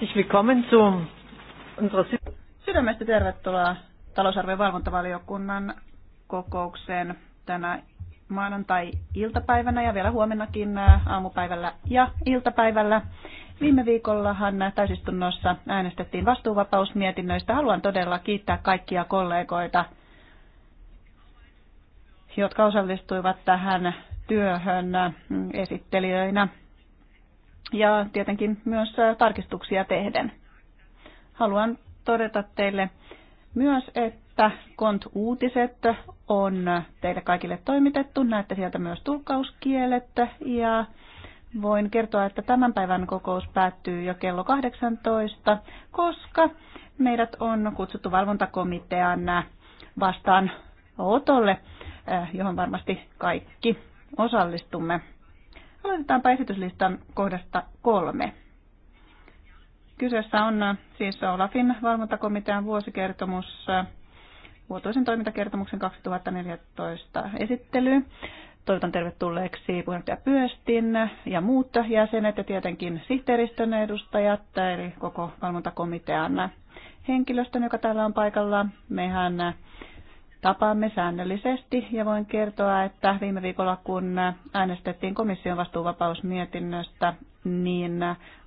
Herzlich willkommen zu unserer Sydämestä tervetuloa talousarvion valvontavaliokunnan kokoukseen tänä maanantai-iltapäivänä ja vielä huomennakin äh, aamupäivällä ja iltapäivällä. Viime viikollahan täysistunnossa äänestettiin vastuuvapausmietinnöistä. Haluan todella kiittää kaikkia kollegoita, jotka osallistuivat tähän työhön äh, esittelijöinä ja tietenkin myös tarkistuksia tehden. Haluan todeta teille myös, että KONT-uutiset on teille kaikille toimitettu. Näette sieltä myös tulkkauskielet ja voin kertoa, että tämän päivän kokous päättyy jo kello 18, koska meidät on kutsuttu valvontakomitean vastaan otolle, johon varmasti kaikki osallistumme. Aloitetaanpa esityslistan kohdasta kolme. Kyseessä on äh, siis Olafin valvontakomitean vuosikertomus, äh, vuotuisen toimintakertomuksen 2014 esittely. Toivotan tervetulleeksi puheenjohtaja Pyöstin ja muut jäsenet ja tietenkin sihteeristön edustajat, eli koko valvontakomitean henkilöstön, joka täällä on paikalla. Mehän Tapaamme säännöllisesti ja voin kertoa, että viime viikolla kun äänestettiin komission vastuuvapausmietinnöstä, niin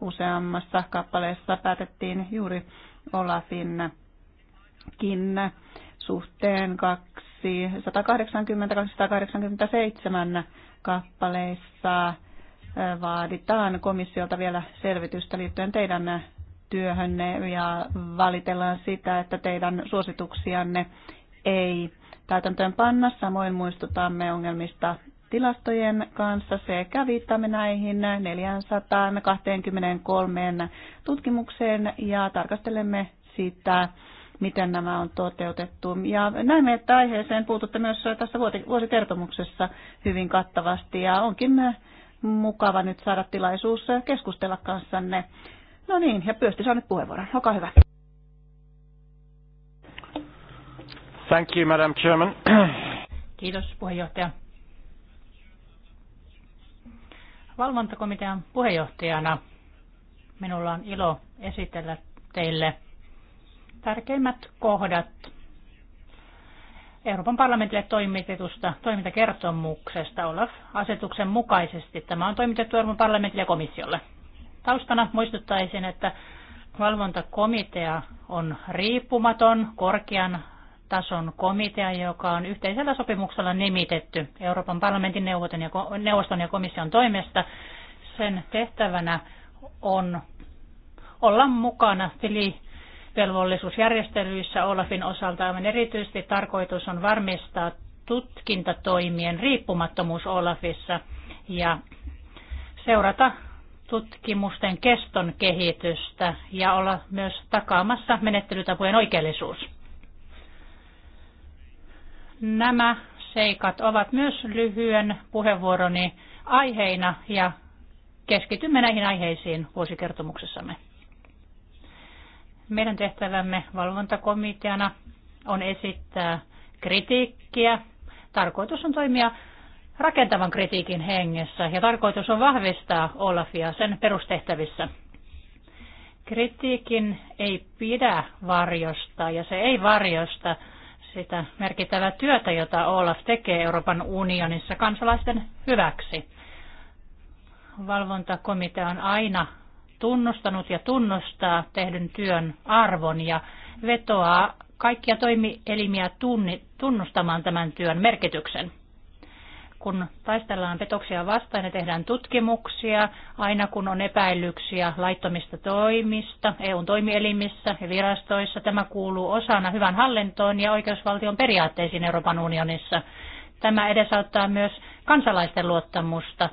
useammassa kappaleessa päätettiin juuri Olafinkin suhteen 180-287 kappaleissa vaaditaan komissiolta vielä selvitystä liittyen teidän työhönne ja valitellaan sitä, että teidän suosituksianne ei täytäntöön panna. Samoin muistutamme ongelmista tilastojen kanssa sekä viittaamme näihin 423 tutkimukseen ja tarkastelemme sitä, miten nämä on toteutettu. Ja näemme, että aiheeseen puututte myös tässä vuosikertomuksessa hyvin kattavasti ja onkin mukava nyt saada tilaisuus keskustella kanssanne. No niin, ja Pyösti saa nyt puheenvuoron. Olkaa hyvä. Thank you, Madam Chairman. Kiitos puheenjohtaja. Valvontakomitean puheenjohtajana minulla on ilo esitellä teille tärkeimmät kohdat Euroopan parlamentille toimitetusta toimintakertomuksesta Olaf-asetuksen mukaisesti. Tämä on toimitettu Euroopan parlamentille ja komissiolle. Taustana muistuttaisin, että valvontakomitea on riippumaton korkean tason komitea, joka on yhteisellä sopimuksella nimitetty Euroopan parlamentin neuvoston ja komission toimesta. Sen tehtävänä on olla mukana tilivelvollisuusjärjestelyissä Olafin osalta. Aivan erityisesti tarkoitus on varmistaa tutkintatoimien riippumattomuus Olafissa ja seurata tutkimusten keston kehitystä ja olla myös takaamassa menettelytapojen oikeellisuus. Nämä seikat ovat myös lyhyen puheenvuoroni aiheina ja keskitymme näihin aiheisiin vuosikertomuksessamme. Meidän tehtävämme valvontakomiteana on esittää kritiikkiä. Tarkoitus on toimia rakentavan kritiikin hengessä ja tarkoitus on vahvistaa Olafia sen perustehtävissä. Kritiikin ei pidä varjosta ja se ei varjosta sitä merkittävää työtä, jota Olaf tekee Euroopan unionissa kansalaisten hyväksi. Valvontakomitea on aina tunnustanut ja tunnustaa tehdyn työn arvon ja vetoaa kaikkia toimielimiä tunnustamaan tämän työn merkityksen kun taistellaan petoksia vastaan ja tehdään tutkimuksia, aina kun on epäilyksiä laittomista toimista EUn toimielimissä ja virastoissa, tämä kuuluu osana hyvän hallintoon ja oikeusvaltion periaatteisiin Euroopan unionissa. Tämä edesauttaa myös kansalaisten luottamusta,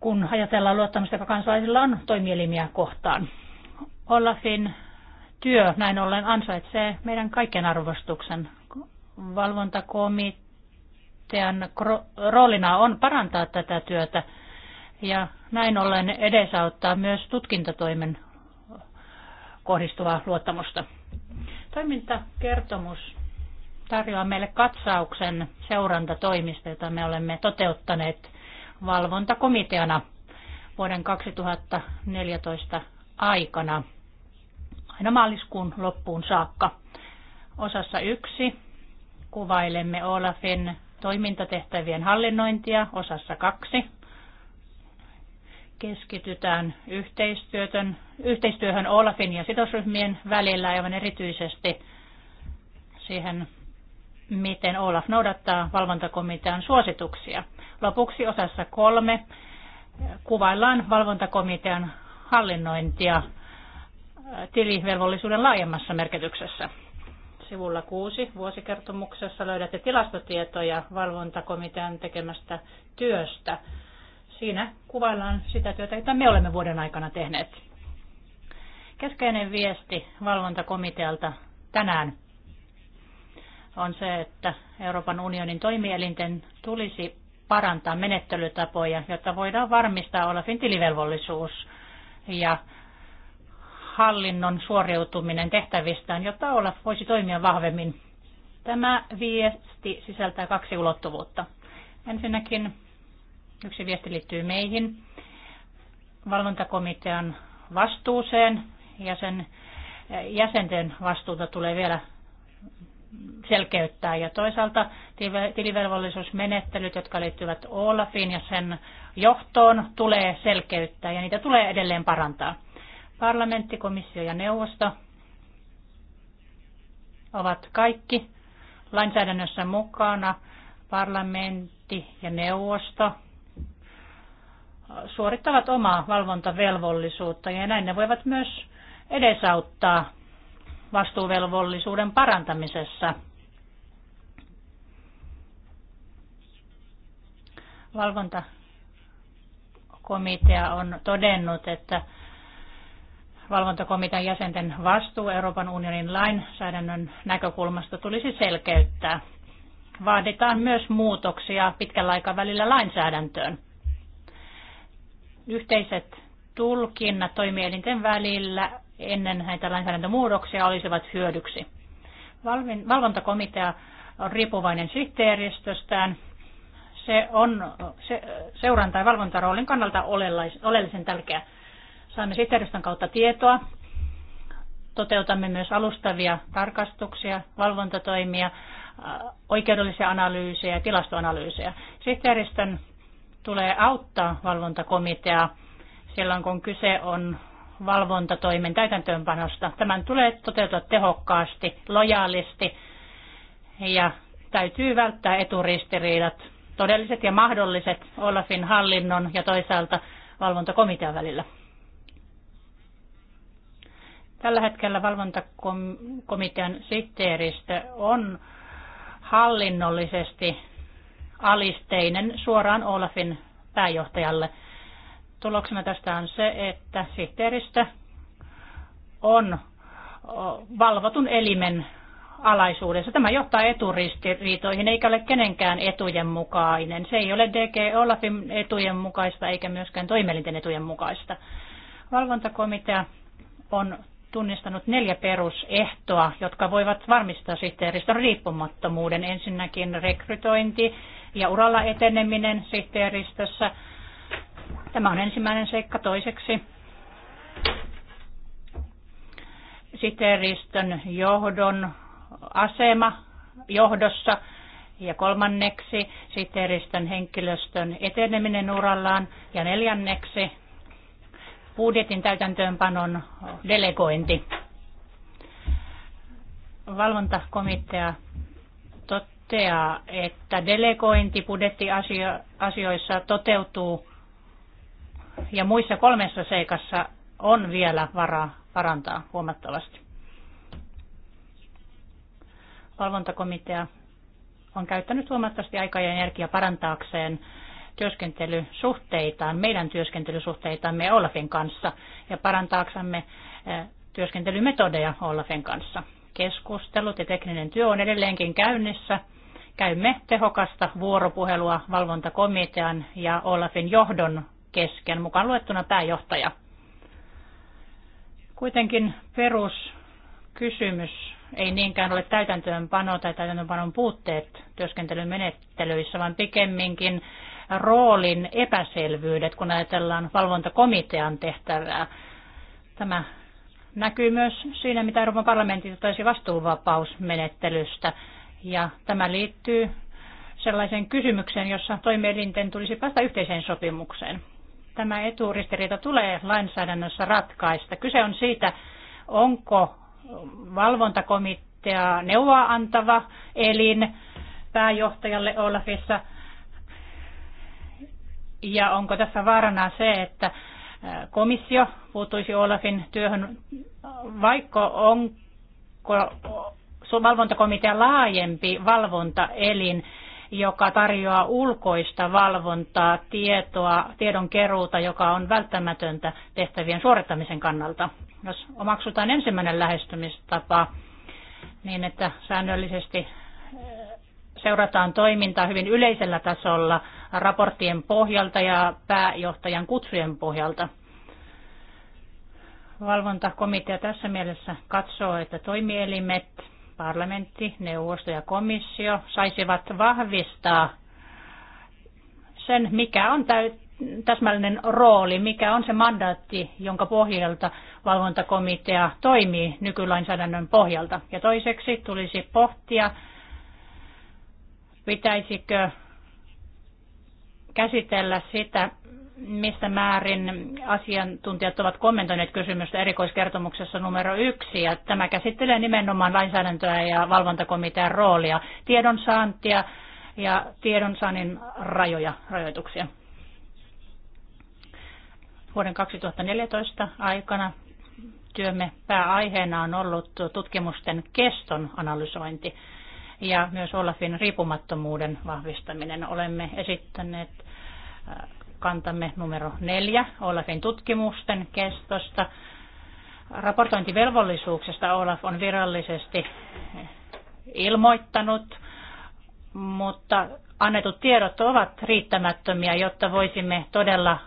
kun ajatellaan luottamusta, joka kansalaisilla on toimielimiä kohtaan. Olafin työ näin ollen ansaitsee meidän kaiken arvostuksen. Valvontakomitea komitean roolina on parantaa tätä työtä ja näin ollen edesauttaa myös tutkintatoimen kohdistuvaa luottamusta. Toimintakertomus tarjoaa meille katsauksen seurantatoimista, jota me olemme toteuttaneet valvontakomiteana vuoden 2014 aikana aina maaliskuun loppuun saakka. Osassa yksi kuvailemme Olafin toimintatehtävien hallinnointia osassa kaksi. Keskitytään yhteistyöhön, Olafin ja sidosryhmien välillä aivan erityisesti siihen, miten Olaf noudattaa valvontakomitean suosituksia. Lopuksi osassa kolme kuvaillaan valvontakomitean hallinnointia tilivelvollisuuden laajemmassa merkityksessä. Sivulla 6 vuosikertomuksessa löydätte tilastotietoja valvontakomitean tekemästä työstä. Siinä kuvaillaan sitä työtä, jota me olemme vuoden aikana tehneet. Keskeinen viesti valvontakomitealta tänään on se, että Euroopan unionin toimielinten tulisi parantaa menettelytapoja, jotta voidaan varmistaa Olafin tilivelvollisuus ja hallinnon suoriutuminen tehtävistään, jotta Olaf voisi toimia vahvemmin. Tämä viesti sisältää kaksi ulottuvuutta. Ensinnäkin yksi viesti liittyy meihin, valvontakomitean vastuuseen ja sen eh, jäsenten vastuuta tulee vielä selkeyttää. Ja toisaalta tilivelvollisuusmenettelyt, jotka liittyvät Olafiin ja sen johtoon, tulee selkeyttää ja niitä tulee edelleen parantaa. Parlamentti, komissio ja neuvosto ovat kaikki lainsäädännössä mukana. Parlamentti ja neuvosto suorittavat omaa valvontavelvollisuutta ja näin ne voivat myös edesauttaa vastuuvelvollisuuden parantamisessa. Valvontakomitea on todennut, että valvontakomitean jäsenten vastuu Euroopan unionin lainsäädännön näkökulmasta tulisi selkeyttää. Vaaditaan myös muutoksia pitkällä aikavälillä lainsäädäntöön. Yhteiset tulkinnat toimielinten välillä ennen näitä lainsäädäntömuutoksia olisivat hyödyksi. Valvontakomitea on riippuvainen sihteeristöstään. Se on se, seuranta- ja valvontaroolin kannalta oleellisen tärkeä. Saamme sihteeristön kautta tietoa. Toteutamme myös alustavia tarkastuksia, valvontatoimia, äh, oikeudellisia analyysejä ja tilastoanalyysejä. Sihteeristön tulee auttaa valvontakomiteaa silloin, kun kyse on valvontatoimen täytäntöönpanosta. Tämän tulee toteutua tehokkaasti, lojaalisti ja täytyy välttää eturistiriidat, todelliset ja mahdolliset Olafin hallinnon ja toisaalta valvontakomitean välillä. Tällä hetkellä valvontakomitean sihteeristö on hallinnollisesti alisteinen suoraan Olafin pääjohtajalle. Tuloksena tästä on se, että sihteeristö on valvotun elimen alaisuudessa. Tämä johtaa eturistiriitoihin eikä ole kenenkään etujen mukainen. Se ei ole DG Olafin etujen mukaista eikä myöskään toimielinten etujen mukaista. Valvontakomitea on tunnistanut neljä perusehtoa, jotka voivat varmistaa sihteeristön riippumattomuuden. Ensinnäkin rekrytointi ja uralla eteneminen sihteeristössä. Tämä on ensimmäinen seikka. Toiseksi sihteeristön johdon asema johdossa ja kolmanneksi sihteeristön henkilöstön eteneminen urallaan ja neljänneksi budjetin täytäntöönpanon delegointi. Valvontakomitea toteaa, että delegointi budjettiasioissa toteutuu ja muissa kolmessa seikassa on vielä varaa parantaa huomattavasti. Valvontakomitea on käyttänyt huomattavasti aikaa ja energiaa parantaakseen työskentelysuhteitaan, meidän työskentelysuhteitamme Olafin kanssa ja parantaaksamme eh, työskentelymetodeja Olafin kanssa. Keskustelut ja tekninen työ on edelleenkin käynnissä. Käymme tehokasta vuoropuhelua valvontakomitean ja Olafin johdon kesken, mukaan luettuna pääjohtaja. Kuitenkin peruskysymys ei niinkään ole täytäntöönpano tai täytäntöönpanon puutteet työskentelymenettelyissä, vaan pikemminkin roolin epäselvyydet, kun ajatellaan valvontakomitean tehtävää. Tämä näkyy myös siinä, mitä Euroopan parlamentti taisi vastuuvapausmenettelystä. Ja tämä liittyy sellaiseen kysymykseen, jossa toimielinten tulisi päästä yhteiseen sopimukseen. Tämä eturistiriita tulee lainsäädännössä ratkaista. Kyse on siitä, onko valvontakomitea neuvoa antava elin pääjohtajalle Olafissa ja onko tässä vaarana se, että äh, komissio puuttuisi Olafin työhön, vaikka onko valvontakomitea laajempi valvontaelin, joka tarjoaa ulkoista valvontaa, tietoa, tiedon keruuta, joka on välttämätöntä tehtävien suorittamisen kannalta. Jos omaksutaan ensimmäinen lähestymistapa, niin että säännöllisesti äh, seurataan toimintaa hyvin yleisellä tasolla, raporttien pohjalta ja pääjohtajan kutsujen pohjalta. Valvontakomitea tässä mielessä katsoo, että toimielimet, parlamentti, neuvosto ja komissio saisivat vahvistaa sen, mikä on täsmällinen rooli, mikä on se mandaatti, jonka pohjalta valvontakomitea toimii nykylainsäädännön pohjalta. Ja toiseksi tulisi pohtia, pitäisikö käsitellä sitä, mistä määrin asiantuntijat ovat kommentoineet kysymystä erikoiskertomuksessa numero yksi. Ja tämä käsittelee nimenomaan lainsäädäntöä ja valvontakomitean roolia, tiedonsaantia ja tiedonsaannin rajoja, rajoituksia. Vuoden 2014 aikana työmme pääaiheena on ollut tutkimusten keston analysointi ja myös Olafin riippumattomuuden vahvistaminen. Olemme esittäneet kantamme numero neljä Olafin tutkimusten kestosta. Raportointivelvollisuuksesta Olaf on virallisesti ilmoittanut, mutta annetut tiedot ovat riittämättömiä, jotta voisimme todella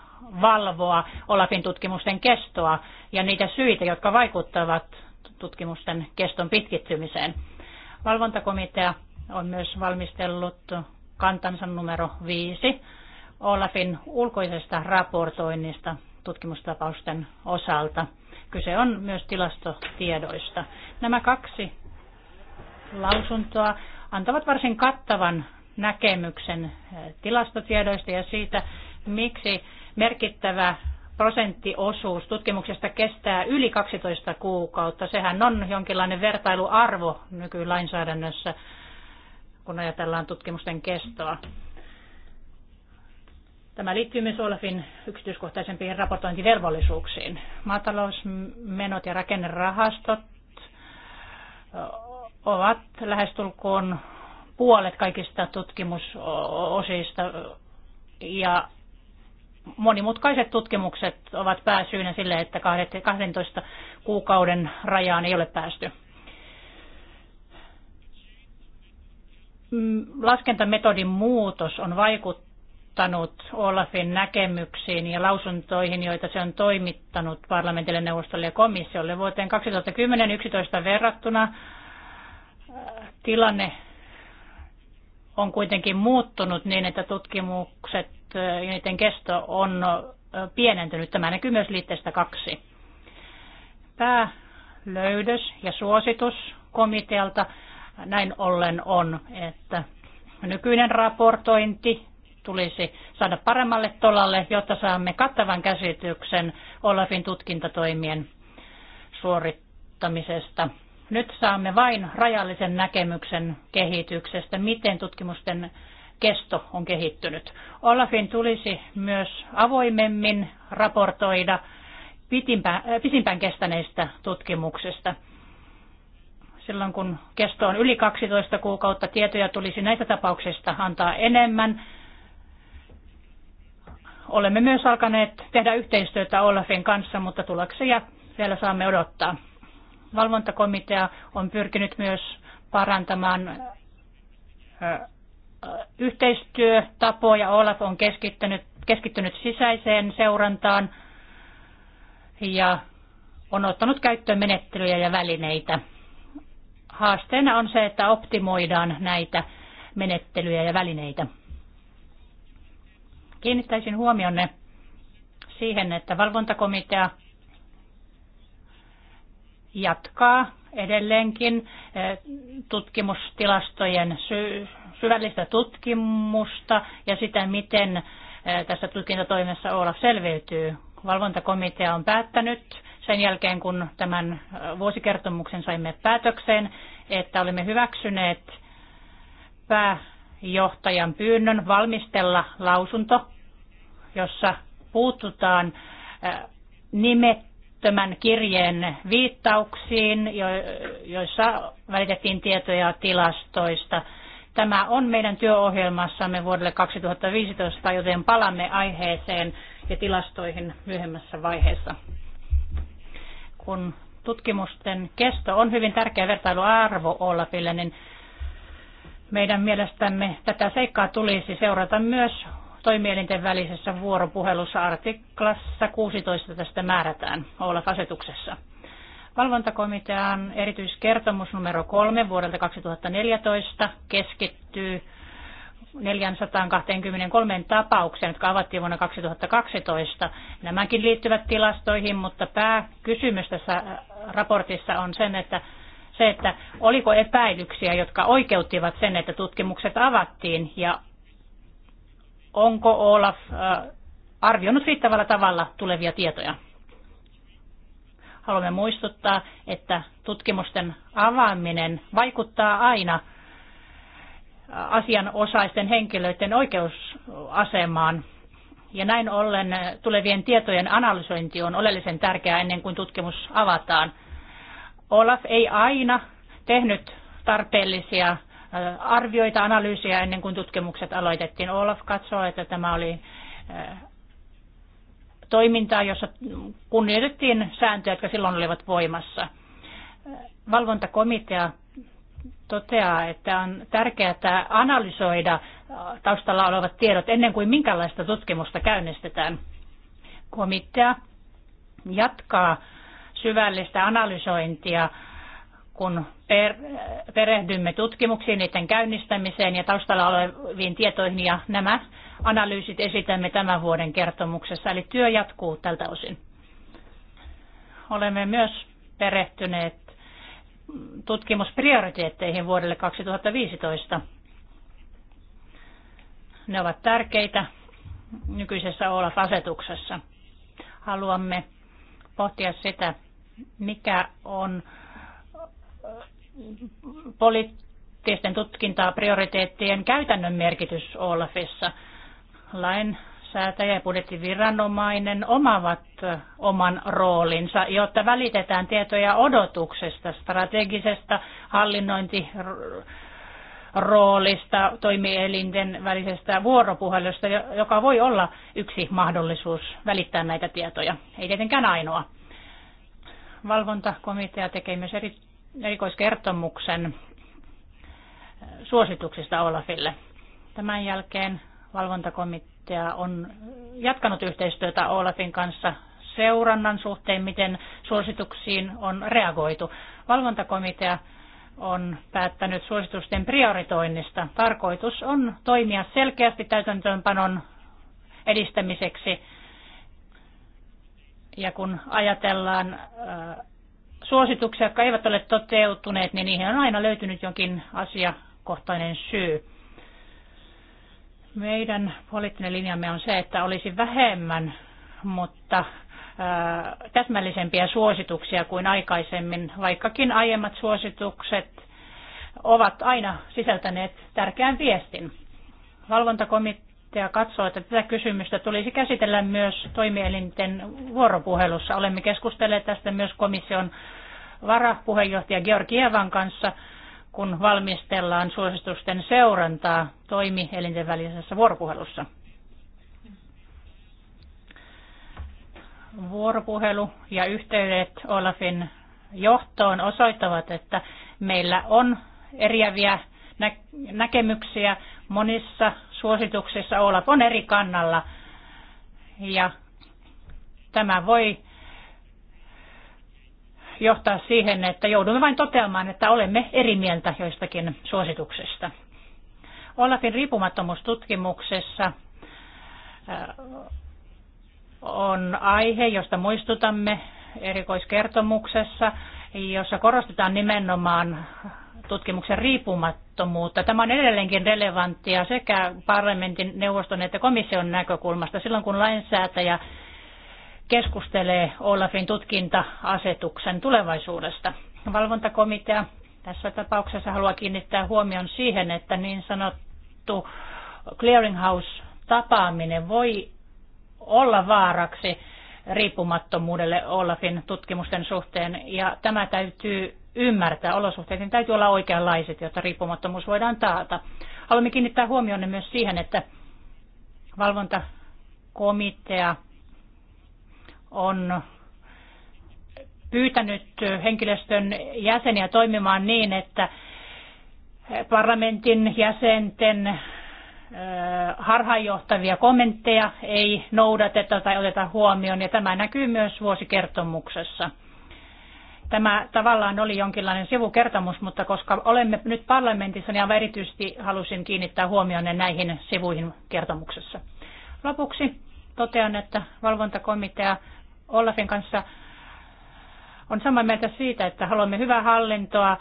valvoa Olafin tutkimusten kestoa ja niitä syitä, jotka vaikuttavat tutkimusten keston pitkittymiseen. Valvontakomitea on myös valmistellut kantansa numero viisi Olafin ulkoisesta raportoinnista tutkimustapausten osalta. Kyse on myös tilastotiedoista. Nämä kaksi lausuntoa antavat varsin kattavan näkemyksen eh, tilastotiedoista ja siitä, miksi merkittävä prosenttiosuus tutkimuksesta kestää yli 12 kuukautta. Sehän on jonkinlainen vertailuarvo nykylainsäädännössä, kun ajatellaan tutkimusten kestoa. Tämä liittyy myös Olafin yksityiskohtaisempiin raportointivelvollisuuksiin. Maatalousmenot ja rakennerahastot ovat lähestulkoon puolet kaikista tutkimusosista ja monimutkaiset tutkimukset ovat pääsyynä sille, että 12 kuukauden rajaan ei ole päästy. Mm, laskentametodin muutos on vaikuttanut vaikuttanut Olafin näkemyksiin ja lausuntoihin, joita se on toimittanut parlamentille, neuvostolle ja komissiolle. Vuoteen 2010-2011 verrattuna äh, tilanne on kuitenkin muuttunut niin, että tutkimukset äh, ja niiden kesto on äh, pienentynyt. Tämä näkyy myös liitteestä kaksi. Päälöydös ja suositus komitealta näin ollen on, että nykyinen raportointi tulisi saada paremmalle tolalle, jotta saamme kattavan käsityksen Olafin tutkintatoimien suorittamisesta. Nyt saamme vain rajallisen näkemyksen kehityksestä, miten tutkimusten kesto on kehittynyt. Olafin tulisi myös avoimemmin raportoida äh, pisimpään kestäneistä tutkimuksista. Silloin kun kesto on yli 12 kuukautta, tietoja tulisi näistä tapauksista antaa enemmän olemme myös alkaneet tehdä yhteistyötä Olafin kanssa, mutta tuloksia vielä saamme odottaa. Valvontakomitea on pyrkinyt myös parantamaan yhteistyötapoja. Olaf on keskittynyt, keskittynyt sisäiseen seurantaan ja on ottanut käyttöön menettelyjä ja välineitä. Haasteena on se, että optimoidaan näitä menettelyjä ja välineitä. Kiinnittäisin huomionne siihen, että valvontakomitea jatkaa edelleenkin eh, tutkimustilastojen syvällistä tutkimusta ja sitä, miten eh, tässä tutkintatoimessa olla selviytyy. Valvontakomitea on päättänyt sen jälkeen, kun tämän eh, vuosikertomuksen saimme päätökseen, että olemme hyväksyneet pääjohtajan pyynnön valmistella lausunto jossa puututaan nimettömän kirjeen viittauksiin, joissa välitettiin tietoja tilastoista. Tämä on meidän työohjelmassamme vuodelle 2015, joten palamme aiheeseen ja tilastoihin myöhemmässä vaiheessa. Kun tutkimusten kesto on hyvin tärkeä vertailuarvo Olafille, niin meidän mielestämme tätä seikkaa tulisi seurata myös toimielinten välisessä vuoropuhelussa artiklassa 16 tästä määrätään OLAF-asetuksessa. Valvontakomitean erityiskertomus numero 3 vuodelta 2014 keskittyy 423 tapaukseen, jotka avattiin vuonna 2012. Nämäkin liittyvät tilastoihin, mutta pääkysymys tässä raportissa on sen, että se, että oliko epäilyksiä, jotka oikeuttivat sen, että tutkimukset avattiin ja onko Olaf äh, arvioinut riittävällä tavalla tulevia tietoja. Haluamme muistuttaa, että tutkimusten avaaminen vaikuttaa aina äh, asianosaisten henkilöiden oikeusasemaan. Ja näin ollen äh, tulevien tietojen analysointi on oleellisen tärkeää ennen kuin tutkimus avataan. Olaf ei aina tehnyt tarpeellisia Äh, arvioita, analyysiä ennen kuin tutkimukset aloitettiin. Olaf katsoo, että tämä oli äh, toimintaa, jossa kunnioitettiin sääntöjä, jotka silloin olivat voimassa. Äh, valvontakomitea toteaa, että on tärkeää analysoida taustalla olevat tiedot ennen kuin minkälaista tutkimusta käynnistetään. Komitea jatkaa syvällistä analysointia kun per, perehdymme tutkimuksiin, niiden käynnistämiseen ja taustalla oleviin tietoihin ja nämä analyysit esitämme tämän vuoden kertomuksessa. Eli työ jatkuu tältä osin. Olemme myös perehtyneet tutkimusprioriteetteihin vuodelle 2015. Ne ovat tärkeitä nykyisessä OLAF-asetuksessa. Haluamme pohtia sitä, mikä on poliittisten tutkintaa prioriteettien käytännön merkitys Olafissa. Lainsäätäjä ja budjettiviranomainen omavat oman roolinsa, jotta välitetään tietoja odotuksesta, strategisesta hallinnointi roolista, toimielinten välisestä vuoropuhelusta, joka voi olla yksi mahdollisuus välittää näitä tietoja. Ei tietenkään ainoa. Valvontakomitea tekee myös eri, erikoiskertomuksen suosituksista Olafille. Tämän jälkeen valvontakomitea on jatkanut yhteistyötä Olafin kanssa seurannan suhteen, miten suosituksiin on reagoitu. Valvontakomitea on päättänyt suositusten prioritoinnista. Tarkoitus on toimia selkeästi täytäntöönpanon edistämiseksi. Ja kun ajatellaan äh, suosituksia, jotka eivät ole toteutuneet, niin niihin on aina löytynyt jonkin asiakohtainen syy. Meidän poliittinen linjamme on se, että olisi vähemmän, mutta täsmällisempiä suosituksia kuin aikaisemmin, vaikkakin aiemmat suositukset ovat aina sisältäneet tärkeän viestin. Valvontakomitea ja katsoo, että tätä kysymystä tulisi käsitellä myös toimielinten vuoropuhelussa. Olemme keskustelleet tästä myös komission varapuheenjohtaja Georgievan kanssa, kun valmistellaan suositusten seurantaa toimielinten välisessä vuoropuhelussa. Vuoropuhelu ja yhteydet Olafin johtoon osoittavat, että meillä on eriäviä näkemyksiä monissa suosituksessa olla on eri kannalla ja tämä voi johtaa siihen, että joudumme vain toteamaan, että olemme eri mieltä joistakin suosituksesta. Olafin riippumattomuustutkimuksessa äh, on aihe, josta muistutamme erikoiskertomuksessa, jossa korostetaan nimenomaan tutkimuksen riippumattomuutta. Tämä on edelleenkin relevanttia sekä parlamentin, neuvoston että komission näkökulmasta silloin, kun lainsäätäjä keskustelee Olafin tutkinta-asetuksen tulevaisuudesta. Valvontakomitea tässä tapauksessa haluaa kiinnittää huomion siihen, että niin sanottu clearinghouse-tapaaminen voi olla vaaraksi riippumattomuudelle Olafin tutkimusten suhteen, ja tämä täytyy ymmärtää. niin täytyy olla oikeanlaiset, jotta riippumattomuus voidaan taata. Haluamme kiinnittää huomionne myös siihen, että valvontakomitea on pyytänyt henkilöstön jäseniä toimimaan niin, että parlamentin jäsenten harhaanjohtavia kommentteja ei noudateta tai oteta huomioon, ja tämä näkyy myös vuosikertomuksessa. Tämä tavallaan oli jonkinlainen sivukertomus, mutta koska olemme nyt parlamentissa, niin erityisesti halusin kiinnittää huomioon näihin sivuihin kertomuksessa. Lopuksi totean, että valvontakomitea Olafin kanssa on samaa mieltä siitä, että haluamme hyvää hallintoa,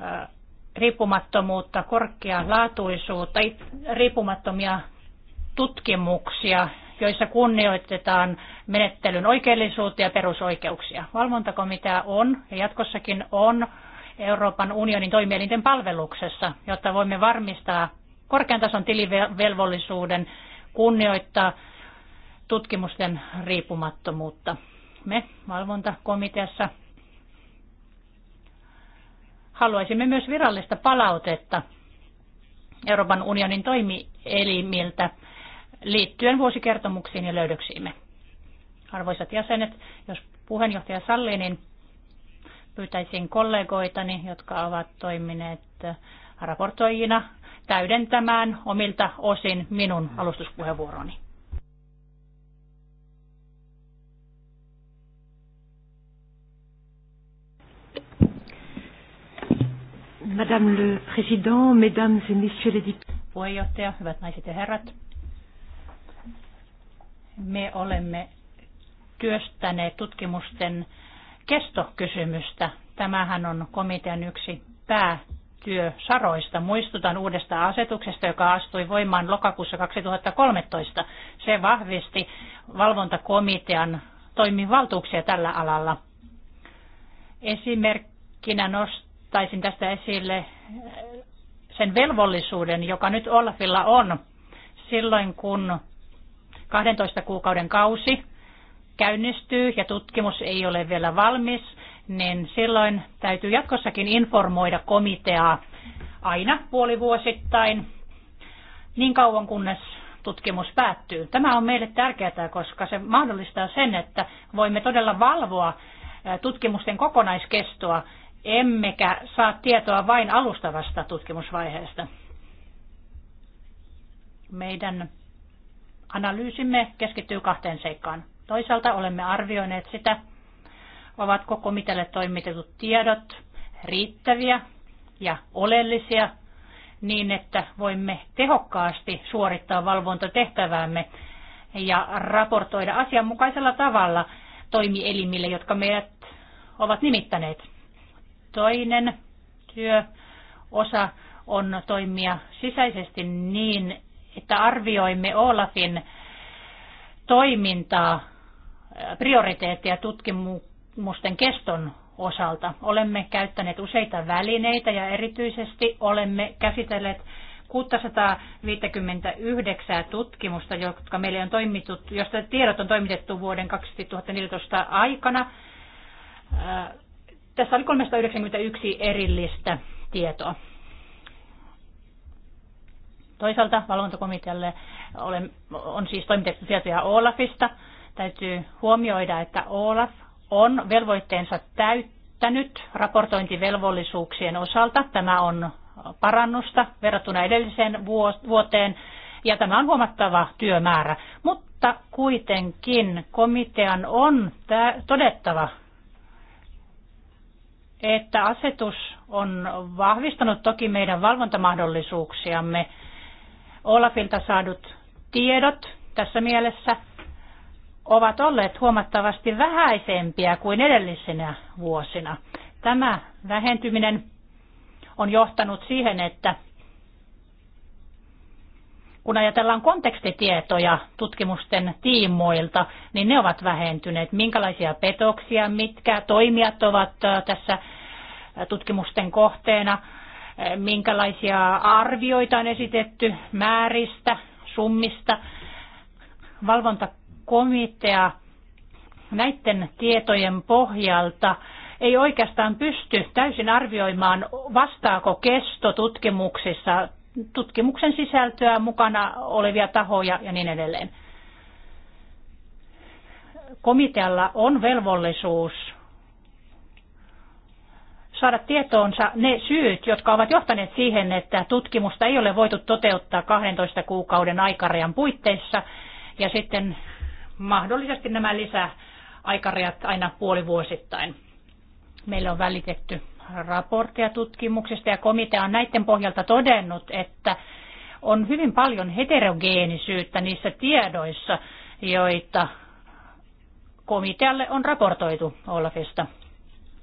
äh, riippumattomuutta, korkeaa laatuisuutta, riippumattomia tutkimuksia joissa kunnioitetaan menettelyn oikeellisuutta ja perusoikeuksia. Valvontakomitea on ja jatkossakin on Euroopan unionin toimielinten palveluksessa, jotta voimme varmistaa korkean tason tilivelvollisuuden kunnioittaa tutkimusten riippumattomuutta. Me valvontakomiteassa haluaisimme myös virallista palautetta Euroopan unionin toimielimiltä liittyen vuosikertomuksiin ja löydöksiimme. Arvoisat jäsenet, jos puheenjohtaja sallii, niin pyytäisin kollegoitani, jotka ovat toimineet raportoijina, täydentämään omilta osin minun alustuspuheenvuoroni. Madame le Président, Mesdames et Messieurs les députés. Puheenjohtaja, hyvät naiset ja herrat. Me olemme työstäneet tutkimusten kestokysymystä. Tämähän on komitean yksi päätyösaroista. Muistutan uudesta asetuksesta, joka astui voimaan lokakuussa 2013. Se vahvisti valvontakomitean toimivaltuuksia tällä alalla. Esimerkkinä nostaisin tästä esille sen velvollisuuden, joka nyt Olafilla on silloin, kun 12 kuukauden kausi käynnistyy ja tutkimus ei ole vielä valmis, niin silloin täytyy jatkossakin informoida komiteaa aina puolivuosittain niin kauan kunnes tutkimus päättyy. Tämä on meille tärkeää, koska se mahdollistaa sen, että voimme todella valvoa tutkimusten kokonaiskestoa, emmekä saa tietoa vain alustavasta tutkimusvaiheesta. Meidän Analyysimme keskittyy kahteen seikkaan. Toisaalta olemme arvioineet sitä, ovatko komitelle toimitetut tiedot riittäviä ja oleellisia niin, että voimme tehokkaasti suorittaa valvontatehtäväämme ja raportoida asianmukaisella tavalla toimielimille, jotka meidät ovat nimittäneet. Toinen työosa on toimia sisäisesti niin, että arvioimme Olafin toimintaa, prioriteettia tutkimusten keston osalta. Olemme käyttäneet useita välineitä ja erityisesti olemme käsitelleet 659 tutkimusta, jotka meille on toimitut, josta tiedot on toimitettu vuoden 2014 aikana. Tässä oli 391 erillistä tietoa. Toisaalta valvontakomitealle on siis toimitettu Olafista. Täytyy huomioida, että Olaf on velvoitteensa täyttänyt raportointivelvollisuuksien osalta. Tämä on parannusta verrattuna edelliseen vuoteen ja tämä on huomattava työmäärä. Mutta kuitenkin komitean on todettava, että asetus on vahvistanut toki meidän valvontamahdollisuuksiamme – Olafilta saadut tiedot tässä mielessä ovat olleet huomattavasti vähäisempiä kuin edellisenä vuosina. Tämä vähentyminen on johtanut siihen, että kun ajatellaan kontekstitietoja tutkimusten tiimoilta, niin ne ovat vähentyneet. Minkälaisia petoksia, mitkä toimijat ovat äh, tässä äh, tutkimusten kohteena, minkälaisia arvioita on esitetty määristä, summista. Valvontakomitea näiden tietojen pohjalta ei oikeastaan pysty täysin arvioimaan, vastaako kesto tutkimuksissa tutkimuksen sisältöä, mukana olevia tahoja ja niin edelleen. Komitealla on velvollisuus saada tietoonsa ne syyt, jotka ovat johtaneet siihen, että tutkimusta ei ole voitu toteuttaa 12 kuukauden aikarajan puitteissa ja sitten mahdollisesti nämä lisäaikarajat aina puolivuosittain. Meillä on välitetty raportteja tutkimuksista ja komitea on näiden pohjalta todennut, että on hyvin paljon heterogeenisyyttä niissä tiedoissa, joita komitealle on raportoitu Olafista.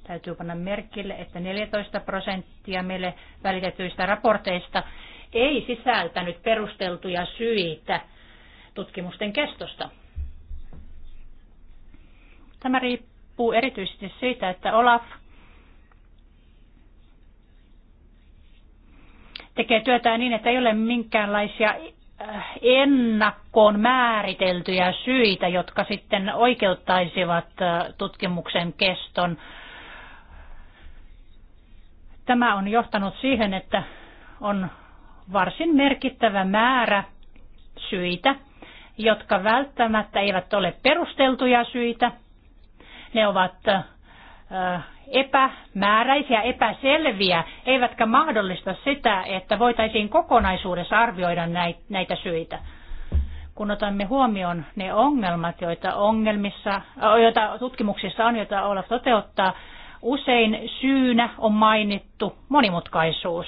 Täytyy panna merkille, että 14 prosenttia meille välitetyistä raporteista ei sisältänyt perusteltuja syitä tutkimusten kestosta. Tämä riippuu erityisesti siitä, että Olaf tekee työtään niin, että ei ole minkäänlaisia äh, ennakkoon määriteltyjä syitä, jotka sitten oikeuttaisivat äh, tutkimuksen keston Tämä on johtanut siihen, että on varsin merkittävä määrä syitä, jotka välttämättä eivät ole perusteltuja syitä. Ne ovat epämääräisiä, epäselviä, eivätkä mahdollista sitä, että voitaisiin kokonaisuudessa arvioida näitä syitä. Kun otamme huomioon ne ongelmat, joita, ongelmissa, joita tutkimuksissa on, joita Olaf toteuttaa, Usein syynä on mainittu monimutkaisuus.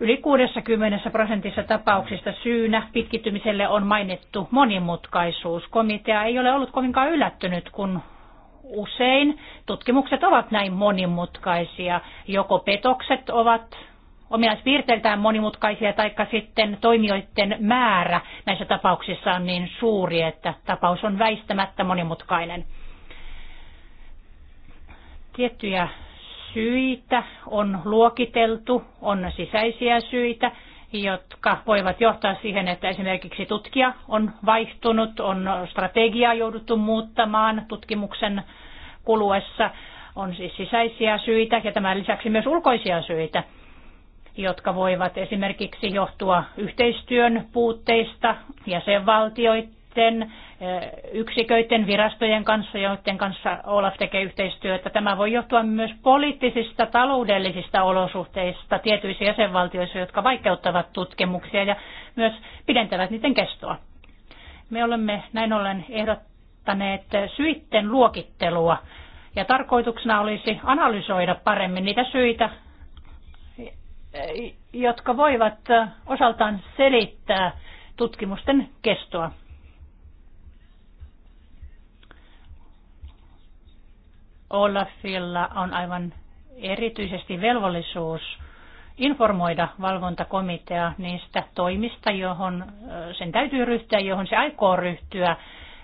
Yli 60 prosentissa tapauksista syynä pitkittymiselle on mainittu monimutkaisuus. Komitea ei ole ollut kovinkaan yllättynyt, kun usein tutkimukset ovat näin monimutkaisia. Joko petokset ovat ominaispiirteiltään monimutkaisia, taikka sitten toimijoiden määrä näissä tapauksissa on niin suuri, että tapaus on väistämättä monimutkainen. Tiettyjä syitä on luokiteltu, on sisäisiä syitä, jotka voivat johtaa siihen, että esimerkiksi tutkija on vaihtunut, on strategiaa jouduttu muuttamaan tutkimuksen kuluessa, on siis sisäisiä syitä ja tämän lisäksi myös ulkoisia syitä, jotka voivat esimerkiksi johtua yhteistyön puutteista ja jäsenvaltioiden muiden eh, yksiköiden, virastojen kanssa, joiden kanssa Olaf tekee yhteistyötä. Tämä voi johtua myös poliittisista, taloudellisista olosuhteista tietyissä jäsenvaltioissa, jotka vaikeuttavat tutkimuksia ja myös pidentävät niiden kestoa. Me olemme näin ollen ehdottaneet syitten luokittelua ja tarkoituksena olisi analysoida paremmin niitä syitä, jotka voivat osaltaan selittää tutkimusten kestoa. Olafilla on aivan erityisesti velvollisuus informoida valvontakomitea niistä toimista, johon sen täytyy ryhtyä, johon se aikoo ryhtyä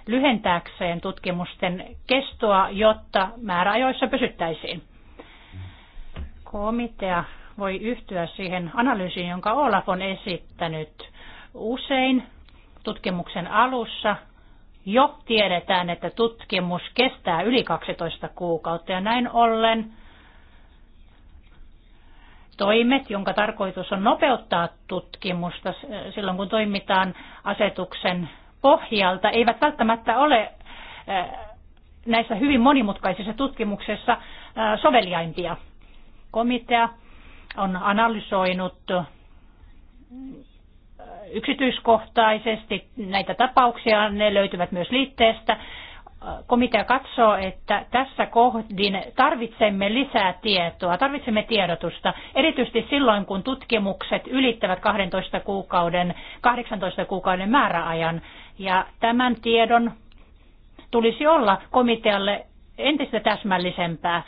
lyhentääkseen tutkimusten kestoa, jotta määräajoissa pysyttäisiin. Komitea voi yhtyä siihen analyysiin, jonka Olaf on esittänyt. Usein tutkimuksen alussa jo tiedetään, että tutkimus kestää yli 12 kuukautta ja näin ollen toimet, jonka tarkoitus on nopeuttaa tutkimusta silloin, kun toimitaan asetuksen pohjalta, eivät välttämättä ole äh, näissä hyvin monimutkaisissa tutkimuksissa äh, soveliaimpia. Komitea on analysoinut yksityiskohtaisesti näitä tapauksia, ne löytyvät myös liitteestä. Komitea katsoo, että tässä kohdin tarvitsemme lisää tietoa, tarvitsemme tiedotusta, erityisesti silloin, kun tutkimukset ylittävät 12 kuukauden, 18 kuukauden määräajan. Ja tämän tiedon tulisi olla komitealle entistä täsmällisempää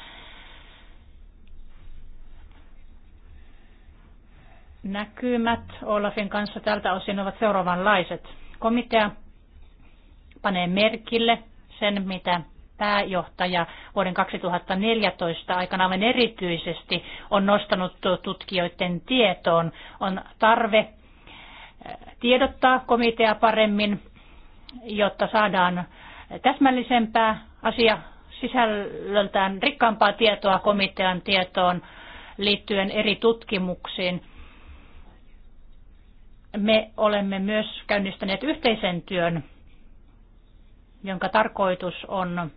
Näkymät Olafin kanssa tältä osin ovat seuraavanlaiset. Komitea panee merkille sen, mitä pääjohtaja vuoden 2014 aikana aivan erityisesti on nostanut tutkijoiden tietoon. On tarve eh, tiedottaa komitea paremmin, jotta saadaan täsmällisempää asia sisällöltään rikkaampaa tietoa komitean tietoon liittyen eri tutkimuksiin – me olemme myös käynnistäneet yhteisen työn, jonka tarkoitus on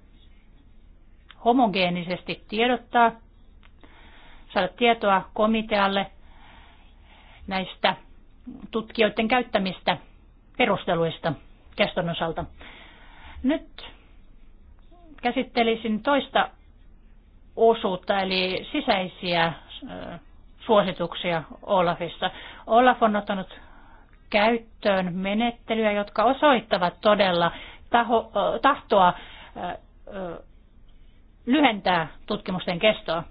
homogeenisesti tiedottaa, saada tietoa komitealle näistä tutkijoiden käyttämistä perusteluista keston osalta. Nyt käsittelisin toista osuutta, eli sisäisiä suosituksia Olafissa. Olaf on ottanut käyttöön menettelyjä, jotka osoittavat todella taho, tahtoa lyhentää tutkimusten kestoa.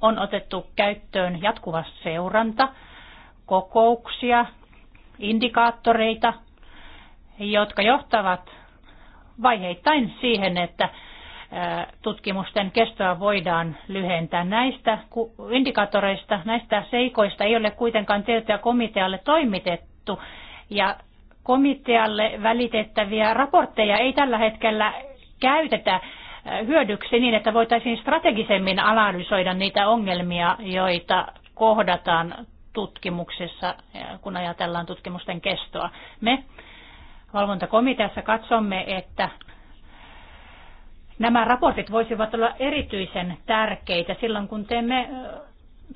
On otettu käyttöön jatkuva seuranta, kokouksia, indikaattoreita, jotka johtavat vaiheittain siihen, että tutkimusten kestoa voidaan lyhentää. Näistä indikaattoreista, näistä seikoista ei ole kuitenkaan tietoja komitealle toimitettu ja komitealle välitettäviä raportteja ei tällä hetkellä käytetä äh, hyödyksi niin, että voitaisiin strategisemmin analysoida niitä ongelmia, joita kohdataan tutkimuksessa, äh, kun ajatellaan tutkimusten kestoa. Me valvontakomiteassa katsomme, että Nämä raportit voisivat olla erityisen tärkeitä silloin, kun teemme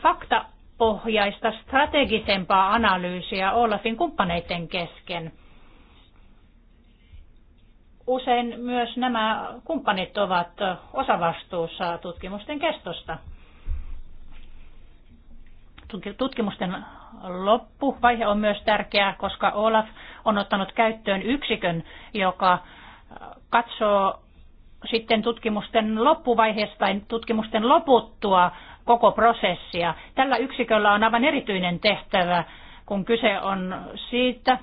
faktapohjaista strategisempaa analyysiä Olafin kumppaneiden kesken. Usein myös nämä kumppanit ovat osavastuussa tutkimusten kestosta tutkimusten loppuvaihe on myös tärkeää, koska Olaf on ottanut käyttöön yksikön, joka katsoo sitten tutkimusten loppuvaiheessa tai tutkimusten loputtua koko prosessia. Tällä yksiköllä on aivan erityinen tehtävä, kun kyse on siitä,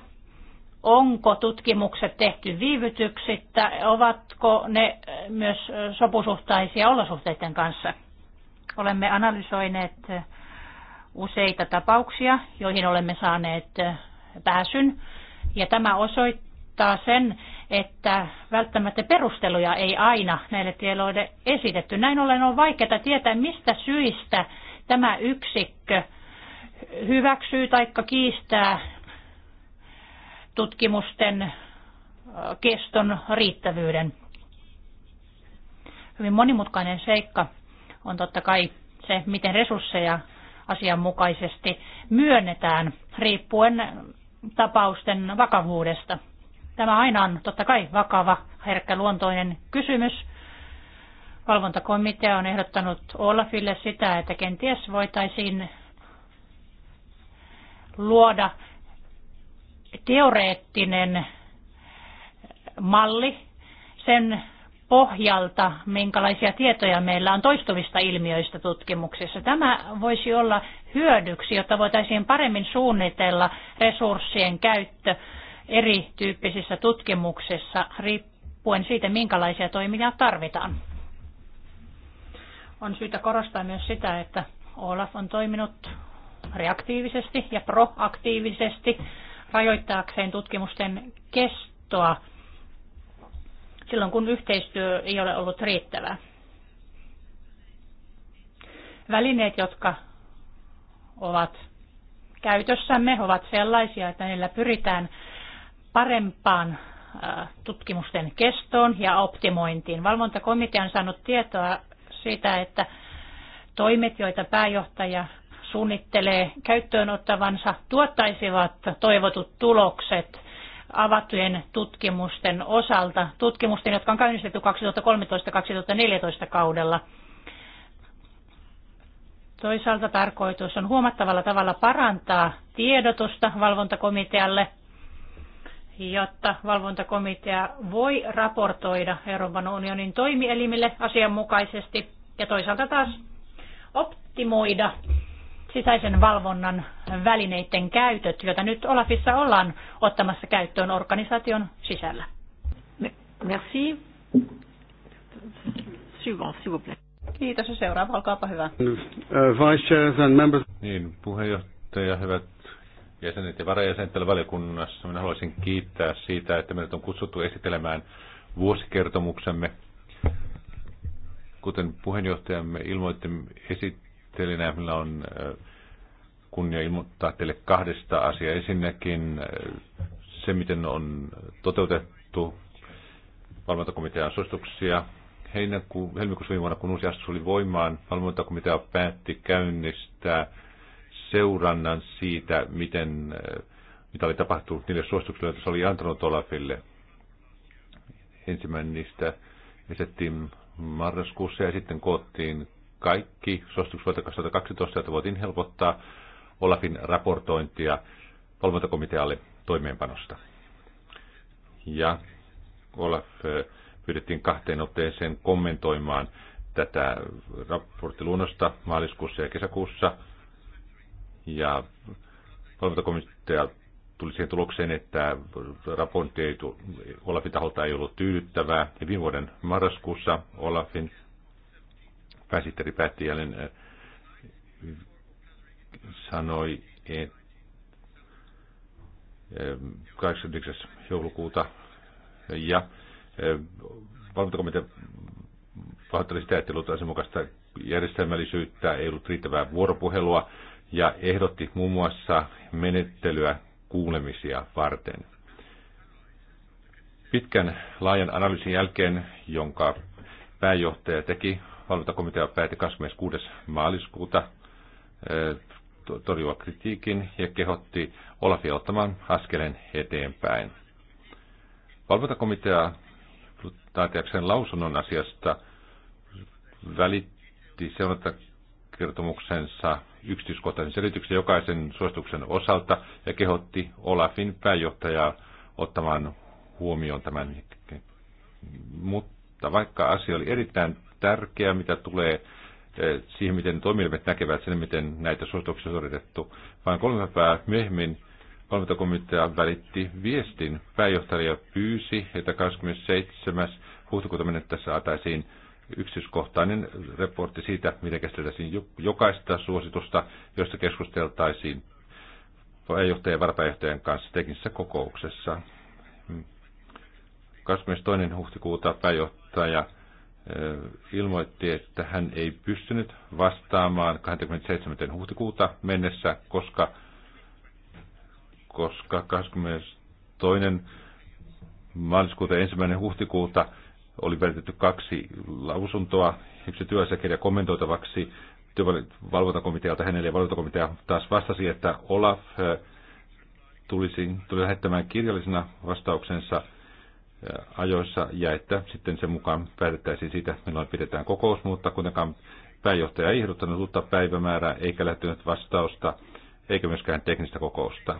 onko tutkimukset tehty viivytyksittä, ovatko ne myös sopusuhtaisia olosuhteiden kanssa. Olemme analysoineet useita tapauksia, joihin olemme saaneet pääsyn, ja tämä osoittaa, osoittaa sen, että välttämättä perusteluja ei aina näille tiedoille esitetty. Näin ollen on vaikeaa tietää, mistä syistä tämä yksikkö hyväksyy tai kiistää tutkimusten keston riittävyyden. Hyvin monimutkainen seikka on totta kai se, miten resursseja asianmukaisesti myönnetään riippuen tapausten vakavuudesta. Tämä aina on totta kai vakava, herkkä luontoinen kysymys. Valvontakomitea on ehdottanut Olafille sitä, että kenties voitaisiin luoda teoreettinen malli sen pohjalta, minkälaisia tietoja meillä on toistuvista ilmiöistä tutkimuksissa. Tämä voisi olla hyödyksi, jotta voitaisiin paremmin suunnitella resurssien käyttö erityyppisissä tutkimuksissa riippuen siitä, minkälaisia toimia tarvitaan. On syytä korostaa myös sitä, että Olaf on toiminut reaktiivisesti ja proaktiivisesti rajoittaakseen tutkimusten kestoa silloin, kun yhteistyö ei ole ollut riittävää. Välineet, jotka ovat käytössämme, ovat sellaisia, että niillä pyritään parempaan tutkimusten kestoon ja optimointiin. Valvontakomitea on saanut tietoa siitä, että toimet, joita pääjohtaja suunnittelee käyttöön ottavansa, tuottaisivat toivotut tulokset avattujen tutkimusten osalta, tutkimusten, jotka on käynnistetty 2013-2014 kaudella. Toisaalta tarkoitus on huomattavalla tavalla parantaa tiedotusta valvontakomitealle – jotta valvontakomitea voi raportoida Euroopan unionin toimielimille asianmukaisesti ja toisaalta taas optimoida sisäisen valvonnan välineiden käytöt, joita nyt Olafissa ollaan ottamassa käyttöön organisaation sisällä. Merci. Suivant, s'il vous plaît. Kiitos ja seuraava, olkaapa hyvä. Vice chairs and members. Niin, puheenjohtaja, hyvät jäsenet ja varajäsenet tällä valiokunnassa. Minä haluaisin kiittää siitä, että meidät on kutsuttu esittelemään vuosikertomuksemme. Kuten puheenjohtajamme ilmoitti esittelinä, meillä on äh, kunnia ilmoittaa teille kahdesta asiaa. Ensinnäkin äh, se, miten on toteutettu valvontakomitean suosituksia. helmikuussa viime vuonna, kun uusi astus oli voimaan, valvontakomitea päätti käynnistää seurannan siitä, miten, äh, mitä oli tapahtunut niille suosituksille, joita se oli antanut Olafille. Ensimmäinen niistä esettiin marraskuussa ja sitten koottiin kaikki suositukset vuotta 2012, että voitiin helpottaa Olafin raportointia valvontakomitealle toimeenpanosta. Ja Olaf äh, pyydettiin kahteen otteeseen kommentoimaan tätä raporttiluonnosta maaliskuussa ja kesäkuussa – ja valvontakomitea tuli siihen tulokseen, että raportti ei tu, Olafin taholta ei ollut tyydyttävää. Ja viime vuoden marraskuussa Olafin pääsihteeri päätti jälleen äh, sanoi, että äh, 89. joulukuuta ja äh, valvontakomitea pahoitteli sitä, että ei ollut asianmukaista järjestelmällisyyttä, ei ollut riittävää vuoropuhelua ja ehdotti muun muassa menettelyä kuulemisia varten. Pitkän laajan analyysin jälkeen, jonka pääjohtaja teki, valvontakomitea päätti 26. maaliskuuta eh, torjua kritiikin ja kehotti Olafia ottamaan askeleen eteenpäin. Valvontakomitea taatiakseen lausunnon asiasta välitti seurantakertomuksensa yksityiskohtaisen selityksen jokaisen suosituksen osalta ja kehotti Olafin pääjohtajaa ottamaan huomioon tämän. Mutta vaikka asia oli erittäin tärkeä, mitä tulee eh, siihen, miten toimielimet näkevät sen, miten näitä suosituksia on odotettu, vain kolme päivää myöhemmin valvontakomitea välitti viestin. Pääjohtaja pyysi, että 27. huhtikuuta mennessä saataisiin yksityiskohtainen raportti siitä, miten käsiteltäisiin jokaista suositusta, josta keskusteltaisiin puheenjohtajan ja varapääjohtajan kanssa teknisessä kokouksessa. 22. huhtikuuta pääjohtaja ilmoitti, että hän ei pystynyt vastaamaan 27. huhtikuuta mennessä, koska, koska 22. maaliskuuta ja 1. huhtikuuta – oli välitetty kaksi lausuntoa, yksi työasiakirja kommentoitavaksi työvalvontakomitealta hänelle ja valvontakomitea taas vastasi, että Olaf eh, tulisi, tuli lähettämään kirjallisena vastauksensa eh, ajoissa ja että sitten sen mukaan päätettäisiin siitä, milloin pidetään kokous, mutta kuitenkaan pääjohtaja ei ehdottanut uutta päivämäärää eikä lähtenyt vastausta eikä myöskään teknistä kokousta.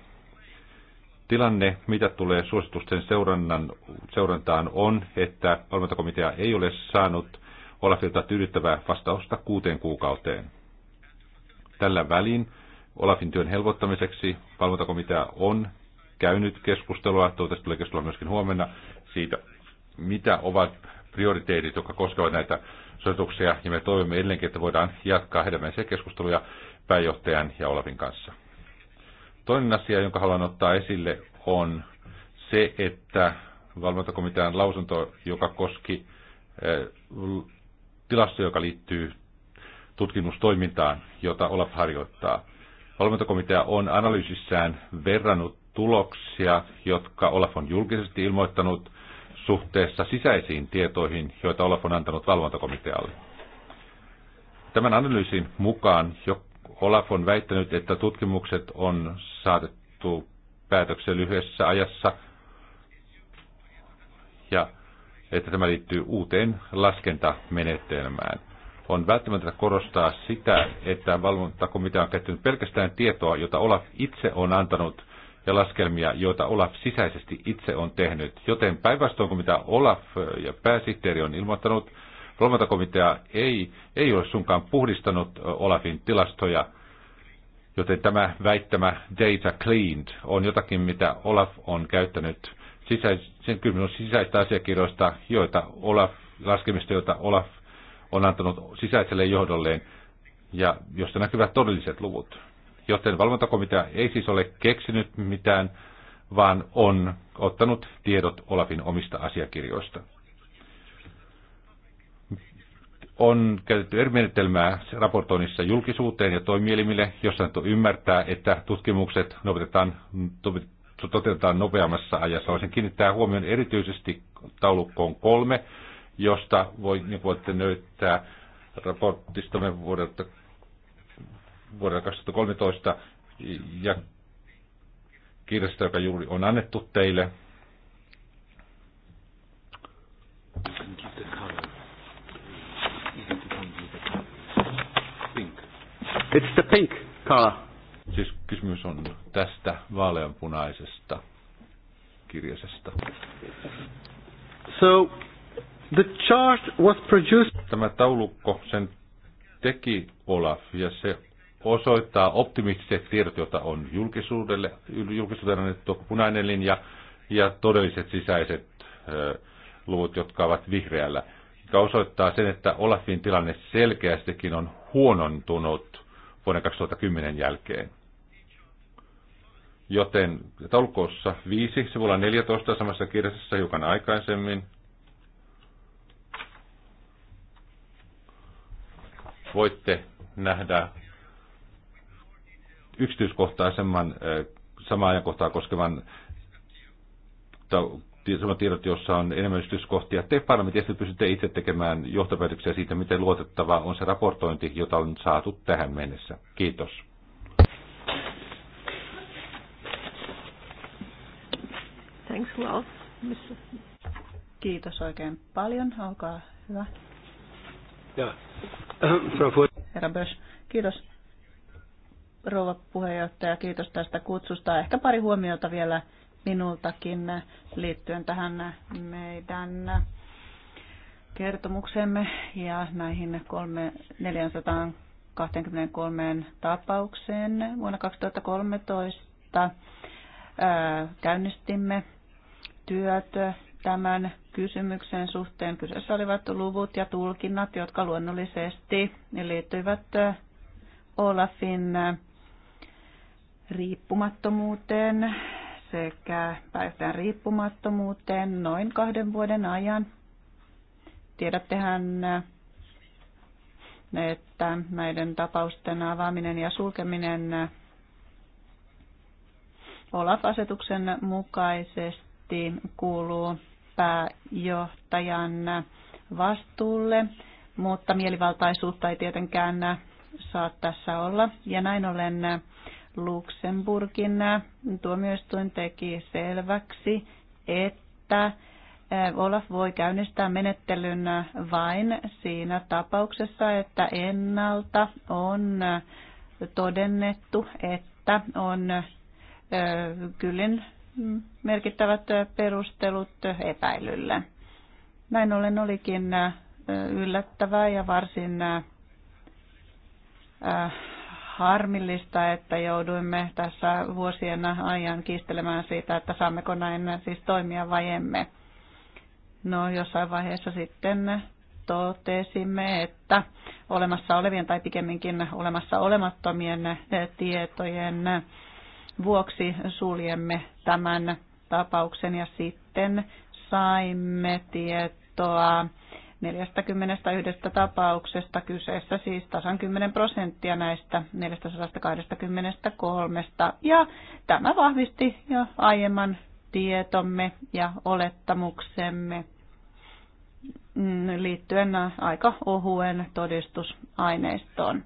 Tilanne, mitä tulee suositusten seurannan, seurantaan, on, että valvontakomitea ei ole saanut Olafilta tyydyttävää vastausta kuuteen kuukauteen. Tällä välin Olafin työn helpottamiseksi valvontakomitea on käynyt keskustelua, toivottavasti tulee keskustelua myöskin huomenna, siitä, mitä ovat prioriteetit, jotka koskevat näitä suosituksia, ja me toivomme edelleenkin, että voidaan jatkaa hedelmäisiä keskusteluja pääjohtajan ja olafin kanssa. Toinen asia, jonka haluan ottaa esille, on se, että valvontakomitean lausunto, joka koski eh, tilasto, joka liittyy tutkimustoimintaan, jota Olaf harjoittaa. Valvontakomitea on analyysissään verrannut tuloksia, jotka Olaf on julkisesti ilmoittanut suhteessa sisäisiin tietoihin, joita Olaf on antanut valvontakomitealle. Tämän analyysin mukaan jo Olaf on väittänyt, että tutkimukset on saatettu päätöksen lyhyessä ajassa ja että tämä liittyy uuteen laskentamenetelmään. On välttämätöntä korostaa sitä, että valvontakomitea on käyttänyt pelkästään tietoa, jota Olaf itse on antanut ja laskelmia, joita Olaf sisäisesti itse on tehnyt. Joten päinvastoin kuin mitä Olaf ja pääsihteeri on ilmoittanut, Kolmantakomitea ei, ei ole sunkaan puhdistanut Olafin tilastoja, joten tämä väittämä data cleaned on jotakin, mitä Olaf on käyttänyt sen sisäistä asiakirjoista, joita Olaf, laskemista, joita Olaf on antanut sisäiselle johdolleen, ja josta näkyvät todelliset luvut. Joten valvontakomitea ei siis ole keksinyt mitään, vaan on ottanut tiedot Olafin omista asiakirjoista on käytetty eri menetelmää raportoinnissa julkisuuteen ja toimielimille, jossa on ymmärtää, että tutkimukset toteutetaan, toteutetaan nopeammassa ajassa. Voisin kiinnittää huomioon erityisesti taulukkoon kolme, josta voi, niin voitte löytää raportistamme vuodelta, vuodelta 2013 ja kirjasta, joka juuri on annettu teille. Thank you. It's the pink color. Siis kysymys on tästä vaaleanpunaisesta kirjasesta. So, the chart was produced... Tämä taulukko, sen teki Olaf, ja se osoittaa optimistiset tiedot, joita on julkisuudelle, julkisuudelle annettu punainen linja, ja todelliset sisäiset ö, luvut, jotka ovat vihreällä, joka osoittaa sen, että Olafin tilanne selkeästikin on huonontunut vuoden 2010 jälkeen. Joten taulukossa 5, sivulla 14 samassa kirjassa hiukan aikaisemmin, voitte nähdä yksityiskohtaisemman samaa ajankohtaa koskevan sama tiedot, jossa on enemmän yksityiskohtia. Te parlamentin pystytte itse tekemään johtopäätöksiä siitä, miten luotettava on se raportointi, jota on saatu tähän mennessä. Kiitos. Thanks well. Kiitos oikein paljon. Olkaa hyvä. Äh, Herra Bösch, kiitos rouva puheenjohtaja, kiitos tästä kutsusta. Ehkä pari huomiota vielä minultakin liittyen tähän meidän kertomuksemme ja näihin 423 tapaukseen vuonna 2013 käynnistimme työt tämän kysymyksen suhteen. Kyseessä olivat luvut ja tulkinnat, jotka luonnollisesti liittyivät Olafin riippumattomuuteen sekä päästään riippumattomuuteen noin kahden vuoden ajan. Tiedättehän, että näiden tapausten avaaminen ja sulkeminen Olaf-asetuksen mukaisesti kuuluu pääjohtajan vastuulle, mutta mielivaltaisuutta ei tietenkään saa tässä olla. Ja näin ollen Luxemburgin tuomioistuin teki selväksi, että Olaf voi käynnistää menettelyn vain siinä tapauksessa, että ennalta on todennettu, että on kyllin merkittävät perustelut epäilylle. Näin ollen olikin yllättävää ja varsin harmillista, että jouduimme tässä vuosien ajan kiistelemään siitä, että saammeko näin siis toimia vai emme. No jossain vaiheessa sitten totesimme, että olemassa olevien tai pikemminkin olemassa olemattomien tietojen vuoksi suljemme tämän tapauksen ja sitten saimme tietoa 41 tapauksesta kyseessä siis tasan 10 prosenttia näistä 423. Ja tämä vahvisti jo aiemman tietomme ja olettamuksemme liittyen aika ohuen todistusaineistoon.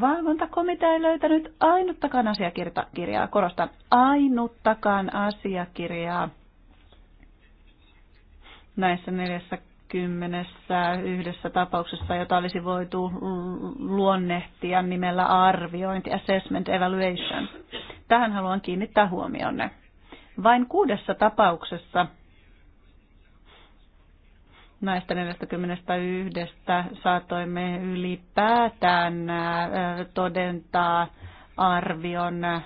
Valvontakomitea ei löytänyt ainuttakaan asiakirjaa, korostan ainuttakaan asiakirjaa näissä neljässä kymmenessä yhdessä tapauksessa, jota olisi voitu luonnehtia nimellä arviointi, assessment evaluation. Tähän haluan kiinnittää huomionne. Vain kuudessa tapauksessa näistä 41 saatoimme ylipäätään todentaa arvion ähm,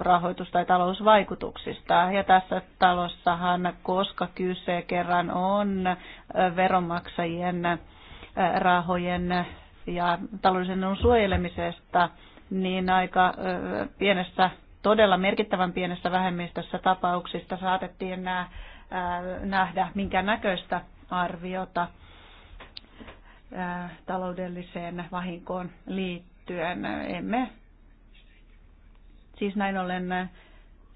rahoitus- tai talousvaikutuksista. Ja tässä talossahan, koska kyse kerran on veronmaksajien rahojen ja taloudellisen suojelemisesta, niin aika pienessä, todella merkittävän pienessä vähemmistössä tapauksista saatettiin nähdä minkä näköistä arviota taloudelliseen vahinkoon liittyen liittyen emme siis näin ollen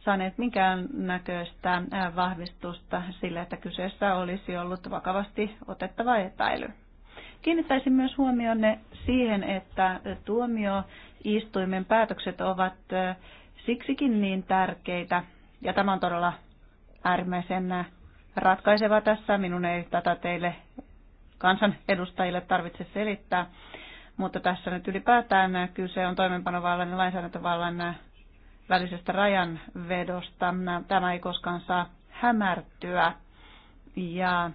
saaneet minkään näköistä vahvistusta sille, että kyseessä olisi ollut vakavasti otettava epäily. Kiinnittäisin myös huomionne siihen, että tuomioistuimen päätökset ovat siksikin niin tärkeitä, ja tämä on todella äärimmäisen ratkaiseva tässä. Minun ei tätä teille kansanedustajille tarvitse selittää mutta tässä nyt ylipäätään kyse on toimenpanovallan ja lainsäädäntövallan välisestä rajanvedosta. Tämä ei koskaan saa hämärtyä ja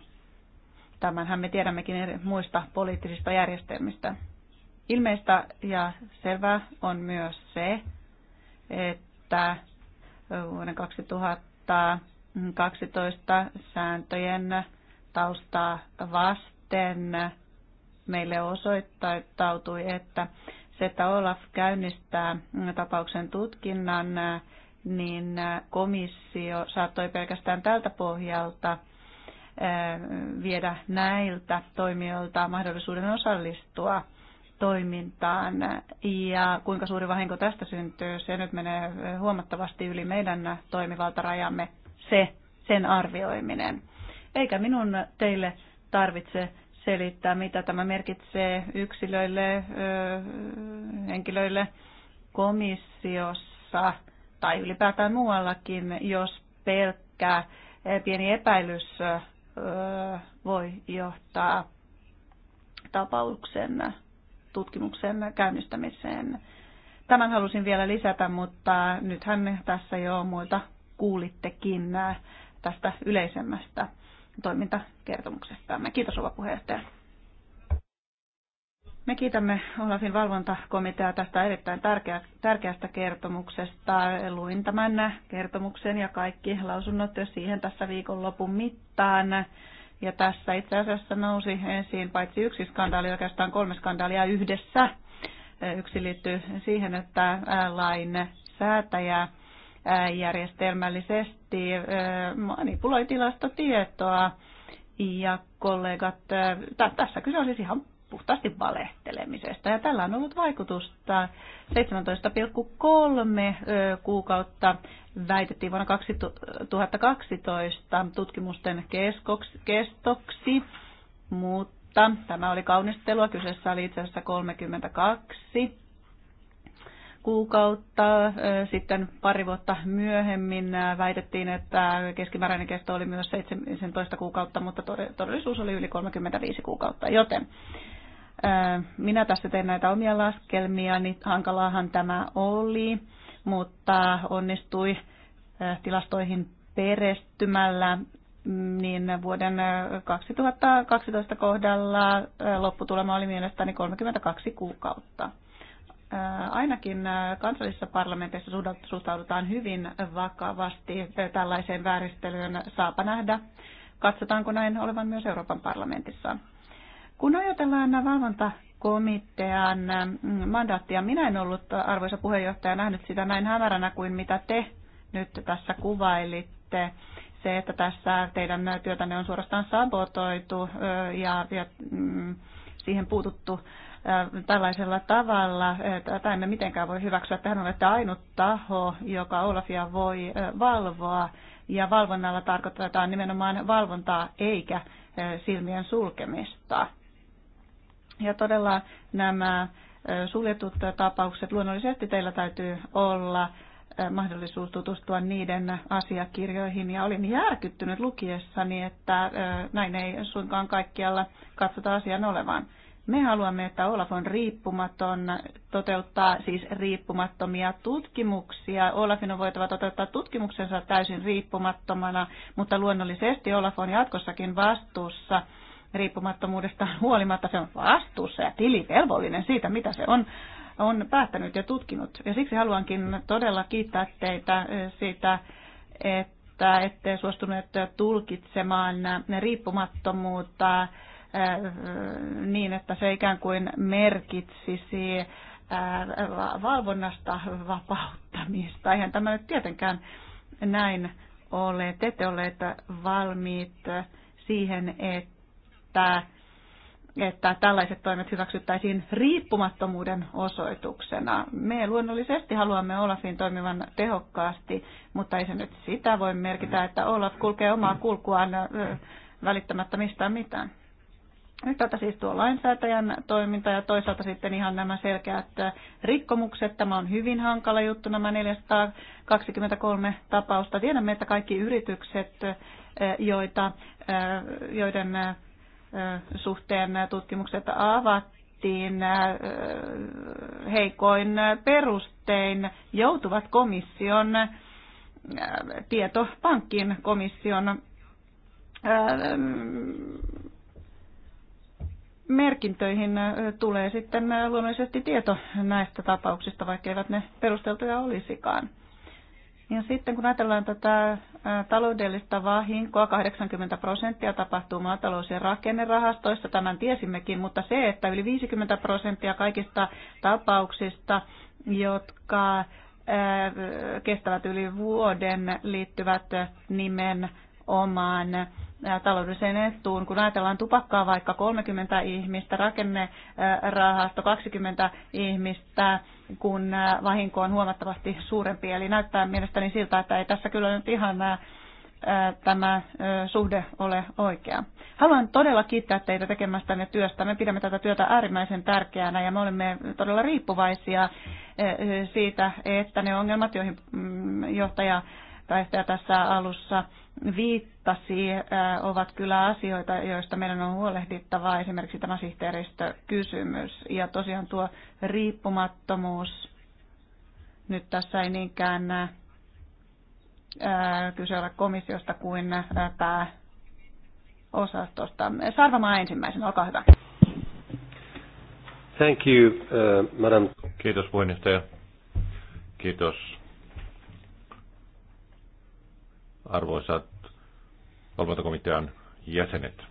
tämänhän me tiedämmekin muista poliittisista järjestelmistä. Ilmeistä ja selvää on myös se, että vuoden 2012 sääntöjen taustaa vasten meille osoittautui, että se, että Olaf käynnistää tapauksen tutkinnan, niin komissio saattoi pelkästään tältä pohjalta viedä näiltä toimijoilta mahdollisuuden osallistua toimintaan ja kuinka suuri vahinko tästä syntyy, se nyt menee huomattavasti yli meidän toimivaltarajamme se, sen arvioiminen. Eikä minun teille tarvitse selittää, mitä tämä merkitsee yksilöille, henkilöille komissiossa tai ylipäätään muuallakin, jos pelkkä pieni epäilys voi johtaa tapauksen tutkimuksen käynnistämiseen. Tämän halusin vielä lisätä, mutta nythän tässä jo muilta kuulittekin tästä yleisemmästä toimintakertomuksestamme. Kiitos rouva puheenjohtaja. Me kiitämme Olafin valvontakomitea tästä erittäin tärkeästä kertomuksesta. Luin tämän kertomuksen ja kaikki lausunnot jo siihen tässä viikonlopun mittaan. Ja tässä itse asiassa nousi ensin paitsi yksi skandaali, oikeastaan kolme skandaalia yhdessä. Yksi liittyy siihen, että lain säätäjä järjestelmällisesti, manipuloi tilastotietoa ja kollegat, tässä kyse on siis ihan puhtaasti valehtelemisesta. Ja tällä on ollut vaikutusta 17,3 kuukautta väitettiin vuonna 2012 tutkimusten kestoksi, mutta tämä oli kaunistelua. Kyseessä oli itse asiassa 32 kuukautta. Sitten pari vuotta myöhemmin väitettiin, että keskimääräinen kesto oli myös 17 kuukautta, mutta todellisuus oli yli 35 kuukautta. Joten minä tässä teen näitä omia laskelmia, niin hankalaahan tämä oli, mutta onnistui tilastoihin perestymällä mm, niin vuoden 2012 kohdalla lopputulema oli mielestäni 32 kuukautta. Äh, ainakin äh, kansallisissa parlamenteissa suhtaudutaan hyvin vakavasti äh, tällaiseen vääristelyyn. Saapa nähdä, katsotaanko näin olevan myös Euroopan parlamentissa. Kun ajatellaan valvontakomitean mm, mandaattia, minä en ollut, arvoisa puheenjohtaja, nähnyt sitä näin hämäränä kuin mitä te nyt tässä kuvailitte. Se, että tässä teidän työtänne on suorastaan sabotoitu ja, ja mm, siihen puututtu tällaisella tavalla. tai emme mitenkään voi hyväksyä. Tähän on ainut taho, joka Olafia voi valvoa. Ja valvonnalla tarkoitetaan nimenomaan valvontaa eikä silmien sulkemista. Ja todella nämä suljetut tapaukset, luonnollisesti teillä täytyy olla mahdollisuus tutustua niiden asiakirjoihin ja olin järkyttynyt lukiessani, että näin ei suinkaan kaikkialla katsota asian olevan. Me haluamme, että Olaf on riippumaton, toteuttaa siis riippumattomia tutkimuksia. Olafin on voitava toteuttaa tutkimuksensa täysin riippumattomana, mutta luonnollisesti Olaf on jatkossakin vastuussa riippumattomuudesta huolimatta. Se on vastuussa ja tilivelvollinen siitä, mitä se on on päättänyt ja tutkinut. Ja siksi haluankin todella kiittää teitä siitä, että ette suostuneet tulkitsemaan riippumattomuutta niin, että se ikään kuin merkitsisi valvonnasta vapauttamista. Eihän tämä nyt tietenkään näin ole. Te ette olleet valmiit siihen, että että tällaiset toimet hyväksyttäisiin riippumattomuuden osoituksena. Me luonnollisesti haluamme Olafin toimivan tehokkaasti, mutta ei se nyt sitä voi merkitä, että Olaf kulkee omaa kulkuaan välittämättä mistään mitään. Yhtäältä siis tuo lainsäätäjän toiminta ja toisaalta sitten ihan nämä selkeät rikkomukset. Tämä on hyvin hankala juttu, nämä 423 tapausta. Tiedämme, että kaikki yritykset, eh, joita, eh, joiden eh, suhteen tutkimukset avattiin heikoin perustein, joutuvat komission tietopankkiin komission merkintöihin tulee sitten luonnollisesti tieto näistä tapauksista, vaikka eivät ne perusteltuja olisikaan. Ja sitten kun ajatellaan tätä taloudellista vahinkoa, 80 prosenttia tapahtuu maatalous- ja rakennerahastoissa, tämän tiesimmekin, mutta se, että yli 50 prosenttia kaikista tapauksista, jotka kestävät yli vuoden, liittyvät nimenomaan taloudelliseen etuun. Kun ajatellaan tupakkaa vaikka 30 ihmistä, rakennerahasto 20 ihmistä, kun vahinko on huomattavasti suurempi. Eli näyttää mielestäni siltä, että ei tässä kyllä nyt ihan nämä tämä suhde ole oikea. Haluan todella kiittää teitä tekemästänne työstä. Me pidämme tätä työtä äärimmäisen tärkeänä ja me olemme todella riippuvaisia siitä, että ne ongelmat, joihin mm, johtaja pääjohtaja tässä alussa viittasi, äh, ovat kyllä asioita, joista meidän on huolehdittava, esimerkiksi tämä sihteeristökysymys. Ja tosiaan tuo riippumattomuus, nyt tässä ei niinkään äh, kyse ole komissiosta kuin äh, pääosastosta. Sarvamaa ensimmäisenä, olkaa hyvä. Thank you, uh, madam. Kiitos puheenjohtaja. Kiitos arvoisat valvontakomitean jäsenet.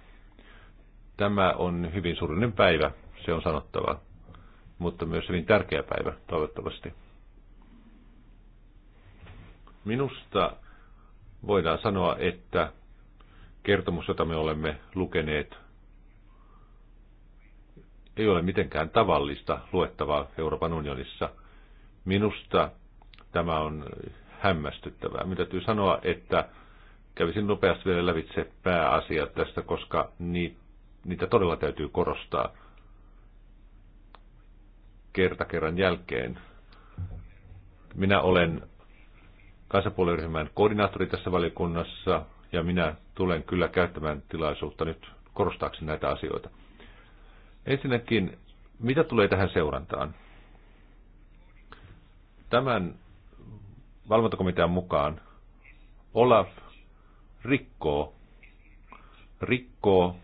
Tämä on hyvin surullinen päivä, se on sanottava, mutta myös hyvin tärkeä päivä toivottavasti. Minusta voidaan sanoa, että kertomus, jota me olemme lukeneet, ei ole mitenkään tavallista luettavaa Euroopan unionissa. Minusta tämä on hämmästyttävää. Minun täytyy sanoa, että kävisin nopeasti vielä lävitse pääasiat tästä, koska niitä todella täytyy korostaa kerta kerran jälkeen. Minä olen kansanpuoliryhmän koordinaattori tässä valiokunnassa ja minä tulen kyllä käyttämään tilaisuutta nyt korostaakseni näitä asioita. Ensinnäkin, mitä tulee tähän seurantaan? Tämän valvontakomitean mukaan Olaf rikkoo, rikkoo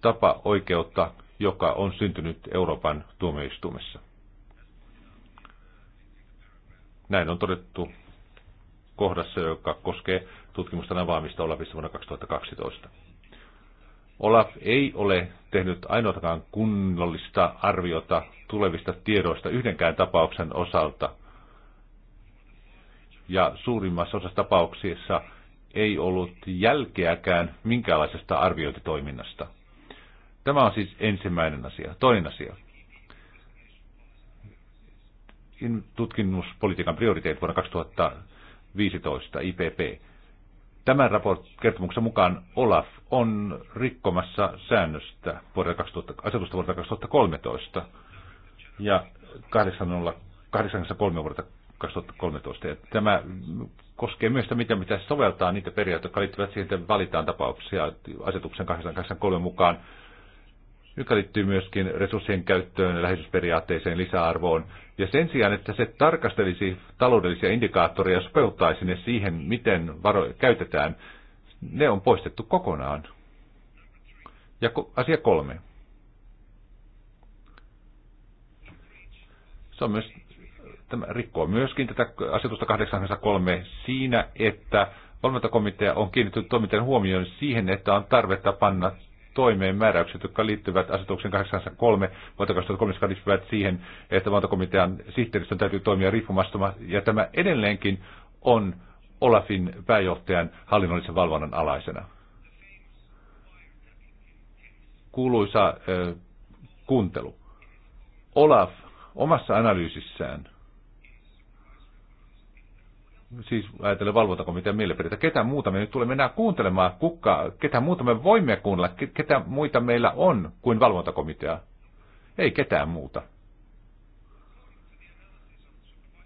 tapa oikeutta, joka on syntynyt Euroopan tuomioistuimessa. Näin on todettu kohdassa, joka koskee tutkimusten avaamista Olafissa vuonna 2012. Olaf ei ole tehnyt ainoatakaan kunnollista arviota tulevista tiedoista yhdenkään tapauksen osalta. Ja suurimmassa osassa tapauksissa ei ollut jälkeäkään minkäänlaisesta arviointitoiminnasta. Tämä on siis ensimmäinen asia. Toinen asia. Tutkimuspolitiikan prioriteet vuonna 2015, IPP. Tämän raport- kertomuksen mukaan Olaf on rikkomassa säännöstä vuodelta 2000, asetusta vuodelta 2013 ja 83 vuodelta 2013. Ja tämä koskee myös sitä, mitä pitäisi soveltaa niitä periaatteita, jotka liittyvät siihen, että valitaan tapauksia asetuksen 883 mukaan joka liittyy myöskin resurssien käyttöön, läheisyysperiaatteeseen, lisäarvoon. Ja sen sijaan, että se tarkastelisi taloudellisia indikaattoreja ja sopeuttaisi ne siihen, miten varoja käytetään, ne on poistettu kokonaan. Ja asia kolme. Se on myös, tämä rikkoo myöskin tätä asetusta 83 siinä, että valmentakomitea on kiinnittynyt toimintojen huomioon siihen, että on tarvetta panna toimeen määräykset, jotka liittyvät asetuksen 803 vuotta 2003, liittyvät siihen, että valtakomitean sihteeristön täytyy toimia riippumattomasti, ja tämä edelleenkin on Olafin pääjohtajan hallinnollisen valvonnan alaisena. Kuuluisa äh, kuuntelu. Olaf omassa analyysissään – siis ajatellen valvontakomitean mielipiteitä, ketä muuta me nyt tulemme enää kuuntelemaan, kuka, ketä muuta me voimme kuunnella, ketä muita meillä on kuin valvontakomitea. Ei ketään muuta.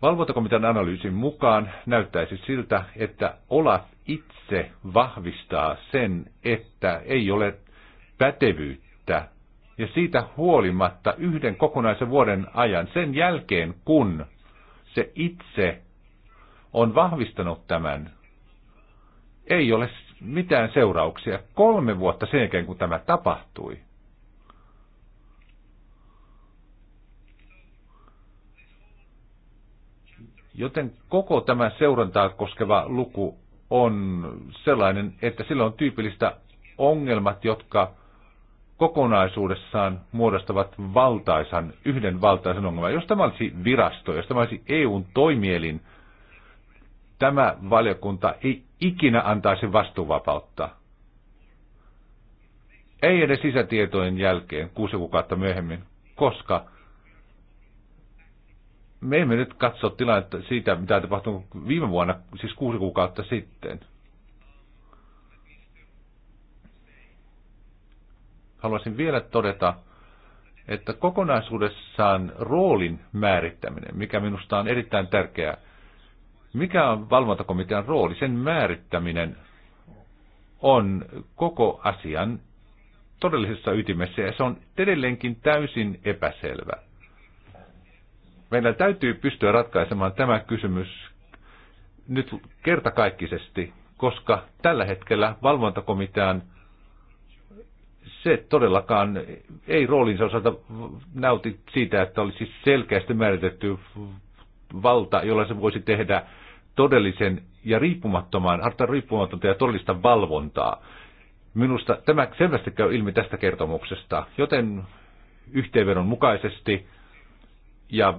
Valvontakomitean analyysin mukaan näyttäisi siltä, että Olaf itse vahvistaa sen, että ei ole pätevyyttä. Ja siitä huolimatta yhden kokonaisen vuoden ajan, sen jälkeen kun se itse on vahvistanut tämän. Ei ole mitään seurauksia kolme vuotta sen jälkeen, kun tämä tapahtui. Joten koko tämä seurantaa koskeva luku on sellainen, että sillä on tyypillistä ongelmat, jotka kokonaisuudessaan muodostavat valtaisan, yhden valtaisen ongelman. Jos tämä olisi virasto, jos tämä olisi EUn toimielin, tämä valiokunta ei ikinä antaisi vastuuvapautta. Ei edes sisätietojen jälkeen, kuusi kuukautta myöhemmin, koska me emme nyt katso tilannetta siitä, mitä tapahtui viime vuonna, siis kuusi kuukautta sitten. Haluaisin vielä todeta, että kokonaisuudessaan roolin määrittäminen, mikä minusta on erittäin tärkeää, mikä on valvontakomitean rooli? Sen määrittäminen on koko asian todellisessa ytimessä ja se on edelleenkin täysin epäselvä. Meillä täytyy pystyä ratkaisemaan tämä kysymys nyt kertakaikkisesti, koska tällä hetkellä valvontakomitean se todellakaan ei roolinsa osalta nauti siitä, että olisi selkeästi määritetty valta, jolla se voisi tehdä todellisen ja riippumattoman, harta riippumatonta ja todellista valvontaa. Minusta tämä selvästi käy ilmi tästä kertomuksesta, joten yhteenvedon mukaisesti ja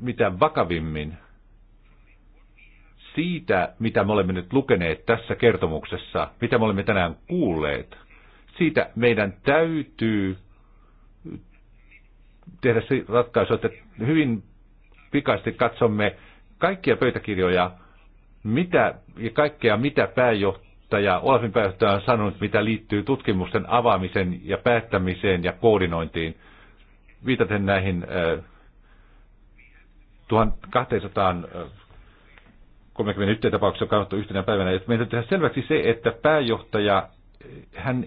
mitä vakavimmin siitä, mitä me olemme nyt lukeneet tässä kertomuksessa, mitä me olemme tänään kuulleet, siitä meidän täytyy tehdä se ratkaisu, että hyvin pikaisesti katsomme kaikkia pöytäkirjoja mitä ja kaikkea mitä pääjohtaja, Olafin pääjohtaja on sanonut, mitä liittyy tutkimusten avaamiseen ja päättämiseen ja koordinointiin, viitaten näihin 1231 tapauksessa kannattu yhtenä päivänä. Että meidän täytyy tehdä selväksi se, että pääjohtaja, hän,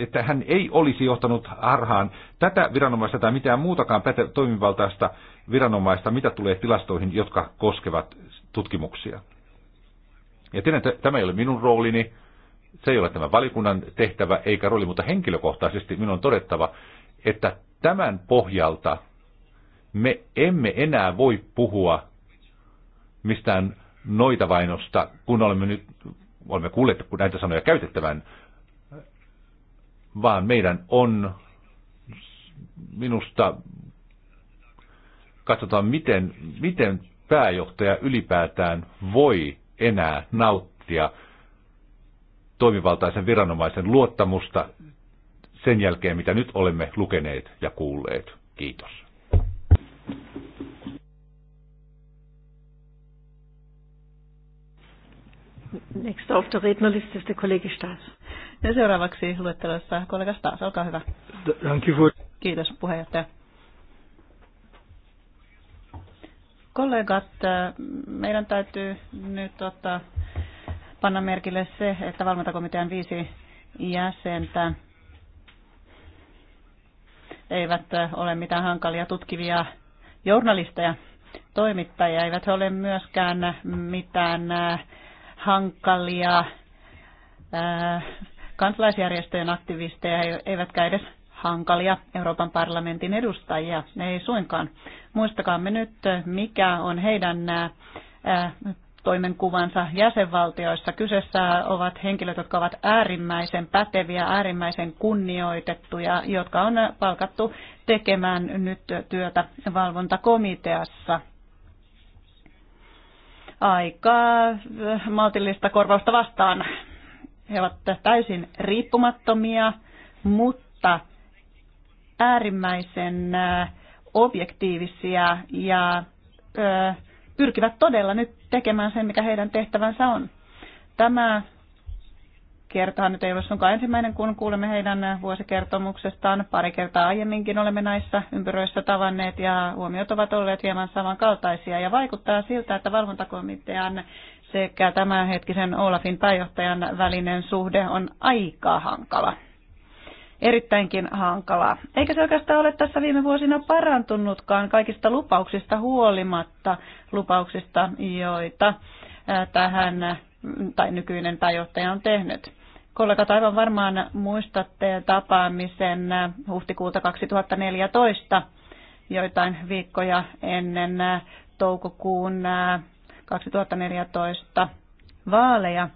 että hän ei olisi johtanut harhaan tätä viranomaista tai mitään muutakaan toimivaltaista viranomaista, mitä tulee tilastoihin, jotka koskevat tutkimuksia. Ja tiedän, että tämä ei ole minun roolini, se ei ole tämä valikunnan tehtävä eikä rooli, mutta henkilökohtaisesti minun on todettava, että tämän pohjalta me emme enää voi puhua mistään noita vainosta, kun olemme nyt olemme kuulleet kun näitä sanoja käytettävän, vaan meidän on minusta katsotaan, miten, miten pääjohtaja ylipäätään voi enää nauttia toimivaltaisen viranomaisen luottamusta sen jälkeen, mitä nyt olemme lukeneet ja kuulleet. Kiitos. Next the der list is the colleague Stas. Ja seuraavaksi luettelossa kollega Stas. olkaa hyvä. Kiitos puheenjohtaja. Kollegat, äh, meidän täytyy nyt ottaa, panna merkille se, että valmentakomitean viisi jäsentä eivät äh, ole mitään hankalia tutkivia journalisteja, toimittajia, eivät ole myöskään mitään äh, hankalia kansalaisjärjestöjen aktivisteja, eivätkä edes hankalia Euroopan parlamentin edustajia. Ne ei suinkaan. Muistakaamme nyt, mikä on heidän toimenkuvansa jäsenvaltioissa. Kyseessä ovat henkilöt, jotka ovat äärimmäisen päteviä, äärimmäisen kunnioitettuja, jotka on palkattu tekemään nyt työtä valvontakomiteassa. Aika maltillista korvausta vastaan. He ovat täysin riippumattomia, mutta äärimmäisen objektiivisia ja pyrkivät todella nyt tekemään sen, mikä heidän tehtävänsä on. Tämä kertahan nyt ei ole sunkaan ensimmäinen, kun kuulemme heidän vuosikertomuksestaan. Pari kertaa aiemminkin olemme näissä ympyröissä tavanneet ja huomiot ovat olleet hieman samankaltaisia. Ja vaikuttaa siltä, että valvontakomitean sekä tämänhetkisen Olafin pääjohtajan välinen suhde on aika hankala erittäinkin hankalaa. Eikä se oikeastaan ole tässä viime vuosina parantunutkaan kaikista lupauksista huolimatta, lupauksista, joita tähän tai nykyinen pääjohtaja on tehnyt. Kollegat aivan varmaan muistatte tapaamisen huhtikuuta 2014 joitain viikkoja ennen toukokuun 2014 vaaleja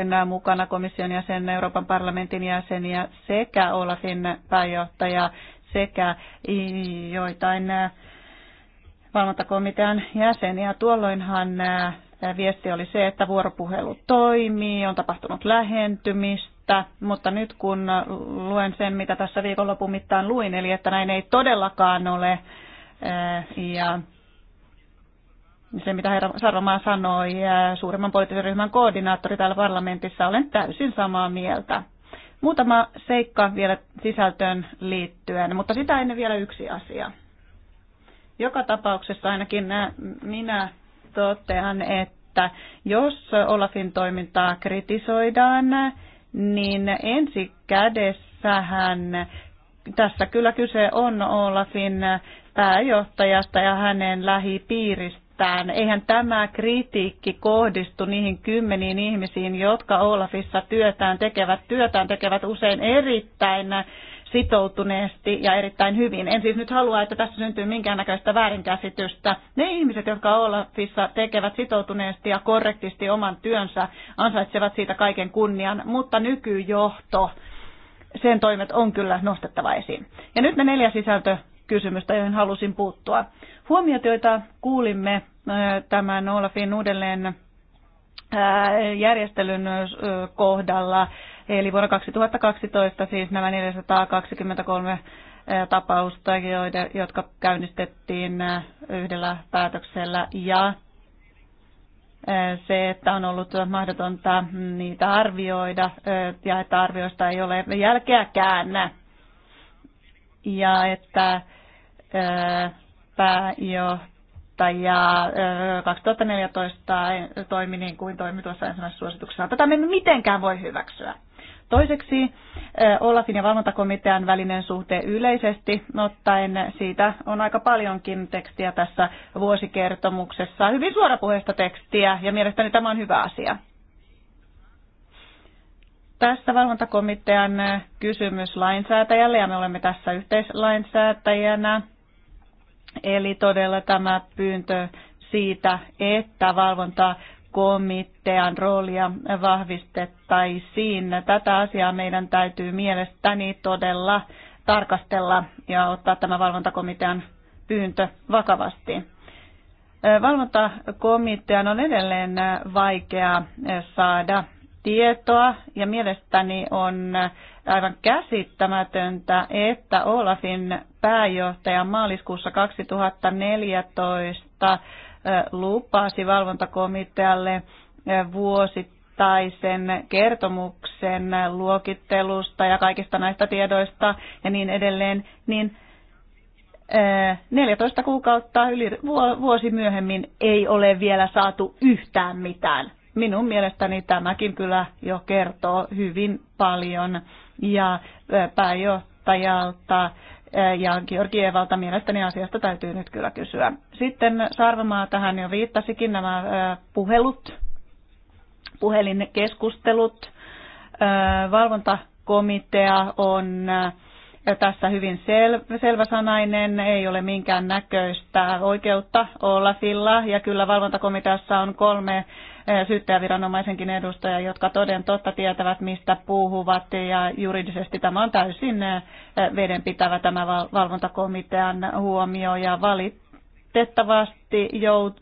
enää mukana komission jäsen, Euroopan parlamentin jäseniä sekä Olafin pääjohtaja sekä joitain valvontakomitean jäseniä. Tuolloinhan viesti oli se, että vuoropuhelu toimii, on tapahtunut lähentymistä, mutta nyt kun luen sen, mitä tässä viikonlopun mittaan luin, eli että näin ei todellakaan ole, ja se, mitä herra Sarvamaa sanoi, suuremman poliittisen ryhmän koordinaattori täällä parlamentissa, olen täysin samaa mieltä. Muutama seikka vielä sisältöön liittyen, mutta sitä ennen vielä yksi asia. Joka tapauksessa ainakin minä totean, että jos Olafin toimintaa kritisoidaan, niin ensi kädessähän tässä kyllä kyse on Olafin pääjohtajasta ja hänen lähipiiristä mitään. Eihän tämä kritiikki kohdistu niihin kymmeniin ihmisiin, jotka Olafissa työtään tekevät. Työtään tekevät usein erittäin sitoutuneesti ja erittäin hyvin. En siis nyt halua, että tässä syntyy minkäännäköistä väärinkäsitystä. Ne ihmiset, jotka Olafissa tekevät sitoutuneesti ja korrektisti oman työnsä, ansaitsevat siitä kaiken kunnian, mutta nykyjohto, sen toimet on kyllä nostettava esiin. Ja nyt me neljä sisältö kysymystä, joihin halusin puuttua. Huomiot, joita kuulimme tämän Olafin uudelleen järjestelyn kohdalla, eli vuonna 2012 siis nämä 423 tapausta, jotka käynnistettiin yhdellä päätöksellä ja se, että on ollut mahdotonta niitä arvioida ja että arvioista ei ole jälkeäkään ja että pääjohtaja 2014 toimi niin kuin toimi tuossa ensimmäisessä suosituksessa. Tätä me emme mitenkään voi hyväksyä. Toiseksi Olafin ja valvontakomitean välinen suhte yleisesti ottaen, siitä on aika paljonkin tekstiä tässä vuosikertomuksessa, hyvin suorapuheista tekstiä ja mielestäni tämä on hyvä asia. Tässä valvontakomitean kysymys lainsäätäjälle ja me olemme tässä yhteislainsäätäjänä. Eli todella tämä pyyntö siitä, että valvontakomitean roolia vahvistettaisiin. Tätä asiaa meidän täytyy mielestäni todella tarkastella ja ottaa tämä valvontakomitean pyyntö vakavasti. Valvontakomitean on edelleen vaikea saada tietoa ja mielestäni on aivan käsittämätöntä, että Olafin pääjohtaja maaliskuussa 2014 lupasi valvontakomitealle vuosittaisen kertomuksen luokittelusta ja kaikista näistä tiedoista ja niin edelleen, niin 14 kuukautta yli vuosi myöhemmin ei ole vielä saatu yhtään mitään minun mielestäni tämäkin kyllä jo kertoo hyvin paljon ja pääjohtajalta ja Georgievalta mielestäni asiasta täytyy nyt kyllä kysyä. Sitten Sarvamaa tähän jo viittasikin nämä puhelut, puhelinkeskustelut. Valvontakomitea on tässä hyvin sel- selväsanainen, ei ole minkään näköistä oikeutta olla sillä Ja kyllä valvontakomiteassa on kolme eh, syyttäjäviranomaisenkin edustajia, jotka toden totta tietävät, mistä puhuvat. Ja juridisesti tämä on täysin eh, vedenpitävä tämä valvontakomitean huomio ja valitettavasti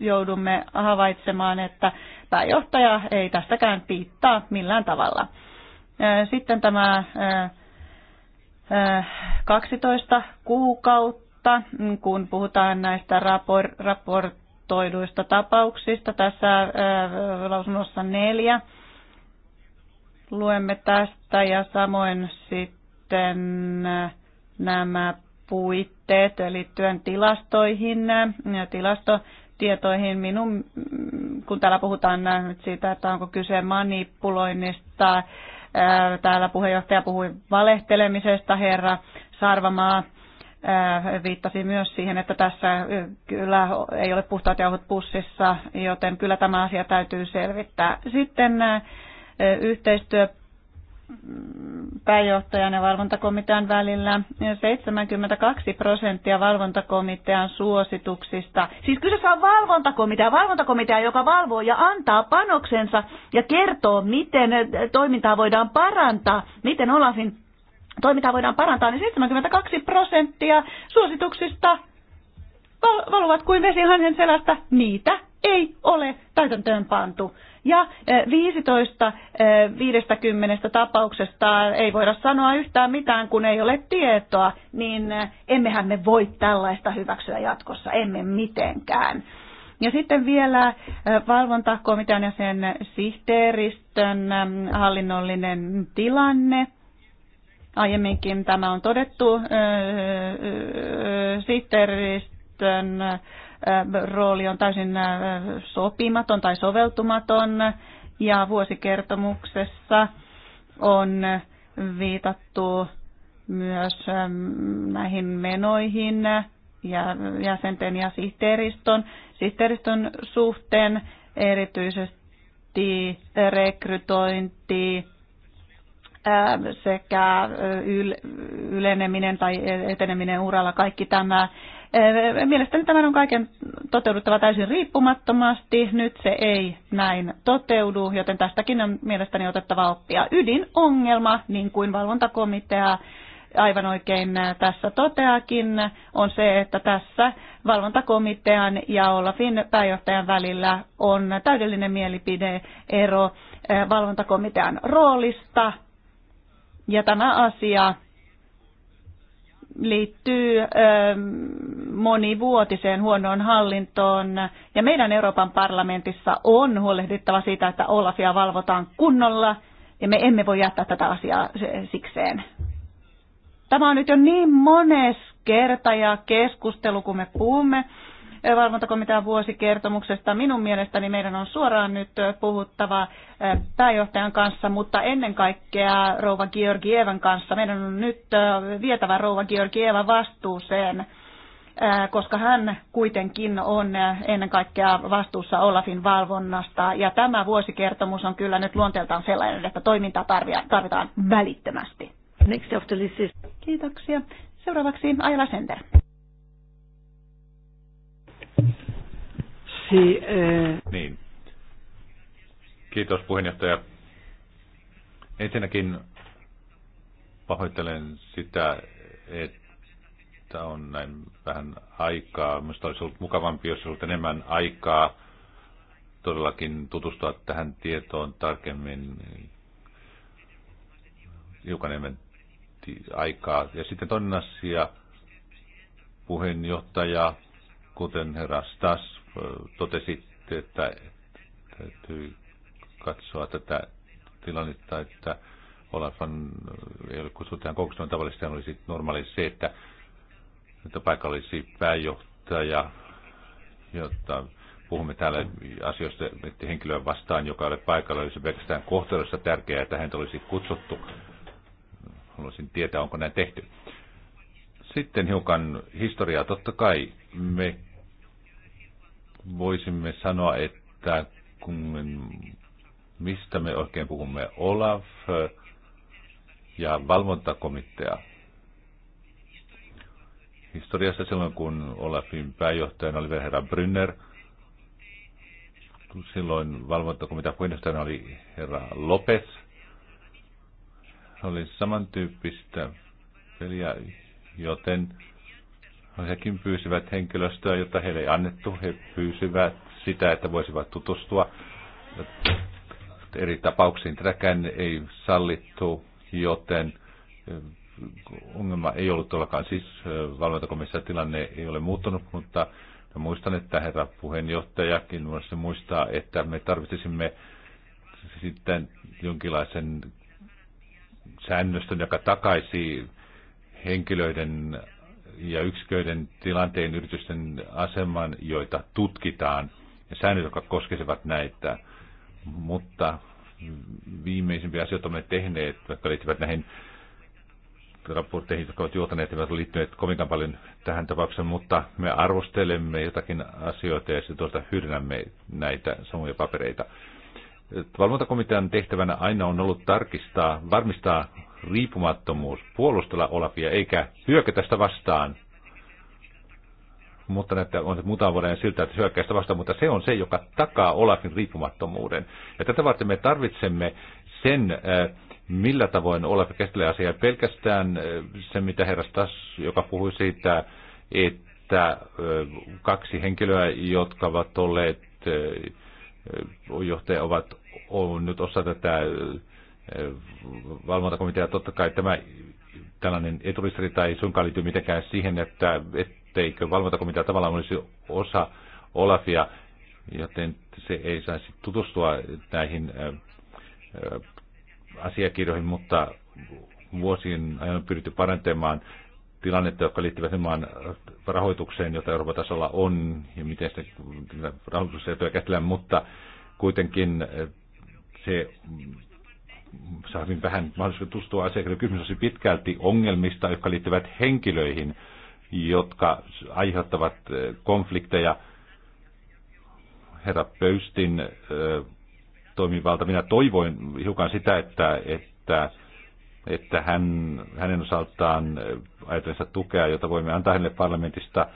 joudumme havaitsemaan, että pääjohtaja ei tästäkään piittaa millään tavalla. Eh, sitten tämä 12 kuukautta, kun puhutaan näistä rapor- raportoiduista tapauksista. Tässä äh, lausunnossa neljä luemme tästä ja samoin sitten äh, nämä puitteet eli äh, työn tilastoihin, ja tilastotietoihin. Minun, mm, kun täällä puhutaan nyt siitä, että onko kyse manipuloinnista, Täällä puheenjohtaja puhui valehtelemisesta, herra Sarvamaa viittasi myös siihen, että tässä kyllä ei ole puhtaat jauhot pussissa, joten kyllä tämä asia täytyy selvittää. Sitten yhteistyö pääjohtajan ja valvontakomitean välillä 72 prosenttia valvontakomitean suosituksista. Siis kyseessä on valvontakomitea, valvontakomitea, joka valvoo ja antaa panoksensa ja kertoo, miten toimintaa voidaan parantaa, miten Olafin toimintaa voidaan parantaa, niin 72 prosenttia suosituksista valuvat kuin vesihanhen selästä. Niitä ei ole täytäntöön pantu. Ja 15 50 tapauksesta ei voida sanoa yhtään mitään, kun ei ole tietoa, niin emmehän me voi tällaista hyväksyä jatkossa, emme mitenkään. Ja sitten vielä valvontakomitean ja sen sihteeristön hallinnollinen tilanne. Aiemminkin tämä on todettu sihteeristön rooli on täysin äh, sopimaton tai soveltumaton ja vuosikertomuksessa on viitattu myös ähm, näihin menoihin ja jäsenten ja sihteeriston, sihteeriston suhteen erityisesti rekrytointi äh, sekä äh, yleneminen tai eteneminen uralla, kaikki tämä Eh, mielestäni tämän on kaiken toteuduttava täysin riippumattomasti. Nyt se ei näin toteudu, joten tästäkin on mielestäni otettava oppia. Ydinongelma, niin kuin valvontakomitea aivan oikein tässä toteakin, on se, että tässä valvontakomitean ja Olafin pääjohtajan välillä on täydellinen mielipideero eh, valvontakomitean roolista. Ja tämä asia liittyy ähm, monivuotiseen huonoon hallintoon. Ja meidän Euroopan parlamentissa on huolehdittava siitä, että Olafia valvotaan kunnolla, ja me emme voi jättää tätä asiaa sikseen. Tämä on nyt jo niin mones kerta ja keskustelu, kun me puhumme valvontakomitean vuosikertomuksesta. Minun mielestäni meidän on suoraan nyt puhuttava eh, pääjohtajan kanssa, mutta ennen kaikkea rouva Georgievan kanssa. Meidän on nyt eh, vietävä rouva Georgieva vastuuseen eh, koska hän kuitenkin on ennen kaikkea vastuussa Olafin valvonnasta. Ja tämä vuosikertomus on kyllä nyt luonteeltaan sellainen, että toimintaa tarvitaan välittömästi. Next of the list is... Kiitoksia. Seuraavaksi Aila Center. Si, eh... Niin. Kiitos puheenjohtaja. Ensinnäkin pahoittelen sitä, että on näin vähän aikaa. Minusta olisi ollut mukavampi, jos olisi ollut enemmän aikaa todellakin tutustua tähän tietoon tarkemmin hiukan enemmän aikaa. Ja sitten toinen asia, puheenjohtaja, kuten herra Stas totesi, että täytyy katsoa tätä tilannetta, että Olafan ei ole kutsuttu tähän kokoukseen, tavallisesti olisi normaalisti se, että, että paikka olisi pääjohtaja, jotta puhumme täällä asioista että henkilöä vastaan, joka ei ole paikalla, olisi pelkästään kohtelussa tärkeää, että häntä olisi kutsuttu. Haluaisin tietää, onko näin tehty. Sitten hiukan historiaa. Totta kai me voisimme sanoa, että kun, mistä me oikein puhumme, Olaf ja valvontakomitea. Historiassa silloin, kun Olafin pääjohtajana oli herra Brynner, silloin valvontakomitea puheenjohtajana oli herra Lopez. Oli samantyyppistä peliä, joten No, hekin pyysivät henkilöstöä, jota heille ei annettu. He pyysivät sitä, että voisivat tutustua eri tapauksiin. Tätäkään ei sallittu, joten eh, ongelma ei ollut tuollakaan. Siis eh, valvontakomissa tilanne ei ole muuttunut, mutta muistan, että herra puheenjohtajakin muistaa, että me tarvitsisimme sitten jonkinlaisen säännöstön, joka takaisi henkilöiden ja yksiköiden tilanteen yritysten aseman, joita tutkitaan, ja säännöt, jotka koskisivat näitä. Mutta viimeisimpiä asioita olemme tehneet, jotka liittyvät näihin raportteihin, jotka ovat juotaneet, eivät liittyneet kovinkaan paljon tähän tapaukseen, mutta me arvostelemme jotakin asioita ja sitten tuosta hyödynnämme näitä samoja papereita. Valvontakomitean tehtävänä aina on ollut tarkistaa, varmistaa riippumattomuus puolustella Olafia eikä hyökätä sitä vastaan. Mutta näyttää on muutaman vuoden siltä, että hyökkää sitä vastaan, mutta se on se, joka takaa Olafin riippumattomuuden. Ja tätä varten me tarvitsemme sen, äh, millä tavoin Olaf käsittelee asiaa. Pelkästään äh, se, mitä herra Stas, joka puhui siitä, että äh, kaksi henkilöä, jotka ovat olleet johtaja, ovat on nyt osa tätä valvontakomitea, totta kai tämä tällainen eturistiriita ei suinkaan liity mitenkään siihen, että etteikö valvontakomitea tavallaan olisi osa Olafia, joten se ei saisi tutustua näihin asiakirjoihin, mutta vuosien ajan on pyritty parantamaan tilannetta, jotka liittyvät nimenomaan rahoitukseen, jota Euroopan tasolla on, ja miten sitä rahoitusta käsitellään, mutta kuitenkin se saa hyvin vähän mahdollisuus tutustua asiakirjaan. Kysymys olisi siis pitkälti ongelmista, jotka liittyvät henkilöihin, jotka aiheuttavat e, konflikteja. Herra Pöystin e, toimivalta. Minä toivoin hiukan sitä, että, että, että hän, hänen osaltaan e, ajatellensa tukea, jota voimme antaa hänelle parlamentista,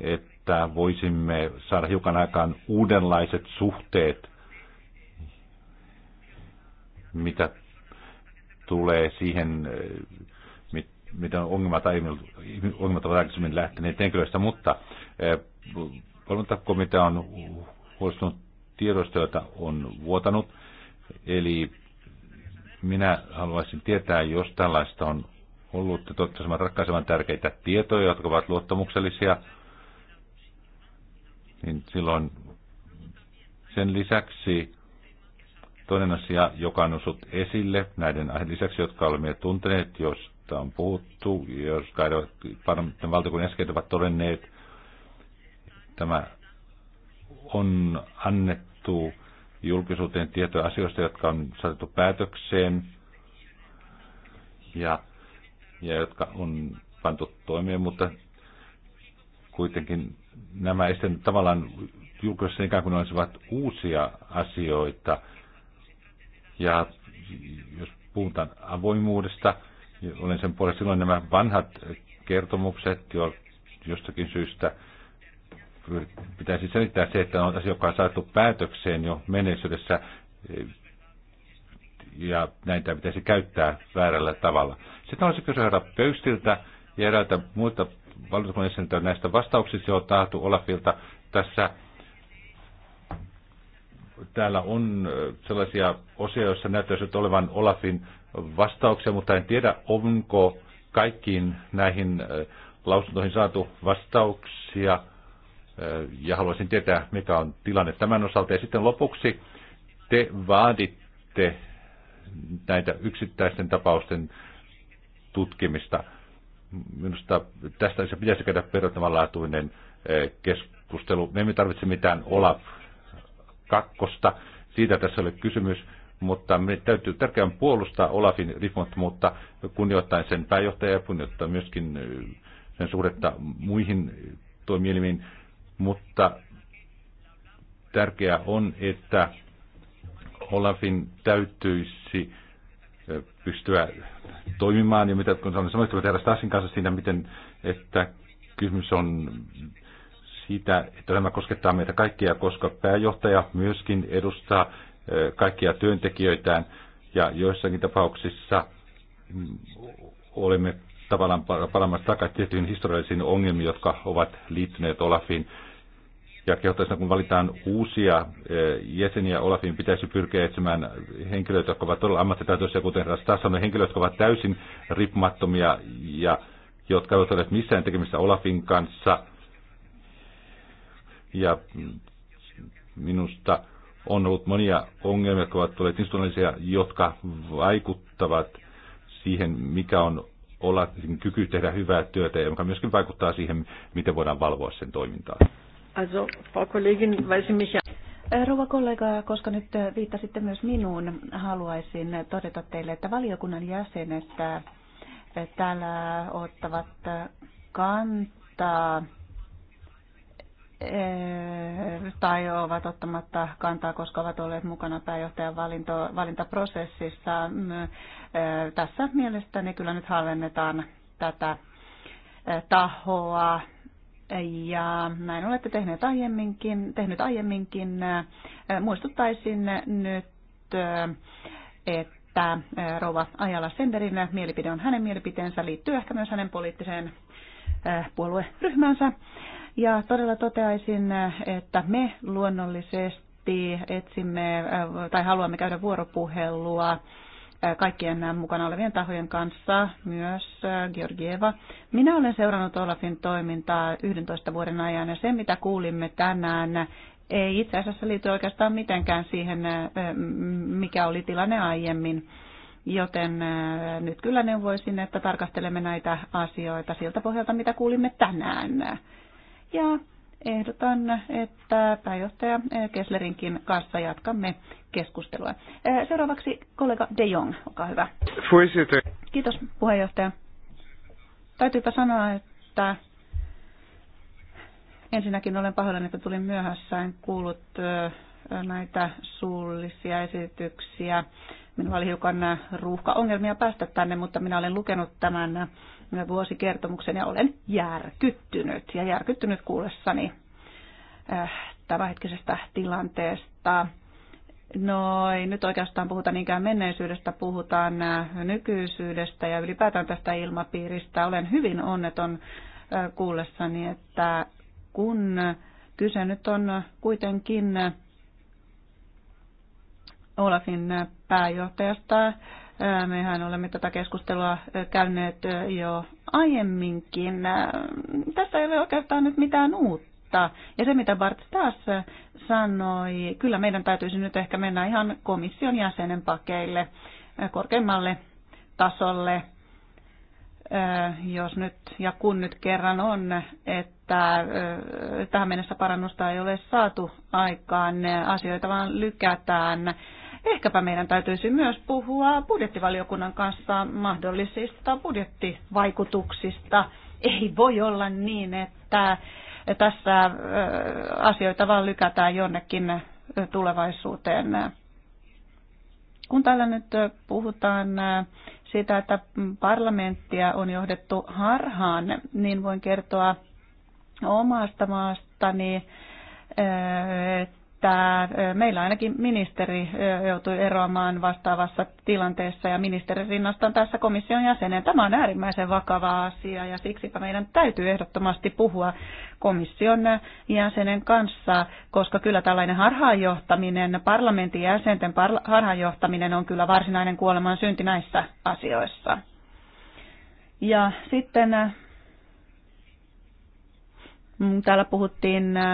että voisimme saada hiukan aikaan uudenlaiset suhteet mitä tulee siihen, eh, mit, mitä ongelmat, aiemmin, ongelmat ovat aikaisemmin lähteneet henkilöistä, mutta eh, valvontakomitea on huolestunut tiedoista, joita on vuotanut. Eli minä haluaisin tietää, jos tällaista on ollut, että ratkaisevan tärkeitä tietoja, jotka ovat luottamuksellisia, niin silloin sen lisäksi Toinen asia, joka on noussut esille näiden lisäksi, jotka olemme tunteneet, josta on puhuttu, jos parlamentin valtakunnan jäsenet ovat todenneet, tämä on annettu julkisuuteen tietoja asioista, jotka on saatettu päätökseen ja, ja jotka on pantu toimeen, mutta kuitenkin nämä sitten tavallaan julkisuudessa ikään kuin olisivat uusia asioita – ja jos puhutaan avoimuudesta, olen sen puolesta silloin nämä vanhat kertomukset, jo jostakin syystä pitäisi selittää se, että on asia, joka on saatu päätökseen jo menneisyydessä, ja näitä pitäisi käyttää väärällä tavalla. Sitten olisi kysyä herra Pöystiltä ja eräältä muilta valtuuskunnan näistä vastauksista, joita on taatu Olafilta tässä täällä on sellaisia osia, joissa näyttäisi olevan Olafin vastauksia, mutta en tiedä, onko kaikkiin näihin lausuntoihin saatu vastauksia. Ja haluaisin tietää, mikä on tilanne tämän osalta. Ja sitten lopuksi te vaaditte näitä yksittäisten tapausten tutkimista. Minusta tästä se pitäisi käydä perustavanlaatuinen keskustelu. Me emme tarvitse mitään Olaf kakkosta. Siitä tässä oli kysymys, mutta me täytyy tärkeää puolustaa Olafin riippumattomuutta kunnioittain sen pääjohtajaa ja kunnioittaa myöskin sen suhdetta muihin toimielimiin, mutta tärkeää on, että Olafin täytyisi pystyä toimimaan ja mitä kun sanoin, samaa tehdä Stassin kanssa siinä, miten, että kysymys on siitä, että tämä koskettaa meitä kaikkia, koska pääjohtaja myöskin edustaa kaikkia työntekijöitään ja joissakin tapauksissa mm, olemme tavallaan palaamassa takaisin tiettyihin historiallisiin ongelmiin, jotka ovat liittyneet Olafiin. Ja kehottaisin, kun valitaan uusia jäseniä, Olafin pitäisi pyrkiä etsimään henkilöitä, jotka ovat todella ammattitaitoisia, kuten Rastas sanoi, henkilöitä, jotka ovat täysin riippumattomia ja jotka eivät ole missään tekemistä Olafin kanssa – ja minusta on ollut monia ongelmia, jotka ovat tulleet institutionaalisia, jotka vaikuttavat siihen, mikä on olla kyky tehdä hyvää työtä, joka myöskin vaikuttaa siihen, miten voidaan valvoa sen toimintaa. Also, Frau Kollegin, äh, Rouva kollega, koska nyt äh, viittasitte myös minuun, haluaisin todeta teille, että valiokunnan jäsenet äh, täällä ottavat kantaa tai ovat ottamatta kantaa, koska ovat olleet mukana pääjohtajan valinto, valintaprosessissa. Mm, tässä mielestäni kyllä nyt halvennetaan tätä tahoa. Ja näin olette tehneet aiemminkin. Tehnyt aiemminkin. Muistuttaisin nyt, että Rova Ajala Senderin mielipide on hänen mielipiteensä, liittyy ehkä myös hänen poliittiseen puolueryhmänsä. Ja todella toteaisin, että me luonnollisesti etsimme äh, tai haluamme käydä vuoropuhelua äh, kaikkien mukana olevien tahojen kanssa, myös äh, Georgieva. Minä olen seurannut Olafin toimintaa 11 vuoden ajan ja se, mitä kuulimme tänään, ei itse asiassa liity oikeastaan mitenkään siihen, mikä oli tilanne aiemmin. Joten nyt kyllä neuvoisin, että tarkastelemme näitä asioita siltä pohjalta, mitä kuulimme tänään ja ehdotan, että pääjohtaja Kesslerinkin kanssa jatkamme keskustelua. Seuraavaksi kollega De Jong, olkaa hyvä. Kiitos puheenjohtaja. Täytyypä sanoa, että ensinnäkin olen pahoillani, että tulin myöhässä, en kuullut näitä suullisia esityksiä. Minulla oli hiukan ruuhkaongelmia päästä tänne, mutta minä olen lukenut tämän vuosikertomuksen ja olen järkyttynyt ja järkyttynyt kuullessani äh, tämänhetkisestä tilanteesta. No ei nyt oikeastaan puhuta niinkään menneisyydestä, puhutaan äh, nykyisyydestä ja ylipäätään tästä ilmapiiristä. Olen hyvin onneton äh, kuullessani, että kun kyse nyt on kuitenkin Olafin pääjohtajasta, Mehän olemme tätä keskustelua käyneet jo aiemminkin. Tässä ei ole oikeastaan nyt mitään uutta. Ja se, mitä Bart taas sanoi, kyllä meidän täytyisi nyt ehkä mennä ihan komission jäsenen pakeille, korkeammalle tasolle, jos nyt ja kun nyt kerran on, että tähän mennessä parannusta ei ole saatu aikaan, asioita vaan lykätään Ehkäpä meidän täytyisi myös puhua budjettivaliokunnan kanssa mahdollisista budjettivaikutuksista. Ei voi olla niin, että tässä asioita vaan lykätään jonnekin tulevaisuuteen. Kun täällä nyt puhutaan siitä, että parlamenttia on johdettu harhaan, niin voin kertoa omasta maastani, että meillä ainakin ministeri joutui eroamaan vastaavassa tilanteessa ja ministeri rinnastan tässä komission jäsenen. Tämä on äärimmäisen vakava asia ja siksipä meidän täytyy ehdottomasti puhua komission jäsenen kanssa, koska kyllä tällainen harhaanjohtaminen, parlamentin jäsenten harhaanjohtaminen on kyllä varsinainen kuoleman synti näissä asioissa. Ja sitten Täällä puhuttiin äh,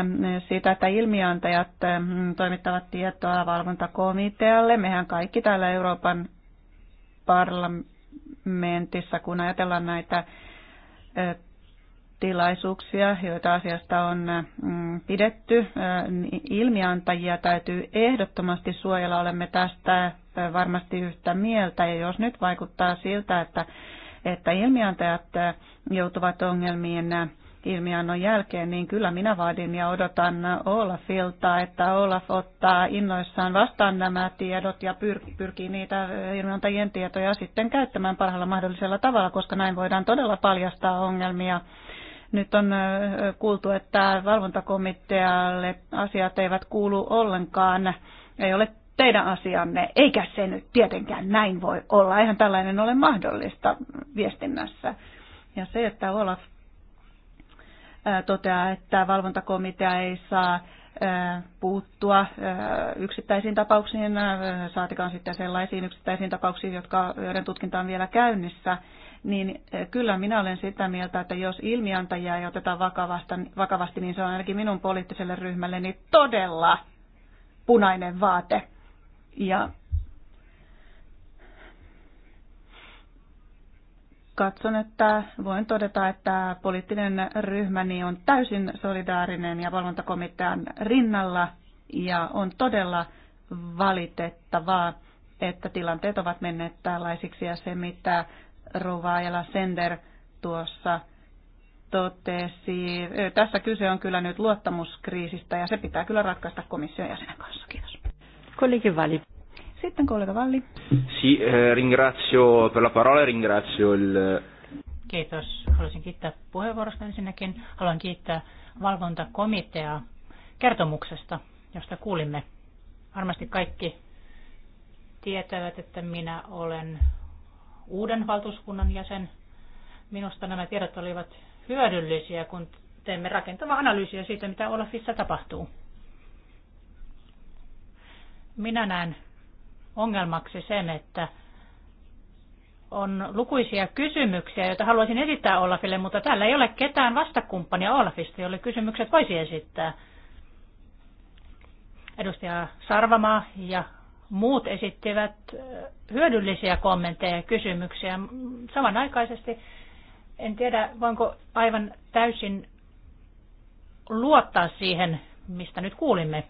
siitä, että ilmiantajat äh, toimittavat tietoa valvontakomitealle. Mehän kaikki täällä Euroopan parlamentissa, kun ajatellaan näitä äh, tilaisuuksia, joita asiasta on mm, pidetty, niin ilmiantajia täytyy ehdottomasti suojella. Olemme tästä varmasti yhtä mieltä. Ja jos nyt vaikuttaa siltä, että, että ilmiantajat joutuvat ongelmiin, ilmiannon jälkeen, niin kyllä minä vaadin ja odotan Olafilta, että Olaf ottaa innoissaan vastaan nämä tiedot ja pyr- pyrkii niitä ilmiantajien tietoja sitten käyttämään parhaalla mahdollisella tavalla, koska näin voidaan todella paljastaa ongelmia. Nyt on kuultu, että valvontakomitealle asiat eivät kuulu ollenkaan, ei ole teidän asianne, eikä se nyt tietenkään näin voi olla. Eihän tällainen ole mahdollista viestinnässä. Ja se, että Olaf toteaa, että valvontakomitea ei saa puuttua yksittäisiin tapauksiin, saatikaan sitten sellaisiin yksittäisiin tapauksiin, jotka, joiden tutkinta on vielä käynnissä, niin kyllä minä olen sitä mieltä, että jos ilmiantajia ei oteta vakavasti, niin se on ainakin minun poliittiselle ryhmälleni todella punainen vaate. Ja katson, että voin todeta, että poliittinen ryhmäni on täysin solidaarinen ja valvontakomitean rinnalla ja on todella valitettavaa, että tilanteet ovat menneet tällaisiksi ja se, mitä Ruvaajala Sender tuossa totesi. Tässä kyse on kyllä nyt luottamuskriisistä ja se pitää kyllä ratkaista komission jäsenen kanssa. Kiitos. Kollegi Vali. Sitten kollega Valli. Si, eh, ringrazio per la parola, e ringrazio il... Kiitos. Haluaisin kiittää puheenvuorosta ensinnäkin. Haluan kiittää valvontakomiteaa kertomuksesta, josta kuulimme. Varmasti kaikki tietävät, että minä olen uuden valtuuskunnan jäsen. Minusta nämä tiedot olivat hyödyllisiä, kun teemme rakentavaa analyysiä siitä, mitä Olafissa tapahtuu. Minä näen ongelmaksi sen, että on lukuisia kysymyksiä, joita haluaisin esittää Olafille, mutta täällä ei ole ketään vastakumppania Olafista, jolle kysymykset voisi esittää. Edustaja Sarvamaa ja muut esittivät hyödyllisiä kommentteja ja kysymyksiä. Samanaikaisesti en tiedä, voinko aivan täysin luottaa siihen, mistä nyt kuulimme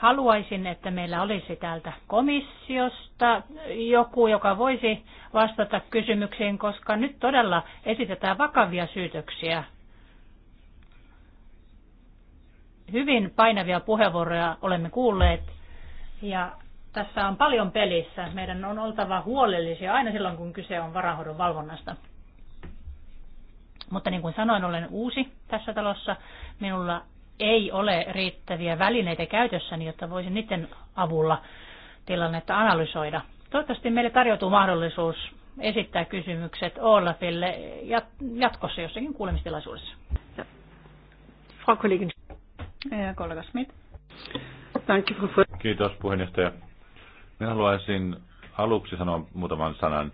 haluaisin, että meillä olisi täältä komissiosta joku, joka voisi vastata kysymyksiin, koska nyt todella esitetään vakavia syytöksiä. Hyvin painavia puheenvuoroja olemme kuulleet ja tässä on paljon pelissä. Meidän on oltava huolellisia aina silloin, kun kyse on varahoidon valvonnasta. Mutta niin kuin sanoin, olen uusi tässä talossa. Minulla ei ole riittäviä välineitä käytössäni, jotta voisin niiden avulla tilannetta analysoida. Toivottavasti meille tarjoutuu mahdollisuus esittää kysymykset Olafille jatkossa jossakin kuulemistilaisuudessa. Frau Kollegin. Ja äh, kollega Smith. Kiitos puheenjohtaja. Minä haluaisin aluksi sanoa muutaman sanan.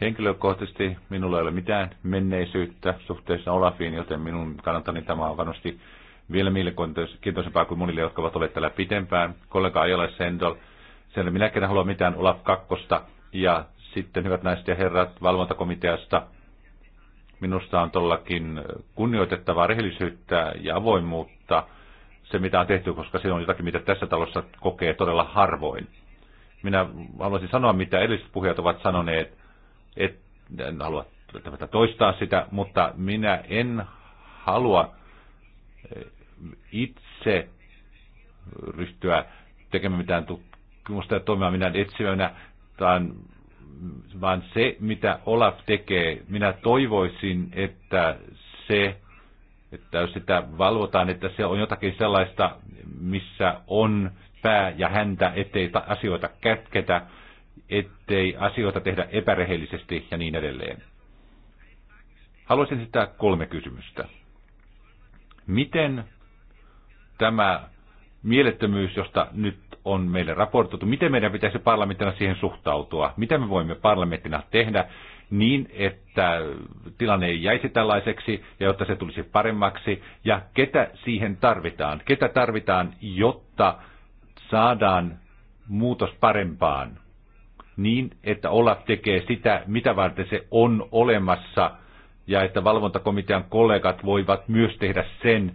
Henkilökohtaisesti minulla ei ole mitään menneisyyttä suhteessa Olafiin, joten minun kannaltani tämä on varmasti vielä mielenkiintoisempaa kuin monille, jotka ovat olleet täällä pitempään. Kollega ei ole Sendol. Sen en halua mitään Olaf kakkosta. Ja sitten, hyvät naiset ja herrat, valvontakomiteasta minusta on tollakin kunnioitettavaa rehellisyyttä ja avoimuutta se, mitä on tehty, koska se on jotakin, mitä tässä talossa kokee todella harvoin. Minä haluaisin sanoa, mitä edelliset puhujat ovat sanoneet, et en halua toistaa sitä, mutta minä en halua itse ryhtyä tekemään mitään tutkimusta ja toimimaan minä etsivänä, vaan, vaan se, mitä Olaf tekee, minä toivoisin, että se, että jos sitä valvotaan, että se on jotakin sellaista, missä on pää ja häntä, ettei asioita kätketä, ettei asioita tehdä epärehellisesti ja niin edelleen. Haluaisin sitä kolme kysymystä. Miten tämä mielettömyys, josta nyt on meille raportoitu, miten meidän pitäisi parlamenttina siihen suhtautua, mitä me voimme parlamenttina tehdä niin, että tilanne ei jäisi tällaiseksi ja jotta se tulisi paremmaksi ja ketä siihen tarvitaan, ketä tarvitaan, jotta saadaan muutos parempaan niin, että Olaf tekee sitä, mitä varten se on olemassa ja että valvontakomitean kollegat voivat myös tehdä sen,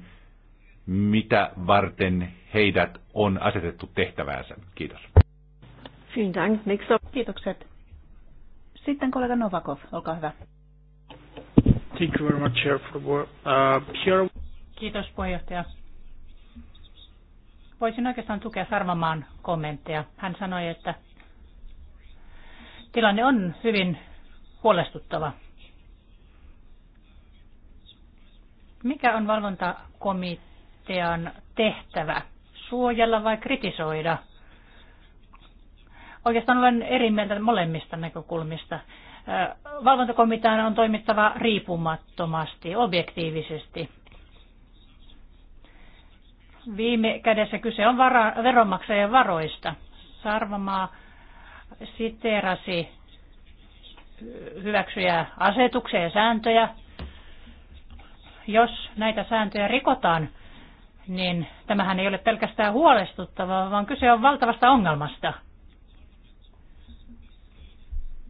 mitä varten heidät on asetettu tehtäväänsä. Kiitos. Kiitokset. Sitten kollega Novakov, olkaa hyvä. Thank you very much, Chair, for Uh, here... Kiitos puheenjohtaja. Voisin oikeastaan tukea Sarvamaan kommentteja. Hän sanoi, että tilanne on hyvin huolestuttava. Mikä on valvontakomitea? opettajan tehtävä, suojella vai kritisoida? Oikeastaan olen eri mieltä molemmista näkökulmista. Valvontakomitean on toimittava riippumattomasti, objektiivisesti. Viime kädessä kyse on vara- veronmaksajien varoista. Sarvamaa siteerasi hyväksyjä asetuksia ja sääntöjä. Jos näitä sääntöjä rikotaan, niin tämähän ei ole pelkästään huolestuttavaa, vaan kyse on valtavasta ongelmasta.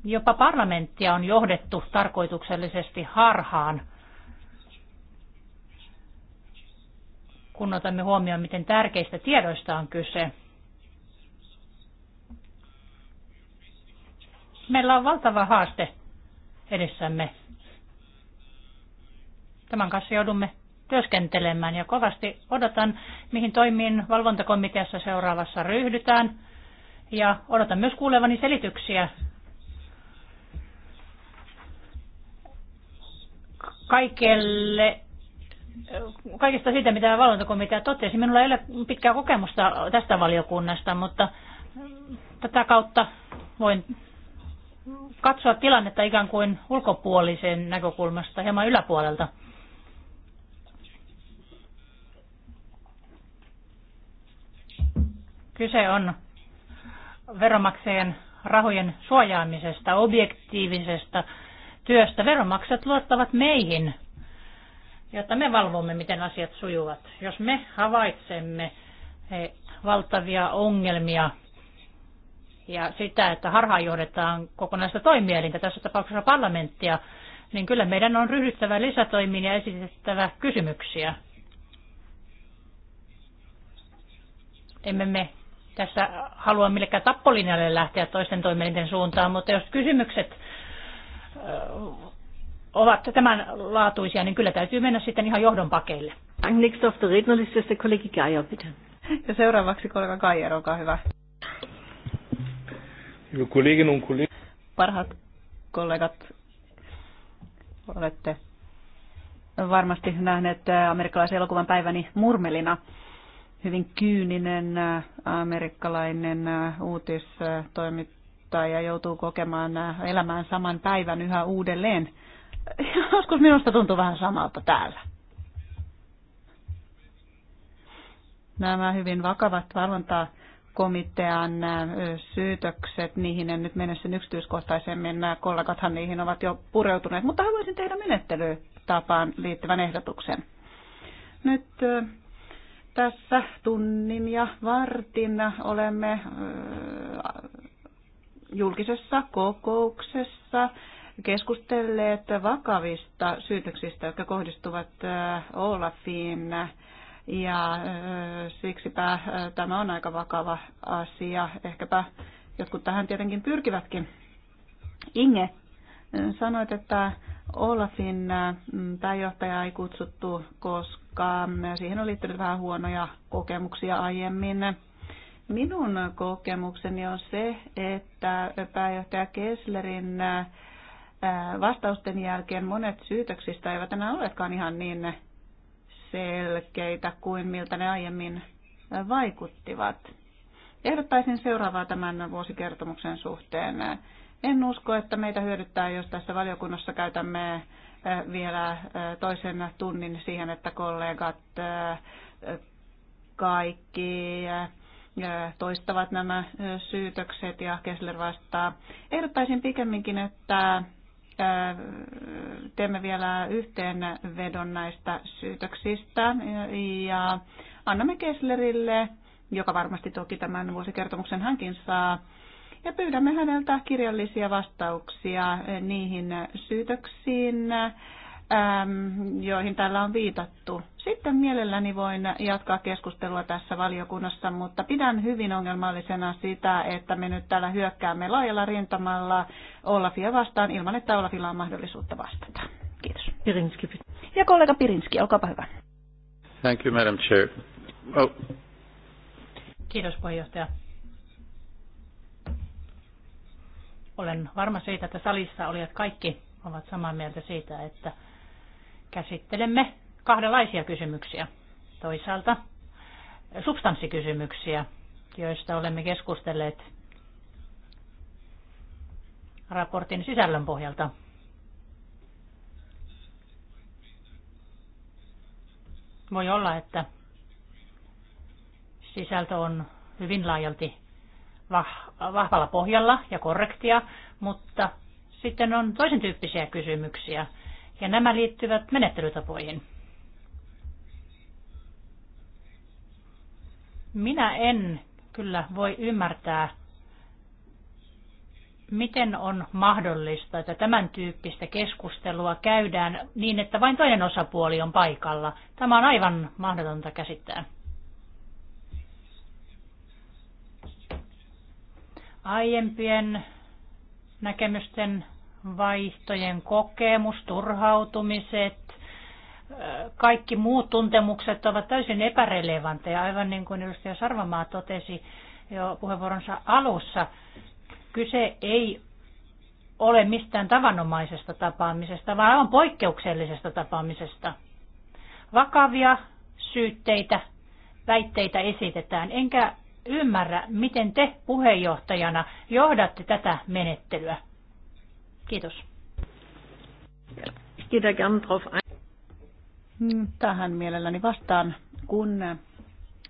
Jopa parlamenttia on johdettu tarkoituksellisesti harhaan, kun otamme huomioon, miten tärkeistä tiedoista on kyse. Meillä on valtava haaste edessämme. Tämän kanssa joudumme työskentelemään ja kovasti odotan, mihin toimiin valvontakomiteassa seuraavassa ryhdytään. Ja odotan myös kuulevani selityksiä kaikelle, kaikesta siitä, mitä valvontakomitea totesi. Minulla ei ole pitkää kokemusta tästä valiokunnasta, mutta tätä kautta voin katsoa tilannetta ikään kuin ulkopuolisen näkökulmasta, hieman yläpuolelta. Kyse on veronmaksajien rahojen suojaamisesta, objektiivisesta työstä. veromaksat luottavat meihin, jotta me valvomme, miten asiat sujuvat. Jos me havaitsemme valtavia ongelmia ja sitä, että harhaan johdetaan kokonaista toimielintä, tässä tapauksessa parlamenttia, niin kyllä meidän on ryhdyttävä lisätoimiin ja esitettävä kysymyksiä. Emme me tässä halua millekään tappolinjalle lähteä toisten toimielinten suuntaan, mutta jos kysymykset ovat tämän laatuisia, niin kyllä täytyy mennä sitten ihan johdon pakeille. Next of the rednerlisteste kollegi Geier, bitte. Ja seuraavaksi kollega Geier, olkaa hyvä. Parhaat kollegat, olette varmasti nähneet amerikkalaisen elokuvan päiväni murmelina hyvin kyyninen äh, amerikkalainen äh, uutistoimittaja joutuu kokemaan äh, elämään saman päivän yhä uudelleen. Joskus minusta tuntuu vähän samalta täällä. Nämä hyvin vakavat valvontaa komitean syytökset, niihin en nyt mene sen yksityiskohtaisemmin, nämä kollegathan niihin ovat jo pureutuneet, mutta haluaisin tehdä menettelytapaan liittyvän ehdotuksen. Nyt tässä tunnin ja vartin olemme julkisessa kokouksessa keskustelleet vakavista syytöksistä, jotka kohdistuvat Olafiin. Ja siksipä tämä on aika vakava asia. Ehkäpä jotkut tähän tietenkin pyrkivätkin. Inge, sanoit, että Olafin pääjohtaja ei kutsuttu, koskaan koska Siihen on liittynyt vähän huonoja kokemuksia aiemmin. Minun kokemukseni on se, että pääjohtaja Kesslerin vastausten jälkeen monet syytöksistä eivät enää olekaan ihan niin selkeitä kuin miltä ne aiemmin vaikuttivat. Ehdottaisin seuraavaa tämän vuosikertomuksen suhteen. En usko, että meitä hyödyttää, jos tässä valiokunnassa käytämme vielä toisen tunnin siihen, että kollegat kaikki toistavat nämä syytökset ja Kessler vastaa. Ehdottaisin pikemminkin, että teemme vielä yhteenvedon näistä syytöksistä ja annamme Kesslerille, joka varmasti toki tämän vuosikertomuksen hänkin saa, ja pyydämme häneltä kirjallisia vastauksia niihin syytöksiin, ähm, joihin täällä on viitattu. Sitten mielelläni voin jatkaa keskustelua tässä valiokunnassa, mutta pidän hyvin ongelmallisena sitä, että me nyt täällä hyökkäämme laajalla rintamalla Olafia vastaan ilman, että Olafilla on mahdollisuutta vastata. Kiitos. Pirinski. Ja kollega Pirinski, olkaapa hyvä. Thank you, Madam Chair. Oh. Kiitos puheenjohtaja. Olen varma siitä, että salissa olijat kaikki ovat samaa mieltä siitä, että käsittelemme kahdenlaisia kysymyksiä. Toisaalta substanssikysymyksiä, joista olemme keskustelleet raportin sisällön pohjalta. Voi olla, että sisältö on hyvin laajalti vahvalla pohjalla ja korrektia, mutta sitten on toisen tyyppisiä kysymyksiä, ja nämä liittyvät menettelytapoihin. Minä en kyllä voi ymmärtää, miten on mahdollista, että tämän tyyppistä keskustelua käydään niin, että vain toinen osapuoli on paikalla. Tämä on aivan mahdotonta käsittää. aiempien näkemysten vaihtojen kokemus, turhautumiset, kaikki muut tuntemukset ovat täysin epärelevanteja, aivan niin kuin edustaja Sarvamaa totesi jo puheenvuoronsa alussa. Kyse ei ole mistään tavanomaisesta tapaamisesta, vaan on poikkeuksellisesta tapaamisesta. Vakavia syytteitä, väitteitä esitetään, enkä ymmärrä, miten te puheenjohtajana johdatte tätä menettelyä. Kiitos. Mm, tähän mielelläni vastaan. Kun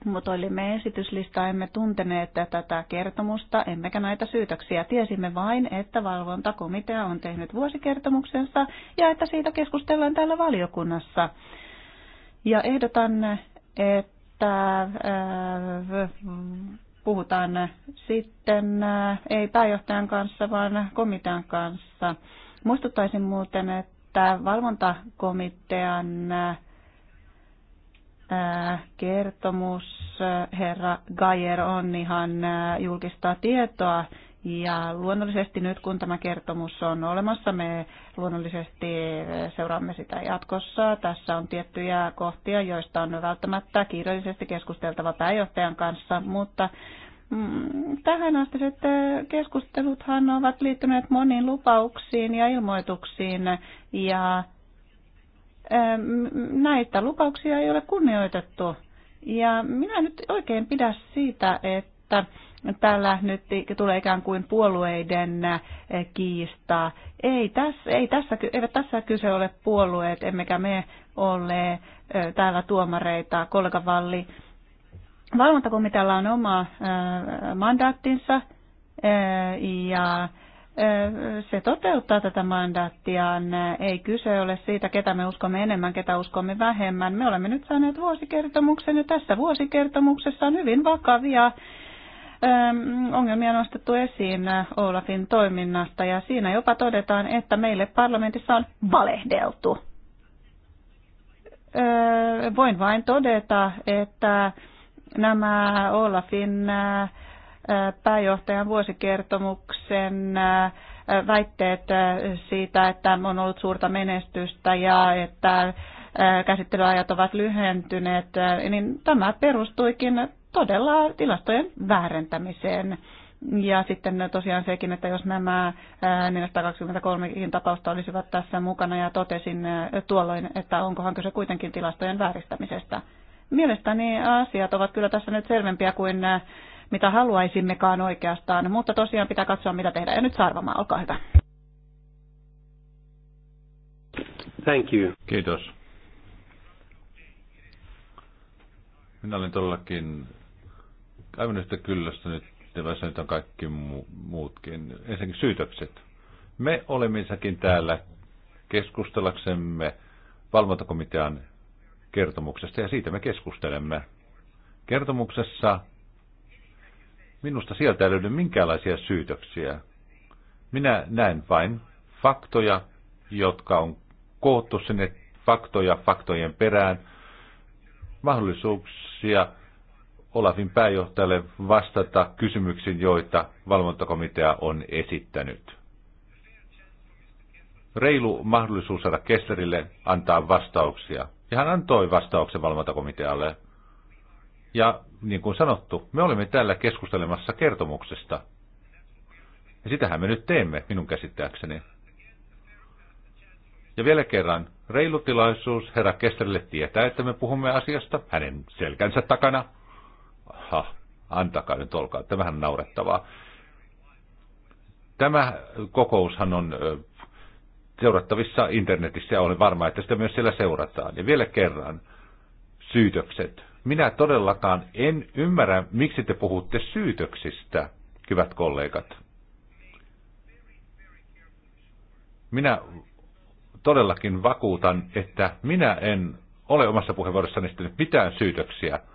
muotoilimme esityslistaa, emme tunteneet tätä kertomusta, emmekä näitä syytöksiä. Tiesimme vain, että valvontakomitea on tehnyt vuosikertomuksensa ja että siitä keskustellaan täällä valiokunnassa. Ja ehdotan, että että äh, puhutaan sitten äh, ei pääjohtajan kanssa, vaan komitean kanssa. Muistuttaisin muuten, että valvontakomitean äh, kertomus herra Gajer on ihan julkista tietoa ja luonnollisesti nyt kun tämä kertomus on olemassa, me luonnollisesti seuraamme sitä jatkossa. Tässä on tiettyjä kohtia, joista on välttämättä kiireellisesti keskusteltava pääjohtajan kanssa, mutta mm, tähän asti sitten keskusteluthan ovat liittyneet moniin lupauksiin ja ilmoituksiin ja näitä lupauksia ei ole kunnioitettu. Ja minä nyt oikein pidä siitä, että täällä nyt tulee ikään kuin puolueiden eh, kiistaa. Ei tässä, ei tässä, eivät tässä kyse ole puolueet, emmekä me ole eh, täällä tuomareita. Kollega Valli, valvontakomitealla on oma eh, mandaattinsa ja se toteuttaa tätä mandaattia. Ei kyse ole siitä, ketä me uskomme enemmän, ketä uskomme vähemmän. Me olemme nyt saaneet vuosikertomuksen ja tässä vuosikertomuksessa on hyvin vakavia ongelmia nostettu esiin äh, Olafin toiminnasta ja siinä jopa todetaan, että meille parlamentissa on valehdeltu. Öö, voin vain todeta, että nämä Olafin äh, äh, pääjohtajan vuosikertomuksen väitteet siitä, että on ollut suurta menestystä ja että käsittelyajat ovat lyhentyneet, niin tämä perustuikin todella tilastojen väärentämiseen. Ja sitten tosiaan sekin, että jos nämä 423 tapausta olisivat tässä mukana ja totesin tuolloin, että onkohan kyse kuitenkin tilastojen vääristämisestä. Mielestäni asiat ovat kyllä tässä nyt selvempiä kuin mitä haluaisimmekaan oikeastaan, mutta tosiaan pitää katsoa mitä tehdä. Ja nyt Sarvamaa, olkaa hyvä. Thank you. Kiitos. Minä olin todellakin aivan yhtä kyllästynyt ja nyt on kaikki mu- muutkin. Ensinnäkin syytökset. Me olemme ensinnäkin täällä keskustellaksemme valvontakomitean kertomuksesta ja siitä me keskustelemme. Kertomuksessa minusta sieltä ei löydy minkäänlaisia syytöksiä. Minä näen vain faktoja, jotka on koottu sinne faktoja faktojen perään, mahdollisuuksia Olafin pääjohtajalle vastata kysymyksiin, joita valvontakomitea on esittänyt. Reilu mahdollisuus saada Kesslerille antaa vastauksia. Ja hän antoi vastauksen valvontakomitealle. Ja niin kuin sanottu, me olemme täällä keskustelemassa kertomuksesta. Ja sitähän me nyt teemme, minun käsittääkseni. Ja vielä kerran, reilu tilaisuus herra Kesslerille tietää, että me puhumme asiasta hänen selkänsä takana – ha, antakaa nyt olkaa, että vähän naurettavaa. Tämä kokoushan on seurattavissa internetissä ja olen varma, että sitä myös siellä seurataan. Ja vielä kerran, syytökset. Minä todellakaan en ymmärrä, miksi te puhutte syytöksistä, hyvät kollegat. Minä todellakin vakuutan, että minä en ole omassa puheenvuorossani mitään syytöksiä –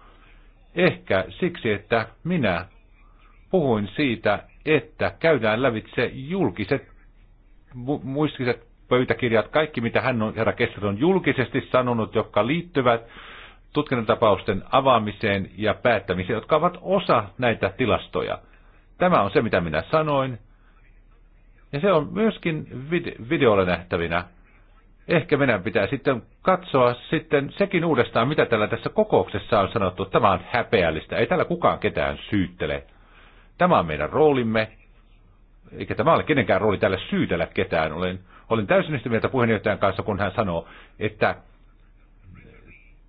Ehkä siksi, että minä puhuin siitä, että käydään lävitse julkiset muistiset pöytäkirjat, kaikki mitä hän on, herra Kessler on julkisesti sanonut, jotka liittyvät tutkintatapausten avaamiseen ja päättämiseen, jotka ovat osa näitä tilastoja. Tämä on se, mitä minä sanoin. Ja se on myöskin videolla nähtävinä. Ehkä meidän pitää sitten katsoa sitten sekin uudestaan, mitä tällä tässä kokouksessa on sanottu. Tämä on häpeällistä. Ei täällä kukaan ketään syyttele. Tämä on meidän roolimme. Eikä tämä ole kenenkään rooli täällä syytellä ketään. Olen, olen täysin yhtä mieltä puheenjohtajan kanssa, kun hän sanoo, että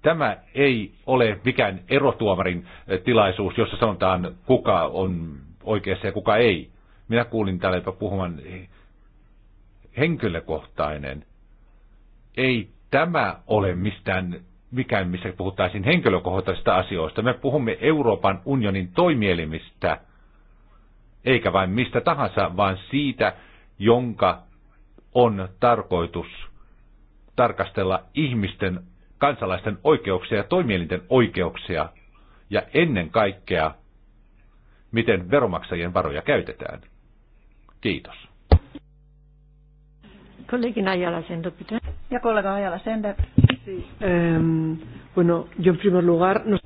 tämä ei ole mikään erotuomarin eh, tilaisuus, jossa sanotaan, kuka on oikeassa ja kuka ei. Minä kuulin täällä jopa puhuvan eh, henkilökohtainen ei tämä ole mistään mikään, missä puhuttaisiin henkilökohtaisista asioista. Me puhumme Euroopan unionin toimielimistä, eikä vain mistä tahansa, vaan siitä, jonka on tarkoitus tarkastella ihmisten, kansalaisten oikeuksia ja toimielinten oikeuksia, ja ennen kaikkea, miten veromaksajien varoja käytetään. Kiitos. Kollegin Ayala Sender, Peter. Ya, kollega Ayala Sender. Sí. Eh, bueno, yo en primer lugar... No...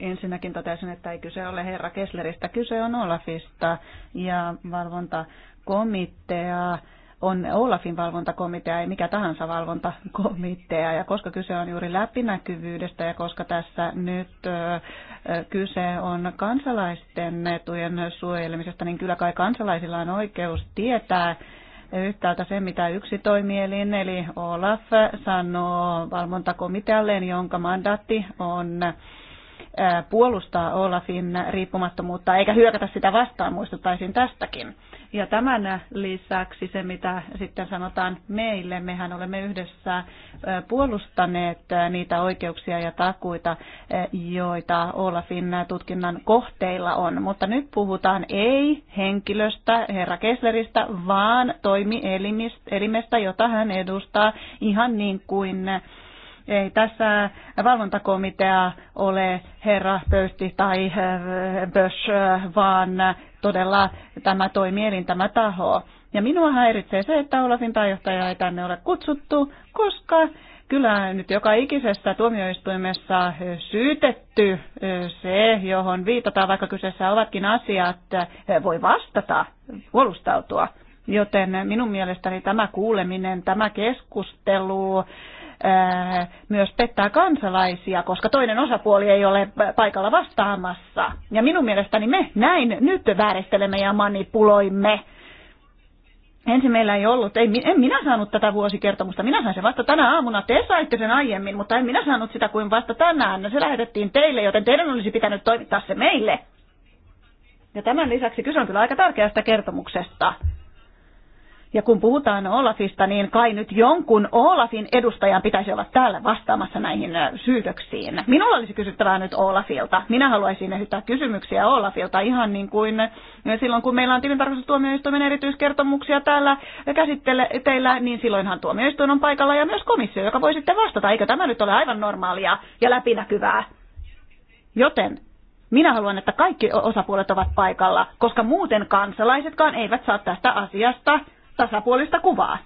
Ensinnäkin totesin, että ei kyse ole herra Kessleristä, kyse on Olafista ja valvontakomitea on Olafin valvontakomitea, ei mikä tahansa valvontakomitea. Ja koska kyse on juuri läpinäkyvyydestä ja koska tässä nyt kyse on kansalaisten etujen suojelemisesta, niin kyllä kai kansalaisilla on oikeus tietää, yhtäältä se, mitä yksi toimielin, eli Olaf, sanoo valvontakomitealleen, jonka mandaatti on puolustaa Olafin riippumattomuutta, eikä hyökätä sitä vastaan, muistuttaisin tästäkin. Ja tämän lisäksi se, mitä sitten sanotaan meille, mehän olemme yhdessä puolustaneet niitä oikeuksia ja takuita, joita Olafin tutkinnan kohteilla on. Mutta nyt puhutaan ei henkilöstä, herra Kessleristä, vaan toimielimestä, jota hän edustaa ihan niin kuin ei tässä valvontakomitea ole herra Pöysti tai Bösch, vaan todella tämä toimielin, tämä taho. Ja minua häiritsee se, että Olafin pääjohtaja ei tänne ole kutsuttu, koska kyllä nyt joka ikisessä tuomioistuimessa eh, syytetty eh, se, johon viitataan, vaikka kyseessä ovatkin asiat, eh, voi vastata, puolustautua. Joten minun mielestäni tämä kuuleminen, tämä keskustelu, myös pettää kansalaisia, koska toinen osapuoli ei ole paikalla vastaamassa. Ja minun mielestäni me näin nyt vääristelemme ja manipuloimme. Ensin meillä ei ollut, ei, en minä saanut tätä vuosikertomusta, minä sain sen vasta tänä aamuna, te saitte sen aiemmin, mutta en minä saanut sitä kuin vasta tänään, se lähetettiin teille, joten teidän olisi pitänyt toimittaa se meille. Ja tämän lisäksi kyse on kyllä aika tärkeästä kertomuksesta. Ja kun puhutaan Olafista, niin kai nyt jonkun Olafin edustajan pitäisi olla täällä vastaamassa näihin syytöksiin. Minulla olisi kysyttävää nyt Olafilta. Minä haluaisin esittää kysymyksiä Olafilta ihan niin kuin silloin, kun meillä on tilintarkastustuomioistuimen erityiskertomuksia täällä käsitteillä, niin silloinhan tuomioistuin on paikalla ja myös komissio, joka voi sitten vastata. Eikö tämä nyt ole aivan normaalia ja läpinäkyvää? Joten minä haluan, että kaikki osapuolet ovat paikalla, koska muuten kansalaisetkaan eivät saa tästä asiasta tasapuolista kuvaa.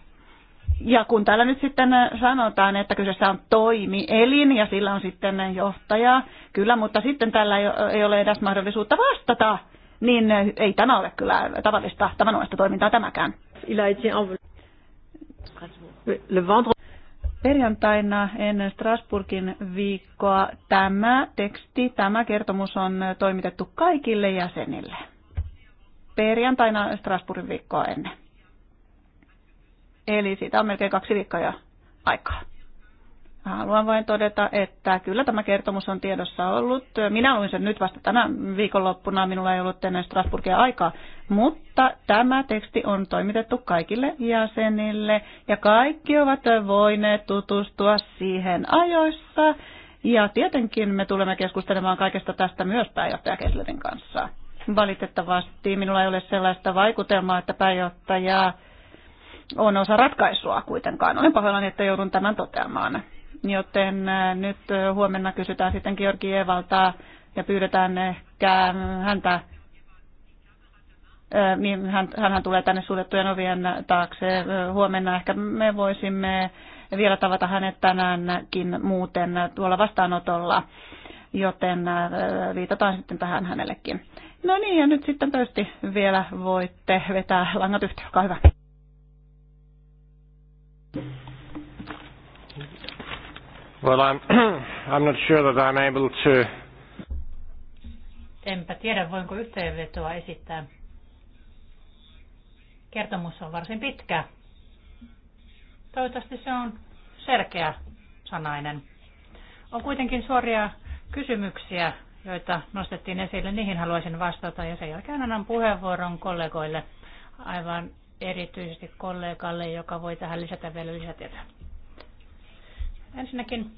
Ja kun täällä nyt sitten sanotaan, että kyseessä on toimielin ja sillä on sitten johtaja, kyllä, mutta sitten tällä ei ole edes mahdollisuutta vastata, niin ei tämä ole kyllä tavallista tavanomaista toimintaa tämäkään. Perjantaina ennen Strasburgin viikkoa tämä teksti, tämä kertomus on toimitettu kaikille jäsenille. Perjantaina Strasburgin viikkoa ennen. Eli siitä on melkein kaksi viikkoa ja aikaa. Haluan vain todeta, että kyllä tämä kertomus on tiedossa ollut. Minä luin sen nyt vasta tänä viikonloppuna, minulla ei ollut ennen Strasburgia aikaa, mutta tämä teksti on toimitettu kaikille jäsenille ja kaikki ovat voineet tutustua siihen ajoissa. Ja tietenkin me tulemme keskustelemaan kaikesta tästä myös pääjohtaja Kesslerin kanssa. Valitettavasti minulla ei ole sellaista vaikutelmaa, että pääjohtaja on osa ratkaisua kuitenkaan. Olen no. pahoillani, että joudun tämän toteamaan. Joten äh, nyt äh, huomenna kysytään sitten Georgi Evalta ja pyydetään ehkä häntä äh, hän, hän tulee tänne suljettujen ovien taakse huomenna. Ehkä me voisimme vielä tavata hänet tänäänkin muuten tuolla vastaanotolla, joten viitataan sitten tähän hänellekin. No niin, ja nyt sitten pöysti vielä voitte vetää langat yhteen, olkaa hyvä. Well, I'm, I'm not sure that I'm able to... Enpä tiedä, voinko yhteenvetoa esittää. Kertomus on varsin pitkä. Toivottavasti se on selkeä sanainen. On kuitenkin suoria kysymyksiä, joita nostettiin esille. Niihin haluaisin vastata ja sen jälkeen annan puheenvuoron kollegoille aivan erityisesti kollegalle, joka voi tähän lisätä vielä lisätietoa. Ensinnäkin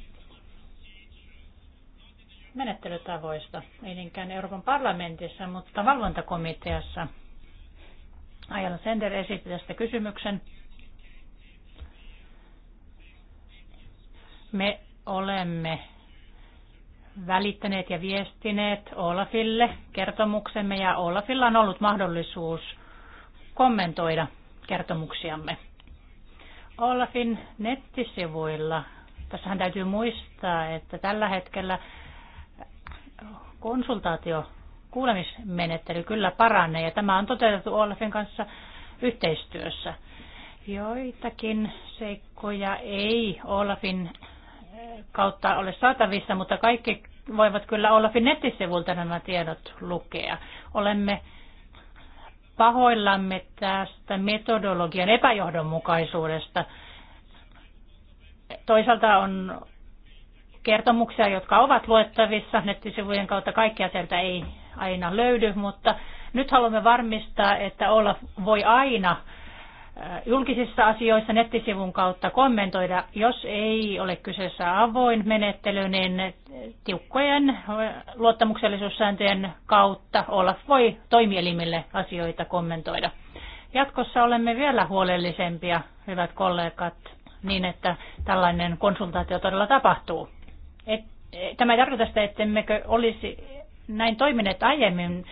menettelytavoista, ei niinkään Euroopan parlamentissa, mutta valvontakomiteassa. Ajalla Sender esitti tästä kysymyksen. Me olemme välittäneet ja viestineet Olafille kertomuksemme ja Olafilla on ollut mahdollisuus – kommentoida kertomuksiamme. Olafin nettisivuilla, tässähän täytyy muistaa, että tällä hetkellä konsultaatio kuulemismenettely kyllä paranee ja tämä on toteutettu Olafin kanssa yhteistyössä. Joitakin seikkoja ei Olafin eh, kautta ole saatavissa, mutta kaikki voivat kyllä Olafin nettisivuilta nämä tiedot lukea. Olemme pahoillamme tästä metodologian epäjohdonmukaisuudesta. Toisaalta on kertomuksia, jotka ovat luettavissa. Nettisivujen kautta kaikkia sieltä ei aina löydy, mutta nyt haluamme varmistaa, että Olaf voi aina julkisissa asioissa nettisivun kautta kommentoida. Jos ei ole kyseessä avoin menettely, niin tiukkojen luottamuksellisuussääntöjen kautta olla, voi toimielimille asioita kommentoida. Jatkossa olemme vielä huolellisempia, hyvät kollegat, niin että tällainen konsultaatio todella tapahtuu. Et, e, tämä ei tarkoita sitä, ettemmekö olisi näin toimineet aiemmin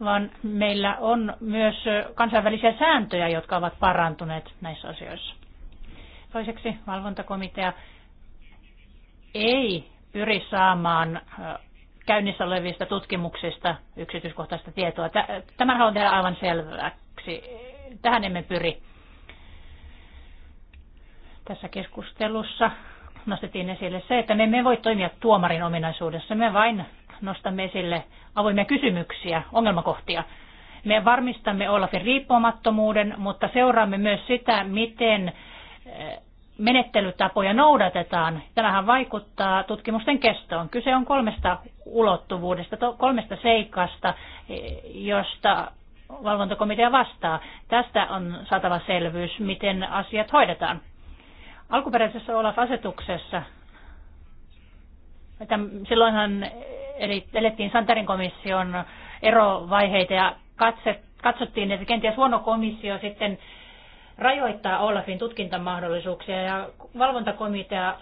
vaan meillä on myös kansainvälisiä sääntöjä, jotka ovat parantuneet näissä asioissa. Toiseksi valvontakomitea ei pyri saamaan käynnissä olevista tutkimuksista yksityiskohtaista tietoa. Tämän haluan tehdä aivan selväksi. Tähän emme pyri. Tässä keskustelussa nostettiin esille se, että me emme voi toimia tuomarin ominaisuudessa. Me vain nostamme esille avoimia kysymyksiä, ongelmakohtia. Me varmistamme Olafin riippumattomuuden, mutta seuraamme myös sitä, miten eh, menettelytapoja noudatetaan. Tämähän vaikuttaa tutkimusten kestoon. Kyse on kolmesta ulottuvuudesta, kolmesta seikasta, eh, josta valvontakomitea vastaa. Tästä on saatava selvyys, miten asiat hoidetaan. Alkuperäisessä Olaf-asetuksessa, silloinhan eli elettiin Santarin komission erovaiheita ja katse, katsottiin, että kenties huono komissio sitten rajoittaa Olafin tutkintamahdollisuuksia ja valvontakomitea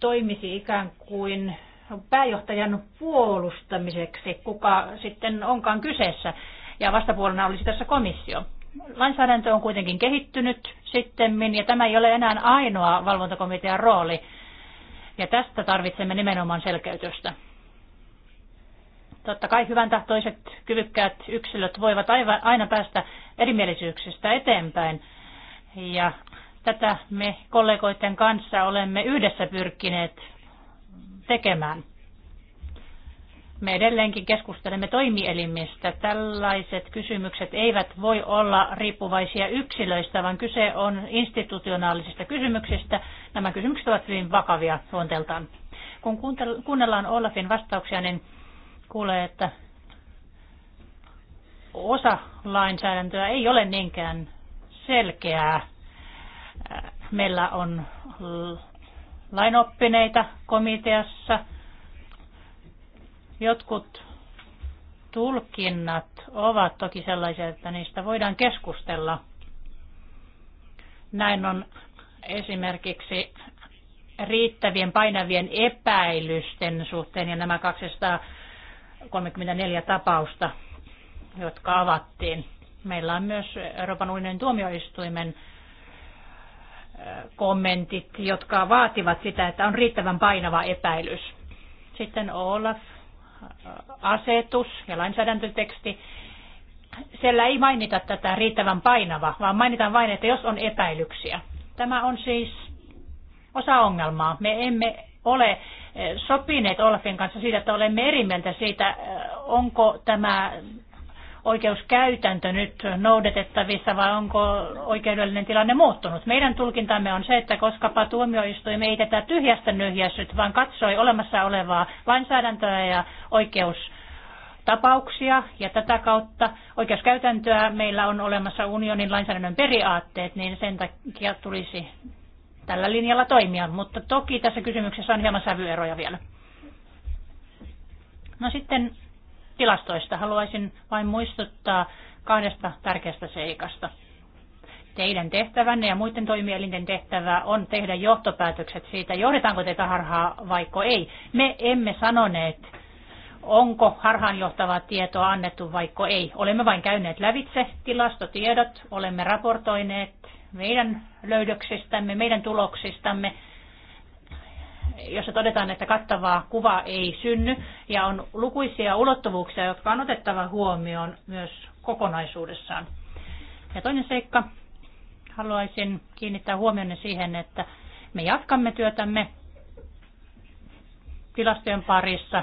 toimisi ikään kuin pääjohtajan puolustamiseksi, kuka sitten onkaan kyseessä. Ja vastapuolena olisi tässä komissio. Lainsäädäntö on kuitenkin kehittynyt sitten, ja tämä ei ole enää ainoa valvontakomitean rooli. Ja tästä tarvitsemme nimenomaan selkeytystä. Totta kai hyvän tahtoiset, kyvykkäät yksilöt voivat aina päästä erimielisyyksistä eteenpäin. Ja tätä me kollegoiden kanssa olemme yhdessä pyrkineet tekemään. Me edelleenkin keskustelemme toimielimistä. Tällaiset kysymykset eivät voi olla riippuvaisia yksilöistä, vaan kyse on institutionaalisista kysymyksistä. Nämä kysymykset ovat hyvin vakavia luonteeltaan. Kun kuunnellaan Olafin vastauksia, niin kuulee, että osa lainsäädäntöä ei ole niinkään selkeää. Meillä on lainoppineita komiteassa. Jotkut tulkinnat ovat toki sellaisia, että niistä voidaan keskustella. Näin on esimerkiksi riittävien painavien epäilysten suhteen ja nämä 200 34 tapausta, jotka avattiin. Meillä on myös Euroopan unionin tuomioistuimen äh, kommentit, jotka vaativat sitä, että on riittävän painava epäilys. Sitten Olaf, äh, asetus ja lainsäädäntöteksti. Siellä ei mainita tätä riittävän painava, vaan mainitaan vain, että jos on epäilyksiä. Tämä on siis osa ongelmaa. Me emme ole eh, sopineet Olafin kanssa siitä, että olemme eri mieltä siitä, eh, onko tämä oikeuskäytäntö nyt noudatettavissa vai onko oikeudellinen tilanne muuttunut. Meidän tulkintamme on se, että koskapa tuomioistuin ei tätä tyhjästä nyhjässyt, vaan katsoi olemassa olevaa lainsäädäntöä ja oikeus tapauksia, ja tätä kautta oikeuskäytäntöä meillä on olemassa unionin lainsäädännön periaatteet, niin sen takia tulisi tällä linjalla toimia, mutta toki tässä kysymyksessä on hieman sävyeroja vielä. No sitten tilastoista haluaisin vain muistuttaa kahdesta tärkeästä seikasta. Teidän tehtävänne ja muiden toimielinten tehtävä on tehdä johtopäätökset siitä, johdetaanko teitä harhaa vaiko ei. Me emme sanoneet, onko harhaanjohtavaa tietoa annettu vaiko ei. Olemme vain käyneet lävitse tilastotiedot, olemme raportoineet meidän löydöksistämme, meidän tuloksistamme, jossa todetaan, että kattavaa kuvaa ei synny ja on lukuisia ulottuvuuksia, jotka on otettava huomioon myös kokonaisuudessaan. Ja toinen seikka, haluaisin kiinnittää huomionne siihen, että me jatkamme työtämme tilastojen parissa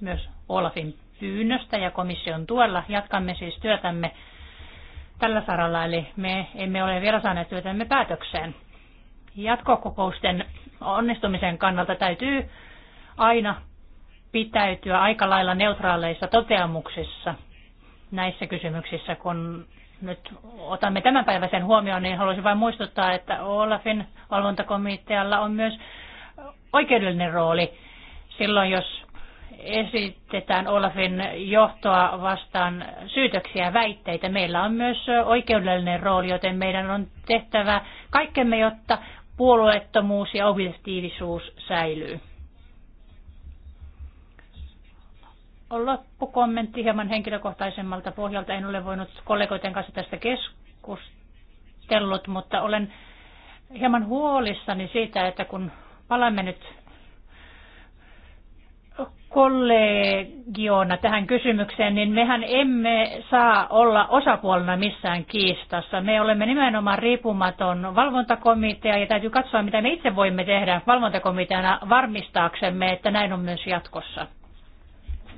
myös Olafin pyynnöstä ja komission tuella. Jatkamme siis työtämme tällä saralla, eli me emme ole vielä saaneet työtämme päätökseen. Jatkokokousten onnistumisen kannalta täytyy aina pitäytyä aika lailla neutraaleissa toteamuksissa näissä kysymyksissä, kun nyt otamme tämän päivän sen huomioon, niin haluaisin vain muistuttaa, että Olafin valvontakomitealla on myös oikeudellinen rooli silloin, jos esitetään Olafin johtoa vastaan syytöksiä väitteitä. Meillä on myös oikeudellinen rooli, joten meidän on tehtävä kaikkemme, jotta puolueettomuus ja objektiivisuus säilyy. Loppukommentti hieman henkilökohtaisemmalta pohjalta. En ole voinut kollegoiden kanssa tästä keskustellut, mutta olen hieman huolissani siitä, että kun palaamme nyt kollegiona tähän kysymykseen, niin mehän emme saa olla osapuolena missään kiistassa. Me olemme nimenomaan riippumaton valvontakomitea ja täytyy katsoa, mitä me itse voimme tehdä valvontakomiteana varmistaaksemme, että näin on myös jatkossa.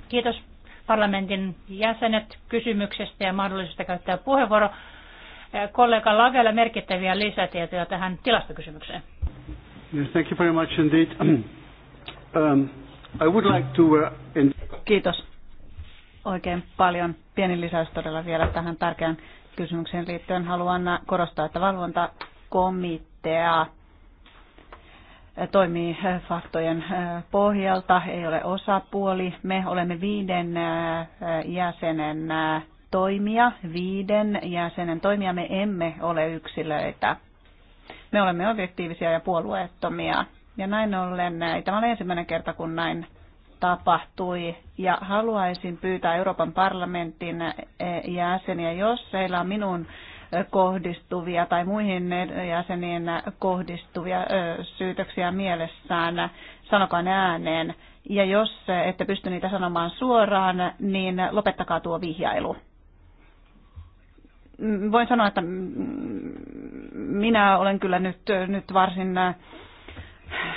Kiitos parlamentin jäsenet kysymyksestä ja mahdollisesta käyttää puheenvuoro. Kollega Lagella merkittäviä lisätietoja tähän tilastokysymykseen. Yes, thank you very much indeed. um, I would like to, uh, Kiitos oikein paljon. Pieni lisäys todella vielä tähän tärkeään kysymykseen liittyen. Haluan äh, korostaa, että valvontakomitea äh, toimii äh, faktojen pohjalta, ei ole osapuoli. Me olemme viiden jäsenen toimija, viiden jäsenen toimija. me emme ole yksilöitä. Me olemme objektiivisia ja puolueettomia. Ja näin ollen, eh, tämä oli ensimmäinen kerta, kun näin tapahtui. Ja haluaisin pyytää Euroopan parlamentin eh, jäseniä, jos heillä on minun eh, kohdistuvia tai muihin jäseniin kohdistuvia syytöksiä mielessään, sanokaa ne ääneen. Ja jos ette pysty niitä sanomaan suoraan, niin lopettakaa tuo vihjailu. Mm, voin sanoa, että mm, minä olen kyllä nyt, nyt varsin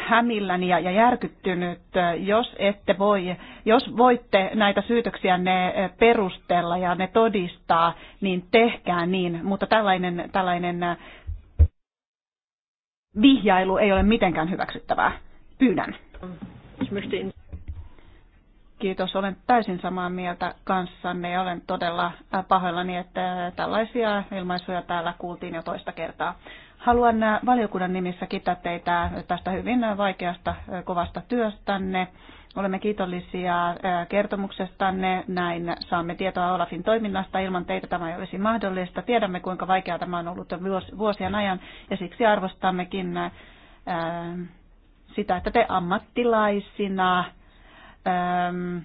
hämilläni ja, ja järkyttynyt, jos ette voi, jos voitte näitä syytöksiä ne perustella ja ne todistaa, niin tehkää niin, mutta tällainen, tällainen vihjailu ei ole mitenkään hyväksyttävää. Pyydän. Kiitos, olen täysin samaa mieltä kanssanne ja olen todella pahoillani, että tällaisia ilmaisuja täällä kuultiin jo toista kertaa. Haluan äh, valiokunnan nimissä kiittää teitä tästä hyvin vaikeasta äh, kovasta työstänne. Olemme kiitollisia äh, kertomuksestanne. Näin saamme tietoa Olafin toiminnasta. Ilman teitä tämä ei olisi mahdollista. Tiedämme, kuinka vaikeaa tämä on ollut vuosien ajan ja siksi arvostammekin sitä, että te ammattilaisina ähm,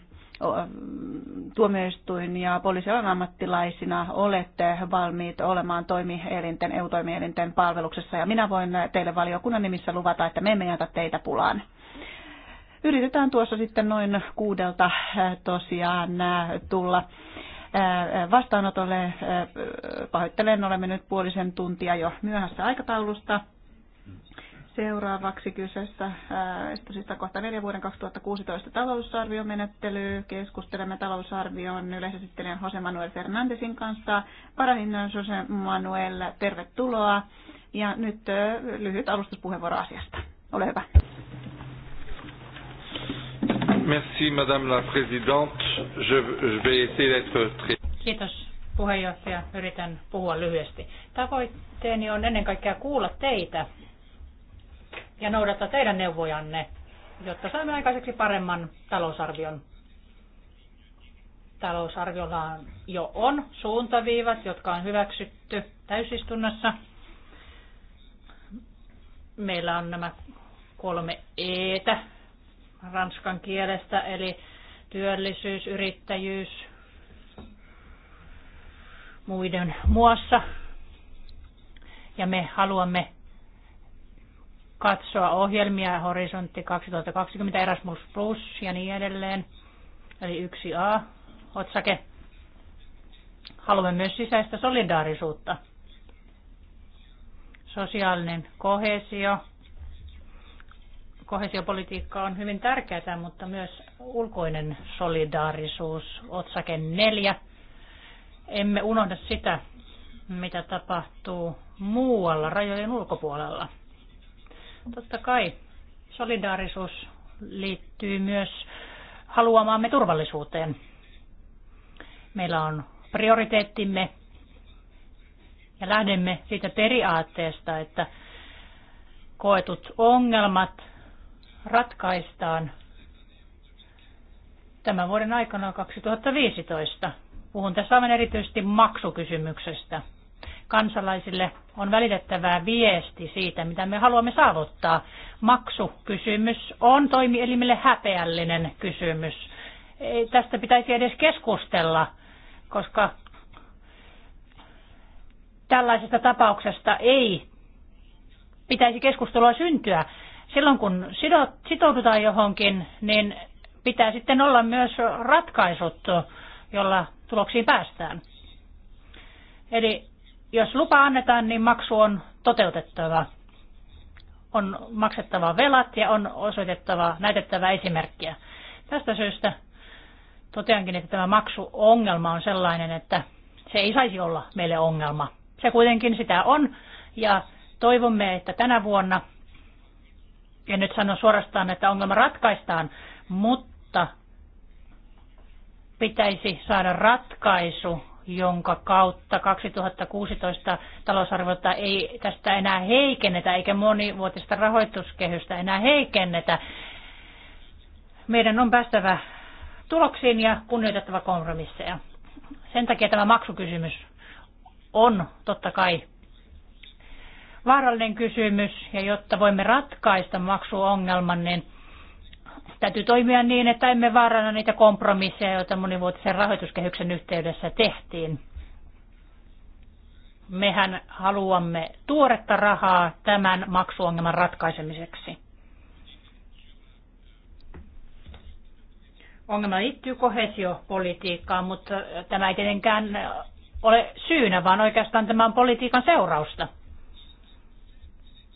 tuomioistuin ja poliisialan ammattilaisina olette valmiit olemaan toimielinten, EU-toimielinten palveluksessa ja minä voin teille valiokunnan nimissä luvata, että me emme jätä teitä pulaan. Yritetään tuossa sitten noin kuudelta tosiaan tulla vastaanotolle. Pahoittelen, olemme nyt puolisen tuntia jo myöhässä aikataulusta. Seuraavaksi kyseessä esitysistä kohta neljä vuoden 2016 talousarviomenettely. Keskustelemme talousarvion yleisesittelijän Jose Manuel Fernandesin kanssa. Parahinnan Jose Manuel, tervetuloa. Ja nyt lyhyt alustuspuheenvuoro asiasta. Ole hyvä. Merci, Madame la Présidente. Je, je vais essayer d'être très... Kiitos, puheenjohtaja. Yritän puhua lyhyesti. Tavoitteeni on ennen kaikkea kuulla teitä ja noudattaa teidän neuvojanne, jotta saamme aikaiseksi paremman talousarvion. Talousarviolla jo on suuntaviivat, jotka on hyväksytty täysistunnossa. Meillä on nämä kolme eetä ranskan kielestä, eli työllisyys, yrittäjyys, muiden muassa. Ja me haluamme katsoa ohjelmia Horisontti 2020, Erasmus Plus ja niin edelleen, eli 1A otsake. Haluamme myös sisäistä solidaarisuutta. Sosiaalinen kohesio. Kohesiopolitiikka on hyvin tärkeää, mutta myös ulkoinen solidaarisuus, otsake 4. Emme unohda sitä, mitä tapahtuu muualla rajojen ulkopuolella. Totta kai solidaarisuus liittyy myös haluamaamme turvallisuuteen. Meillä on prioriteettimme ja lähdemme siitä periaatteesta, että koetut ongelmat ratkaistaan tämän vuoden aikana 2015. Puhun tässä aivan erityisesti maksukysymyksestä kansalaisille on välitettävää viesti siitä, mitä me haluamme saavuttaa. Maksukysymys on toimielimille häpeällinen kysymys. Ei tästä pitäisi edes keskustella, koska tällaisesta tapauksesta ei pitäisi keskustelua syntyä. Silloin kun sitoudutaan johonkin, niin pitää sitten olla myös ratkaisut, jolla tuloksiin päästään. Eli jos lupa annetaan, niin maksu on toteutettava. On maksettava velat ja on osoitettava, näytettävä esimerkkiä. Tästä syystä toteankin, että tämä maksuongelma on sellainen, että se ei saisi olla meille ongelma. Se kuitenkin sitä on ja toivomme, että tänä vuonna, en nyt sano suorastaan, että ongelma ratkaistaan, mutta pitäisi saada ratkaisu jonka kautta 2016 talousarviota ei tästä enää heikennetä, eikä monivuotista rahoituskehystä enää heikennetä. Meidän on päästävä tuloksiin ja kunnioitettava kompromisseja. Sen takia tämä maksukysymys on totta kai vaarallinen kysymys, ja jotta voimme ratkaista maksuongelman, niin Täytyy toimia niin, että emme vaaranna niitä kompromisseja, joita monivuotisen rahoituskehyksen yhteydessä tehtiin. Mehän haluamme tuoretta rahaa tämän maksuongelman ratkaisemiseksi. Ongelma liittyy kohesiopolitiikkaan, mutta tämä ei tietenkään ole syynä, vaan oikeastaan tämän politiikan seurausta.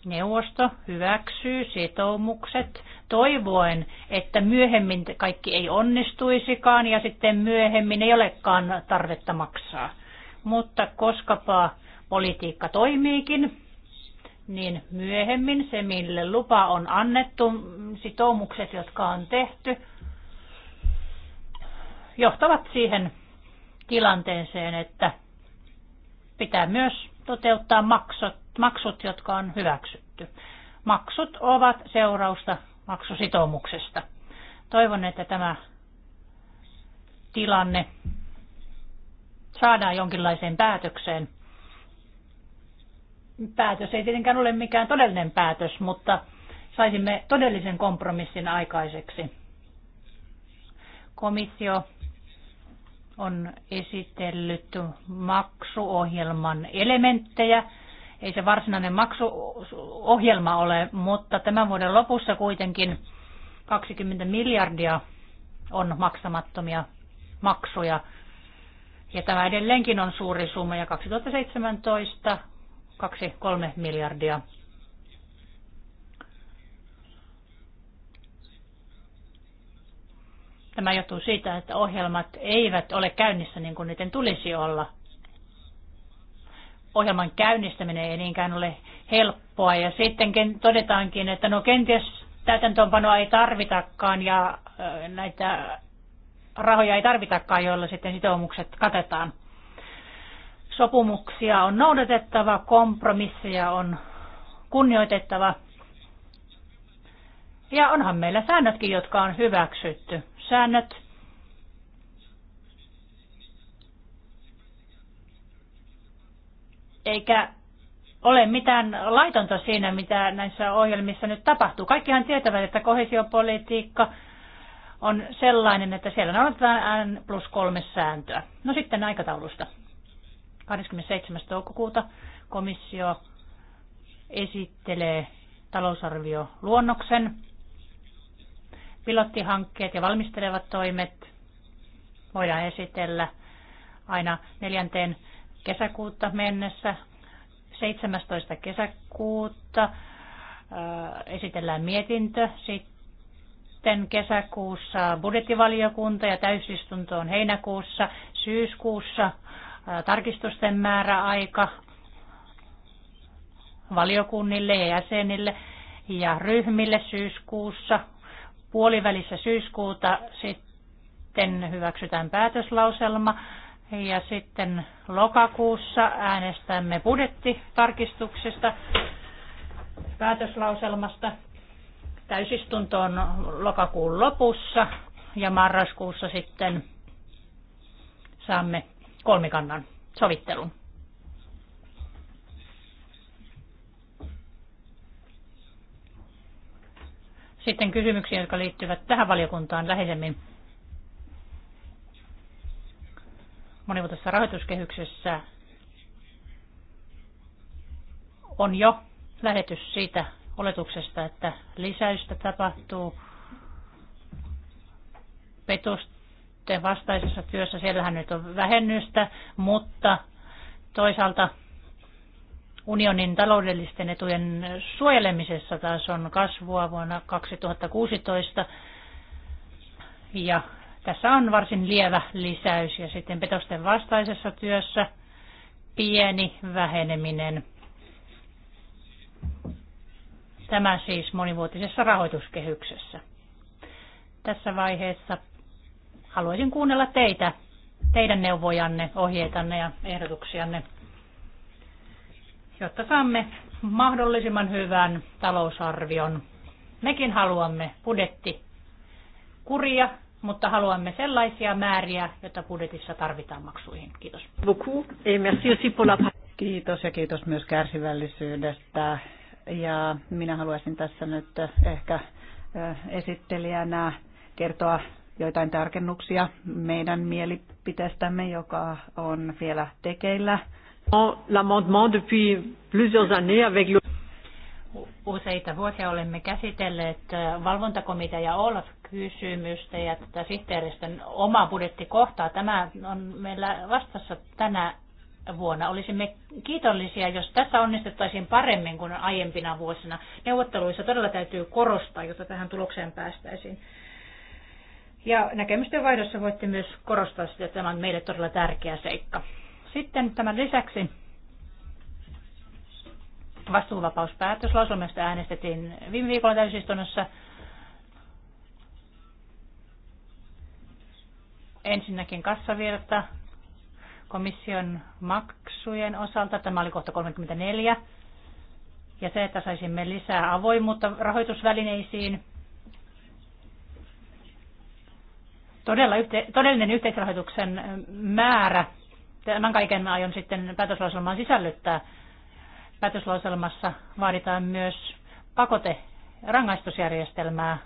Neuvosto hyväksyy sitoumukset toivoen, että myöhemmin kaikki ei onnistuisikaan ja sitten myöhemmin ei olekaan tarvetta maksaa. Mutta koskapa politiikka toimiikin, niin myöhemmin se, mille lupa on annettu, sitoumukset, jotka on tehty, johtavat siihen tilanteeseen, että pitää myös toteuttaa maksut, maksut jotka on hyväksytty. Maksut ovat seurausta maksusitoumuksesta. Toivon, että tämä tilanne saadaan jonkinlaiseen päätökseen. Päätös ei tietenkään ole mikään todellinen päätös, mutta saisimme todellisen kompromissin aikaiseksi. Komissio on esitellyt maksuohjelman elementtejä ei se varsinainen maksuohjelma ole, mutta tämän vuoden lopussa kuitenkin 20 miljardia on maksamattomia maksuja. Ja tämä edelleenkin on suuri summa ja 2017 2-3 miljardia. Tämä johtuu siitä, että ohjelmat eivät ole käynnissä niin kuin niiden tulisi olla ohjelman käynnistäminen ei niinkään ole helppoa. Ja sittenkin todetaankin, että no kenties täytäntöönpanoa ei tarvitakaan ja näitä rahoja ei tarvitakaan, joilla sitten sitoumukset katetaan. Sopumuksia on noudatettava, kompromisseja on kunnioitettava. Ja onhan meillä säännötkin, jotka on hyväksytty. Säännöt eikä ole mitään laitonta siinä, mitä näissä ohjelmissa nyt tapahtuu. Kaikkihan tietävät, että kohesiopolitiikka on sellainen, että siellä noudatetaan N plus kolme sääntöä. No sitten aikataulusta. 27. toukokuuta komissio esittelee talousarvioluonnoksen, pilottihankkeet ja valmistelevat toimet voidaan esitellä aina neljänteen kesäkuutta mennessä. 17. kesäkuuta äh, esitellään mietintö. Sitten kesäkuussa budjettivaliokunta ja täysistunto on heinäkuussa. Syyskuussa äh, tarkistusten määräaika valiokunnille ja jäsenille ja ryhmille syyskuussa. Puolivälissä syyskuuta sitten hyväksytään päätöslauselma ja sitten lokakuussa äänestämme budjettitarkistuksesta, päätöslauselmasta. Täysistunto on lokakuun lopussa ja marraskuussa sitten saamme kolmikannan sovittelun. Sitten kysymyksiin, jotka liittyvät tähän valiokuntaan läheisemmin. monivuotisessa rahoituskehyksessä on jo lähetys siitä oletuksesta, että lisäystä tapahtuu petosten vastaisessa työssä. Siellähän nyt on vähennystä, mutta toisaalta unionin taloudellisten etujen suojelemisessa taas on kasvua vuonna 2016 ja tässä on varsin lievä lisäys ja sitten petosten vastaisessa työssä pieni väheneminen. Tämä siis monivuotisessa rahoituskehyksessä. Tässä vaiheessa haluaisin kuunnella teitä, teidän neuvojanne, ohjeitanne ja ehdotuksianne, jotta saamme mahdollisimman hyvän talousarvion. Mekin haluamme budjetti kuria mutta haluamme sellaisia määriä, joita budjetissa tarvitaan maksuihin. Kiitos. Kiitos ja kiitos myös kärsivällisyydestä. Ja minä haluaisin tässä nyt ehkä eh, esittelijänä kertoa joitain tarkennuksia meidän mielipiteestämme, joka on vielä tekeillä. L'amendement depuis plusieurs années avec le useita vuosia olemme käsitelleet äh, valvontakomitea ja OLAF-kysymystä ja tätä sihteeristön omaa budjettikohtaa. Tämä on meillä vastassa tänä vuonna. Olisimme kiitollisia, jos tässä onnistettaisiin paremmin kuin aiempina vuosina. Neuvotteluissa todella täytyy korostaa, jotta tähän tulokseen päästäisiin. Ja näkemysten vaihdossa voitte myös korostaa sitä, että tämä on meille todella tärkeä seikka. Sitten tämän lisäksi vastuunvapauspäätöslauselmasta äänestettiin viime viikolla täysistunnossa. Ensinnäkin kassavirta komission maksujen osalta. Tämä oli kohta 34. Ja se, että saisimme lisää avoimuutta rahoitusvälineisiin. Todella yhte, todellinen yhteisrahoituksen määrä. Tämän kaiken aion sitten päätöslauselmaan sisällyttää päätöslauselmassa vaaditaan myös pakote rangaistusjärjestelmää,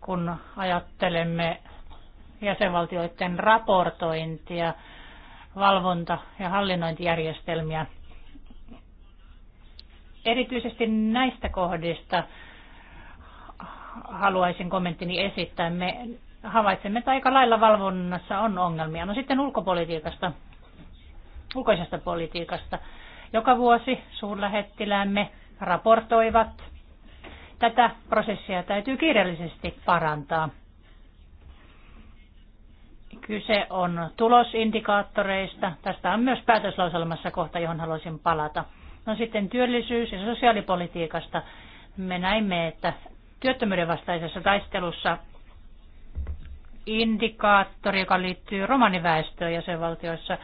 kun ajattelemme jäsenvaltioiden raportointia, valvonta- ja hallinnointijärjestelmiä. Erityisesti näistä kohdista haluaisin kommenttini esittää. Me havaitsemme, että aika lailla valvonnassa on ongelmia. No sitten ulkopolitiikasta, ulkoisesta politiikasta. Joka vuosi suurlähettiläämme raportoivat. Tätä prosessia täytyy kiireellisesti parantaa. Kyse on tulosindikaattoreista. Tästä on myös päätöslauselmassa kohta, johon haluaisin palata. No sitten työllisyys- ja sosiaalipolitiikasta. Me näimme, että työttömyyden vastaisessa taistelussa indikaattori, joka liittyy romaniväestöön valtioissa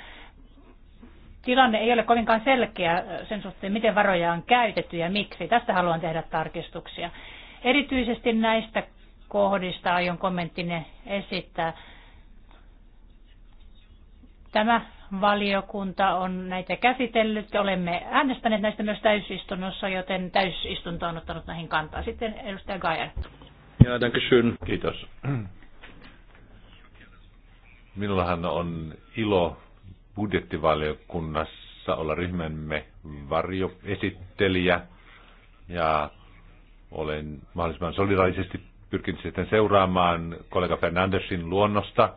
tilanne ei ole kovinkaan selkeä sen suhteen, miten varoja on käytetty ja miksi. Tästä haluan tehdä tarkistuksia. Erityisesti näistä kohdista aion kommenttine esittää. Tämä valiokunta on näitä käsitellyt. Olemme äänestäneet näistä myös täysistunnossa, joten täysistunto on ottanut näihin kantaa. Sitten edustaja Gajan. Jaa, danke Kiitos. Minullahan on ilo budjettivaliokunnassa olla ryhmämme varjoesittelijä ja olen mahdollisimman solidaarisesti pyrkinyt sitten seuraamaan kollega Fernandesin luonnosta.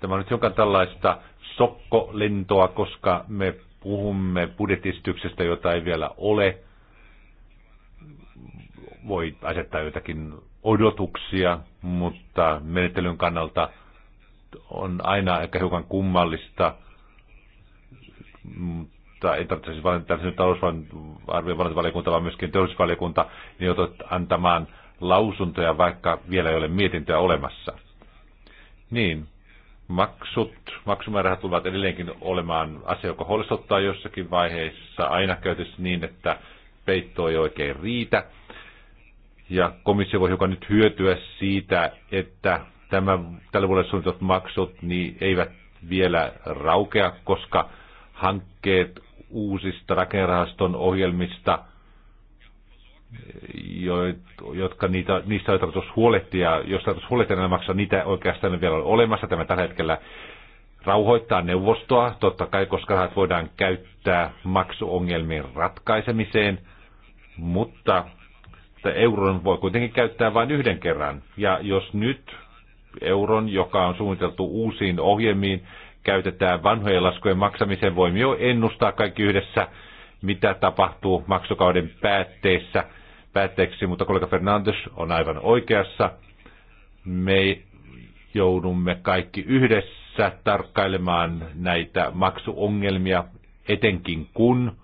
Tämä on nyt jonkin tällaista sokkolentoa, koska me puhumme budjettistyksestä, jota ei vielä ole. Voi asettaa jotakin odotuksia, mutta menettelyn kannalta on aina ehkä hiukan kummallista, mutta ei tarvitse siis tällaisen talousarviovaliokunta, vaan myöskin teollisuusvaliokunta, niin joutuu antamaan lausuntoja, vaikka vielä ei ole mietintöä olemassa. Niin, maksut, maksumäärät tulevat edelleenkin olemaan asia, joka huolestuttaa jossakin vaiheessa, aina käytössä niin, että peitto ei oikein riitä. Ja komissio voi hiukan nyt hyötyä siitä, että tämä, tälle vuodelle suunnitellut maksut niin eivät vielä raukea, koska hankkeet uusista rakennerahaston ohjelmista, jotka niitä, niistä on tarkoitus huolehtia. Jos tarkoitus huolehtia, niin maksaa niitä oikeastaan vielä on olemassa. Tämä tällä hetkellä rauhoittaa neuvostoa, totta kai, koska rahat voidaan käyttää maksuongelmien ratkaisemiseen, mutta euron voi kuitenkin käyttää vain yhden kerran. Ja jos nyt euron, joka on suunniteltu uusiin ohjelmiin, käytetään vanhojen laskujen maksamiseen. Voimme jo ennustaa kaikki yhdessä, mitä tapahtuu maksukauden päätteessä, päätteeksi, mutta kollega Fernandes on aivan oikeassa. Me joudumme kaikki yhdessä tarkkailemaan näitä maksuongelmia, etenkin kun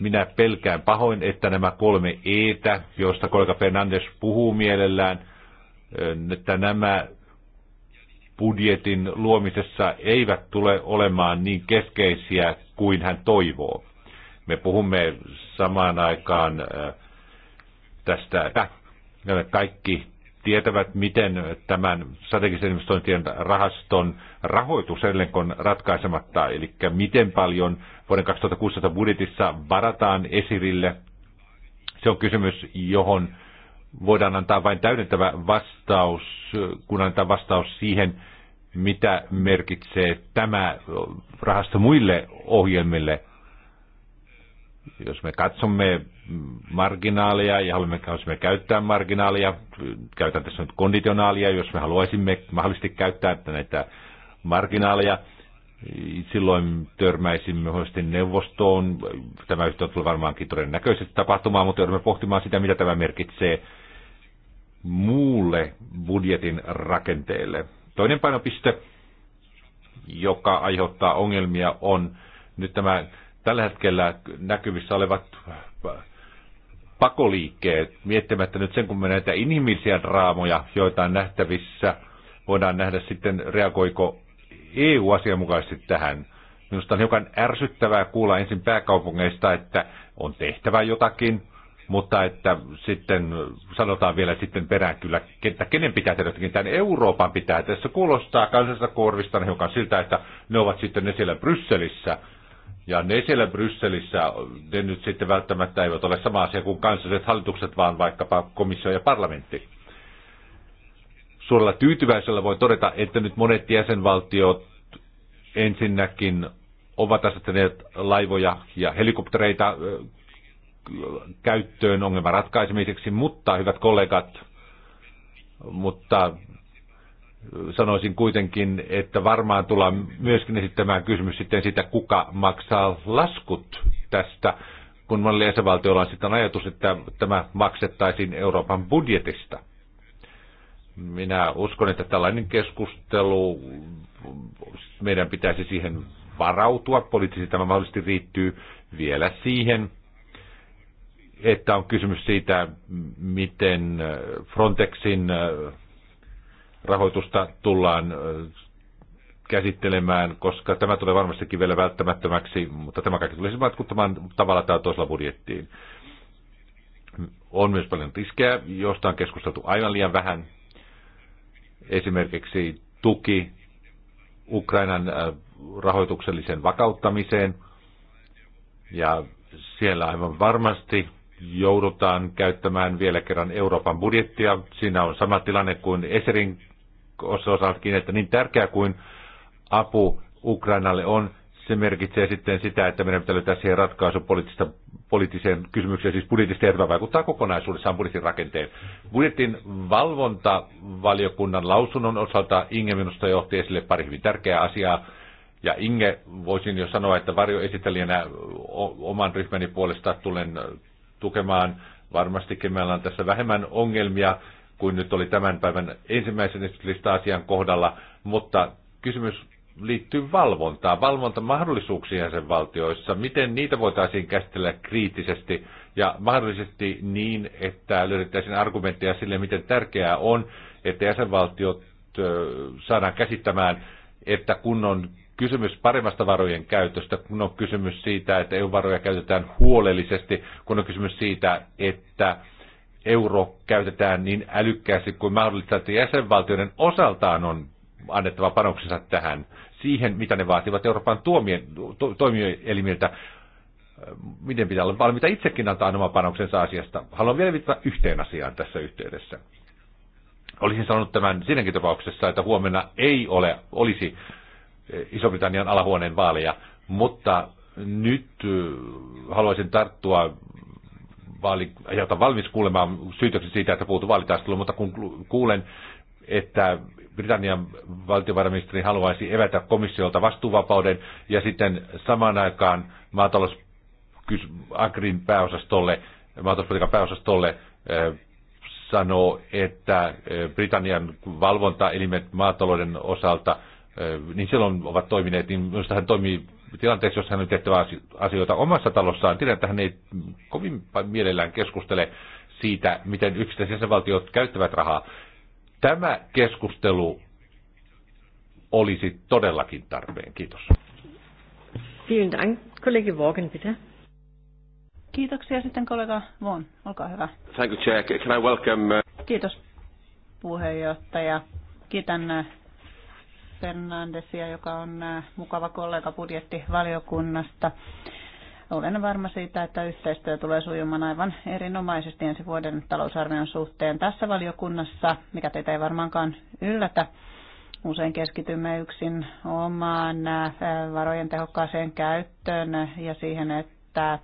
minä pelkään pahoin, että nämä kolme eetä, joista kollega Fernandes puhuu mielellään, että nämä budjetin luomisessa eivät tule olemaan niin keskeisiä kuin hän toivoo. Me puhumme samaan aikaan äh, tästä, että kaikki tietävät, miten tämän strategisen investointien rahaston rahoitus edelleen on ratkaisematta, eli miten paljon vuoden 2016 budjetissa varataan esirille. Se on kysymys, johon voidaan antaa vain täydentävä vastaus, kun antaa vastaus siihen, mitä merkitsee tämä rahasto muille ohjelmille. Jos me katsomme marginaalia ja haluamme, haluamme käyttää marginaalia, käytän tässä nyt konditionaalia, jos me haluaisimme mahdollisesti käyttää näitä marginaaleja, silloin törmäisimme hoistin neuvostoon. Tämä yhteyttä tulee varmaankin todennäköisesti tapahtumaan, mutta joudumme pohtimaan sitä, mitä tämä merkitsee muulle budjetin rakenteelle. Toinen painopiste, joka aiheuttaa ongelmia, on nyt tämä tällä hetkellä näkyvissä olevat pakoliikkeet, miettimättä nyt sen, kun me näitä inhimillisiä draamoja, joita on nähtävissä, voidaan nähdä sitten, reagoiko EU asianmukaisesti tähän. Minusta on hiukan ärsyttävää kuulla ensin pääkaupungeista, että on tehtävä jotakin, mutta että sitten sanotaan vielä sitten perään kyllä, että kenen pitää tehdä jotenkin tämän Euroopan pitää. Tässä kuulostaa kansallisesta korvista niin hiukan siltä, että ne ovat sitten ne siellä Brysselissä, ja ne siellä Brysselissä, ne nyt sitten välttämättä eivät ole sama asia kuin kansalliset hallitukset, vaan vaikkapa komissio ja parlamentti. Suurella tyytyväisellä voi todeta, että nyt monet jäsenvaltiot ensinnäkin ovat asettaneet laivoja ja helikoptereita käyttöön ongelman ratkaisemiseksi, mutta hyvät kollegat, mutta sanoisin kuitenkin, että varmaan tullaan myöskin esittämään kysymys sitten sitä kuka maksaa laskut tästä, kun monella jäsenvaltioilla on sitten ajatus, että tämä maksettaisiin Euroopan budjetista. Minä uskon, että tällainen keskustelu, meidän pitäisi siihen varautua. Poliittisesti tämä mahdollisesti riittyy vielä siihen, että on kysymys siitä, miten äh, Frontexin äh, rahoitusta tullaan äh, käsittelemään, koska tämä tulee varmastikin vielä välttämättömäksi, mutta tämä kaikki tulisi vaikuttamaan tavalla tai toisella budjettiin. On myös paljon riskejä, joista on keskusteltu aivan liian vähän. Esimerkiksi tuki Ukrainan rahoituksellisen vakauttamiseen. Ja siellä aivan varmasti joudutaan käyttämään vielä kerran Euroopan budjettia. Siinä on sama tilanne kuin Eserin osaltakin, että niin tärkeä kuin apu Ukrainalle on, se merkitsee sitten sitä, että meidän pitää löytää siihen ratkaisu poliittista, poliittiseen kysymykseen, siis budjetista, ja vaikuttaa kokonaisuudessaan budjetin rakenteen. Budjetin valvontavaliokunnan lausunnon osalta Inge minusta johti esille pari hyvin tärkeää asiaa. Ja Inge, voisin jo sanoa, että varjoesittelijänä oman ryhmäni puolesta tulen tukemaan. Varmastikin meillä on tässä vähemmän ongelmia kuin nyt oli tämän päivän ensimmäisen lista-asian kohdalla, mutta kysymys liittyy valvontaan, valvontamahdollisuuksiin valtioissa, miten niitä voitaisiin käsitellä kriittisesti ja mahdollisesti niin, että löydettäisiin argumentteja sille, miten tärkeää on, että jäsenvaltiot saadaan käsittämään, että kun on kysymys paremmasta varojen käytöstä, kun on kysymys siitä, että EU-varoja käytetään huolellisesti, kun on kysymys siitä, että euro käytetään niin älykkäästi kuin mahdollista, että jäsenvaltioiden osaltaan on annettava panoksensa tähän, siihen, mitä ne vaativat Euroopan tuomien, to, toimielimiltä, miten pitää olla valmiita itsekin antaa oma panoksensa asiasta. Haluan vielä viitata yhteen asiaan tässä yhteydessä. Olisin sanonut tämän siinäkin tapauksessa, että huomenna ei ole, olisi Iso-Britannian alahuoneen vaaleja, mutta nyt haluaisin tarttua vaali, jota valmis kuulemaan syytöksen siitä, että puhuttu vaalitaistelu, mutta kun kuulen, että Britannian valtiovarainministeri haluaisi evätä komissiolta vastuuvapauden ja sitten samaan aikaan maatalous Agrin pääosastolle, maatalouspolitiikan pääosastolle sanoo, että Britannian valvontaelimet maatalouden osalta – niin silloin ovat toimineet, niin myös hän toimii tilanteessa, jossa hän on tehtävä asioita omassa talossaan. Tiedän, että hän ei kovin mielellään keskustele siitä, miten yksittäiset jäsenvaltiot käyttävät rahaa. Tämä keskustelu olisi todellakin tarpeen. Kiitos. Vielen Dank. Kollege bitte. Kiitoksia sitten kollega Vaughan. Olkaa hyvä. Thank you, Chair. Can I welcome... Uh, Kiitos puheenjohtaja. Kiitän uh, Fernandesia, joka on äh, mukava kollega budjettivaliokunnasta. Olen varma siitä, että yhteistyö tulee sujumaan aivan erinomaisesti ensi vuoden talousarvion suhteen tässä valiokunnassa, mikä teitä ei varmaankaan yllätä. Usein keskitymme yksin omaan äh, varojen tehokkaaseen käyttöön ja siihen, että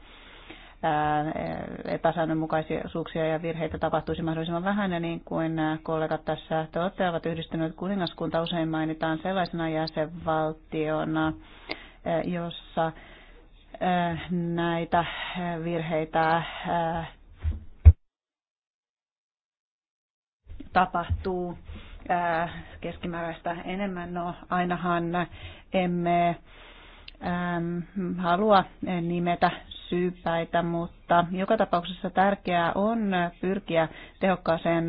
epäsäännönmukaisuuksia ja virheitä tapahtuisi mahdollisimman vähän. Ja niin kuin kollegat tässä toteavat, yhdistynyt kuningaskunta usein mainitaan sellaisena jäsenvaltiona, jossa näitä virheitä tapahtuu keskimääräistä enemmän. No ainahan emme halua nimetä syypäitä, mutta joka tapauksessa tärkeää on pyrkiä tehokkaaseen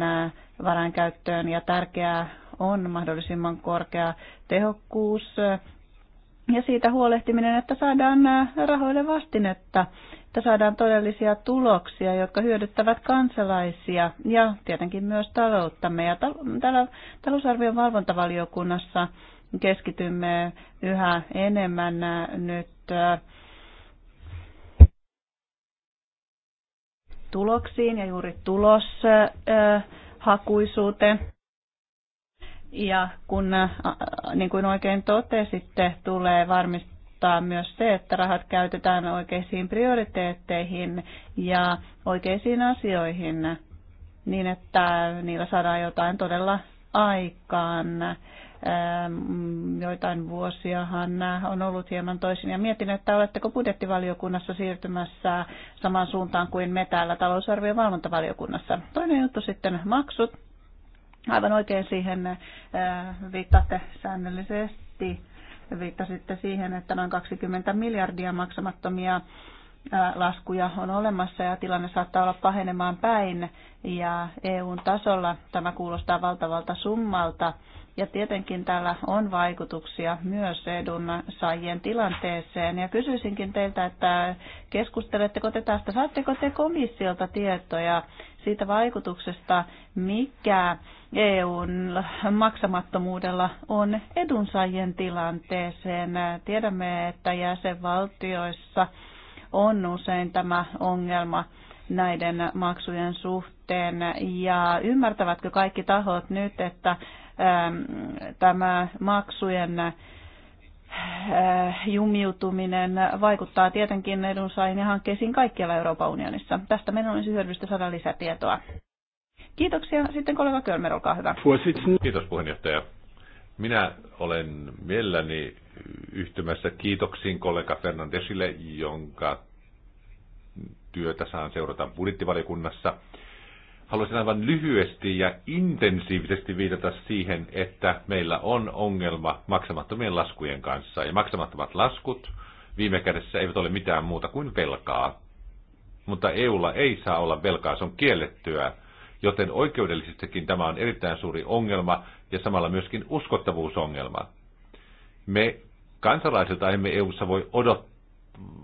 varainkäyttöön ja tärkeää on mahdollisimman korkea tehokkuus ja siitä huolehtiminen, että saadaan rahoille vastinetta, että saadaan todellisia tuloksia, jotka hyödyttävät kansalaisia ja tietenkin myös talouttamme. Ja täällä talousarvion valvontavaliokunnassa keskitymme yhä enemmän nyt tuloksiin ja juuri tuloshakuisuuteen. Ja kun, niin kuin oikein totesitte, tulee varmistaa myös se, että rahat käytetään oikeisiin prioriteetteihin ja oikeisiin asioihin niin, että niillä saadaan jotain todella aikaan. Ähm, joitain vuosiahan on ollut hieman toisin. Ja mietin, että oletteko budjettivaliokunnassa siirtymässä samaan suuntaan kuin me täällä talousarvion valvontavaliokunnassa. Toinen juttu sitten maksut. Aivan oikein siihen äh, viittaatte säännöllisesti. Viittasitte siihen, että noin 20 miljardia maksamattomia äh, laskuja on olemassa ja tilanne saattaa olla pahenemaan päin. Ja EUn tasolla tämä kuulostaa valtavalta summalta ja tietenkin tällä on vaikutuksia myös edun saajien tilanteeseen. Ja kysyisinkin teiltä, että keskusteletteko te tästä, saatteko te komissiolta tietoja siitä vaikutuksesta, mikä EUn maksamattomuudella on edunsaajien tilanteeseen. Tiedämme, että jäsenvaltioissa on usein tämä ongelma näiden maksujen suhteen ja ymmärtävätkö kaikki tahot nyt, että Ähm, tämä maksujen äh, jumiutuminen vaikuttaa tietenkin edunsaajien ja hankkeisiin kaikkialla Euroopan unionissa. Tästä meidän olisi hyödyllistä saada lisätietoa. Kiitoksia. Sitten kollega Körmer, olkaa hyvä. Kiitos puheenjohtaja. Minä olen mielelläni yhtymässä kiitoksiin kollega Fernandesille, jonka työtä saan seurata budjettivaliokunnassa – haluaisin aivan lyhyesti ja intensiivisesti viitata siihen, että meillä on ongelma maksamattomien laskujen kanssa. Ja maksamattomat laskut viime kädessä eivät ole mitään muuta kuin velkaa. Mutta EUlla ei saa olla velkaa, se on kiellettyä. Joten oikeudellisestikin tämä on erittäin suuri ongelma ja samalla myöskin uskottavuusongelma. Me kansalaisilta emme EUssa voi odottaa,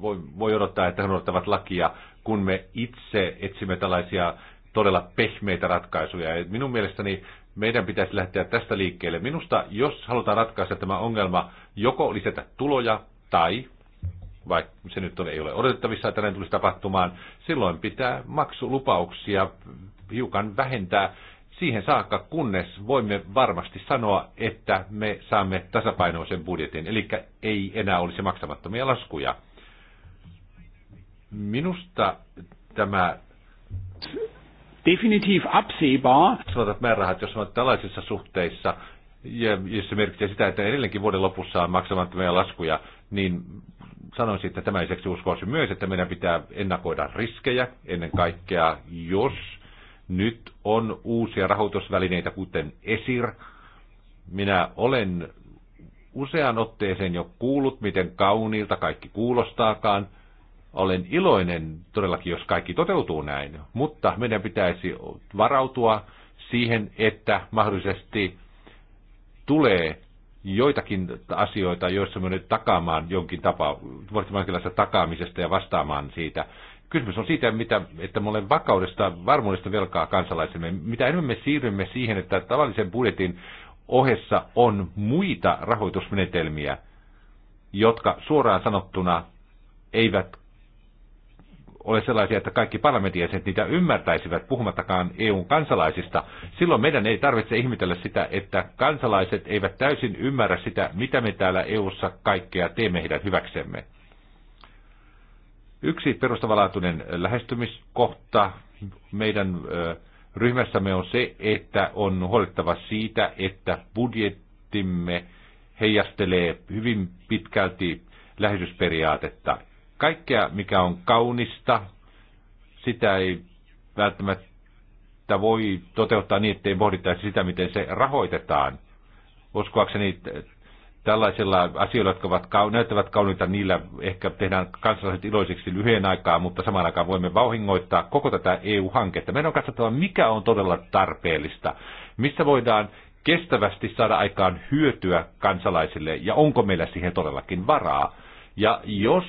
voi, voi odottaa, että he odottavat lakia, kun me itse etsimme tällaisia todella pehmeitä ratkaisuja. Ja minun mielestäni meidän pitäisi lähteä tästä liikkeelle. Minusta, jos halutaan ratkaista tämä ongelma, joko lisätä tuloja tai vaikka se nyt ei ole odotettavissa, että näin tulisi tapahtumaan, silloin pitää maksulupauksia hiukan vähentää siihen saakka, kunnes voimme varmasti sanoa, että me saamme tasapainoisen budjetin, eli ei enää olisi maksamattomia laskuja. Minusta tämä definitiv absehbar. Sanotaan määrärahat, jos on tällaisissa suhteissa, ja jos se merkitsee sitä, että edelleenkin vuoden lopussa on maksamattomia laskuja, niin sanoisin, että tämä lisäksi uskoisin myös, että meidän pitää ennakoida riskejä ennen kaikkea, jos nyt on uusia rahoitusvälineitä, kuten ESIR. Minä olen usean otteeseen jo kuullut, miten kauniilta kaikki kuulostaakaan – olen iloinen todellakin, jos kaikki toteutuu näin, mutta meidän pitäisi varautua siihen, että mahdollisesti tulee joitakin asioita, joissa me nyt takaamaan jonkin tapaa, jonkinlaista takaamisesta ja vastaamaan siitä. Kysymys on siitä, mitä, että me olemme vakaudesta, varmuudesta velkaa kansalaisemme. Mitä enemmän me siirrymme siihen, että tavallisen budjetin ohessa on muita rahoitusmenetelmiä, jotka suoraan sanottuna eivät ole sellaisia, että kaikki parlamentin jäsenet niitä ymmärtäisivät, puhumattakaan EUn kansalaisista. Silloin meidän ei tarvitse ihmetellä sitä, että kansalaiset eivät täysin ymmärrä sitä, mitä me täällä EUssa kaikkea teemme heidän hyväksemme. Yksi perustavanlaatuinen lähestymiskohta meidän ryhmässämme on se, että on huolittava siitä, että budjettimme heijastelee hyvin pitkälti lähetysperiaatetta, kaikkea, mikä on kaunista, sitä ei välttämättä voi toteuttaa niin, ettei pohdittaisi sitä, miten se rahoitetaan. Uskoakseni tällaisilla asioilla, jotka ovat, näyttävät kauniita, niillä ehkä tehdään kansalaiset iloisiksi lyhyen aikaa, mutta samaan aikaan voimme vauhingoittaa koko tätä EU-hanketta. Meidän on katsottava, mikä on todella tarpeellista, missä voidaan kestävästi saada aikaan hyötyä kansalaisille ja onko meillä siihen todellakin varaa. Ja jos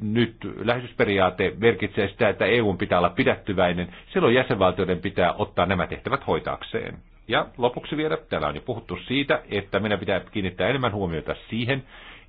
nyt lähetysperiaate merkitsee sitä, että EU pitää olla pidättyväinen, silloin jäsenvaltioiden pitää ottaa nämä tehtävät hoitaakseen. Ja lopuksi vielä, täällä on jo puhuttu siitä, että meidän pitää kiinnittää enemmän huomiota siihen,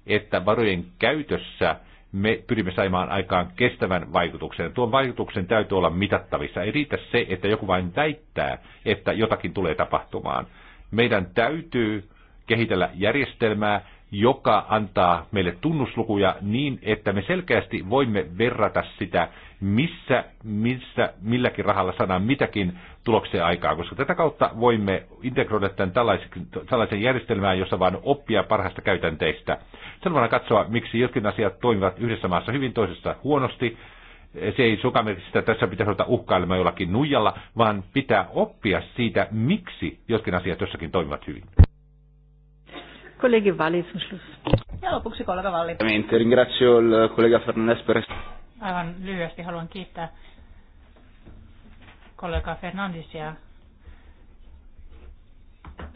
että varojen käytössä me pyrimme saamaan aikaan kestävän vaikutuksen. Tuon vaikutuksen täytyy olla mitattavissa. Ei riitä se, että joku vain väittää, että jotakin tulee tapahtumaan. Meidän täytyy kehitellä järjestelmää, joka antaa meille tunnuslukuja niin, että me selkeästi voimme verrata sitä, missä, missä milläkin rahalla saadaan mitäkin tuloksia aikaa, koska tätä kautta voimme integroida tämän tällaisen, järjestelmään, jossa vain oppia parhaista käytänteistä. Sen voidaan katsoa, miksi jotkin asiat toimivat yhdessä maassa hyvin, toisessa huonosti, se ei sukaan merkitse sitä, että tässä pitäisi olla uhkailemaan jollakin nuijalla, vaan pitää oppia siitä, miksi jotkin asiat jossakin toimivat hyvin. Kollegi Valli, Schluss. Ja lopuksi kollega Valli. Ringrazio il collega Fernandes per... Aivan lyhyesti haluan kiittää kollega Fernandisia.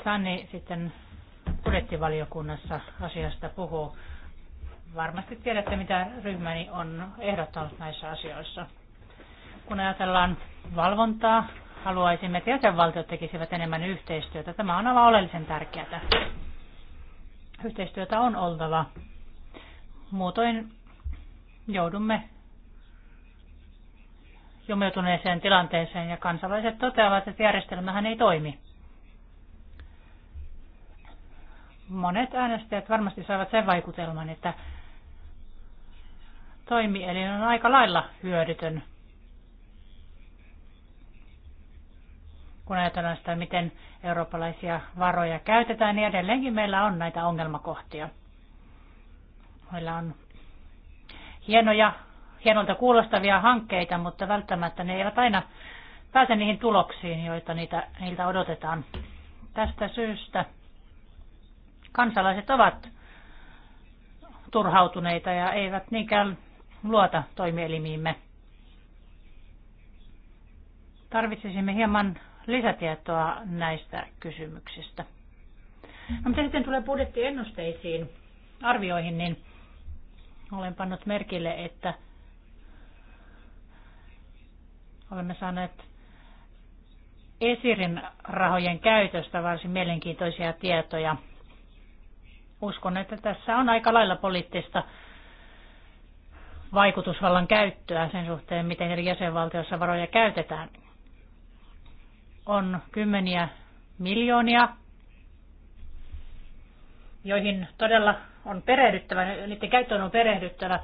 Sanni sitten budjettivaliokunnassa asiasta puhuu. Varmasti tiedätte, mitä ryhmäni on ehdottanut näissä asioissa. Kun ajatellaan valvontaa, haluaisimme, että jäsenvaltiot tekisivät enemmän yhteistyötä. Tämä on aivan oleellisen tärkeää. Yhteistyötä on oltava. Muutoin joudumme jumeutuneeseen tilanteeseen ja kansalaiset toteavat, että järjestelmähän ei toimi. Monet äänestäjät varmasti saavat sen vaikutelman, että toimielin on aika lailla hyödytön kun ajatellaan sitä, miten eurooppalaisia varoja käytetään, niin edelleenkin meillä on näitä ongelmakohtia. Meillä on hienoja, hienolta kuulostavia hankkeita, mutta välttämättä ne eivät aina pääse niihin tuloksiin, joita niitä, niiltä odotetaan. Tästä syystä kansalaiset ovat turhautuneita ja eivät niinkään luota toimielimiimme. Tarvitsisimme hieman lisätietoa näistä kysymyksistä. No, mitä sitten tulee budjettiennusteisiin, arvioihin, niin olen pannut merkille, että olemme saaneet Esirin rahojen käytöstä varsin mielenkiintoisia tietoja. Uskon, että tässä on aika lailla poliittista vaikutusvallan käyttöä sen suhteen, miten eri jäsenvaltioissa varoja käytetään on kymmeniä miljoonia, joihin todella on perehdyttävä, niiden käyttöön on perehdyttävä.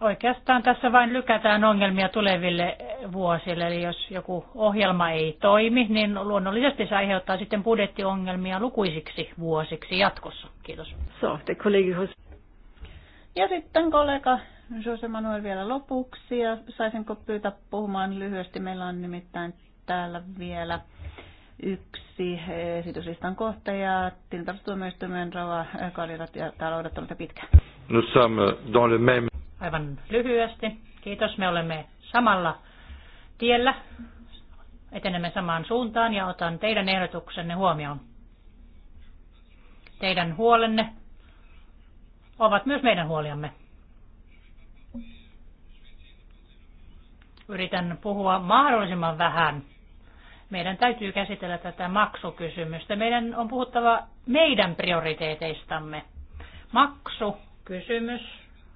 Oikeastaan tässä vain lykätään ongelmia tuleville vuosille, eli jos joku ohjelma ei toimi, niin luonnollisesti se aiheuttaa sitten budjettiongelmia lukuisiksi vuosiksi jatkossa. Kiitos. So, ja sitten kollega Jose Manuel vielä lopuksi ja saisinko pyytää puhumaan lyhyesti? Meillä on nimittäin täällä vielä yksi esityslistan kohta ja tilintarkastustuomioistuimen rauha Kalirat ja täällä odottanut pitkään. Nous sommes dans le même... Aivan lyhyesti. Kiitos. Me olemme samalla tiellä. Etenemme samaan suuntaan ja otan teidän ehdotuksenne huomioon. Teidän huolenne ovat myös meidän huoliamme. Yritän puhua mahdollisimman vähän. Meidän täytyy käsitellä tätä maksukysymystä. Meidän on puhuttava meidän prioriteeteistamme. Maksukysymys,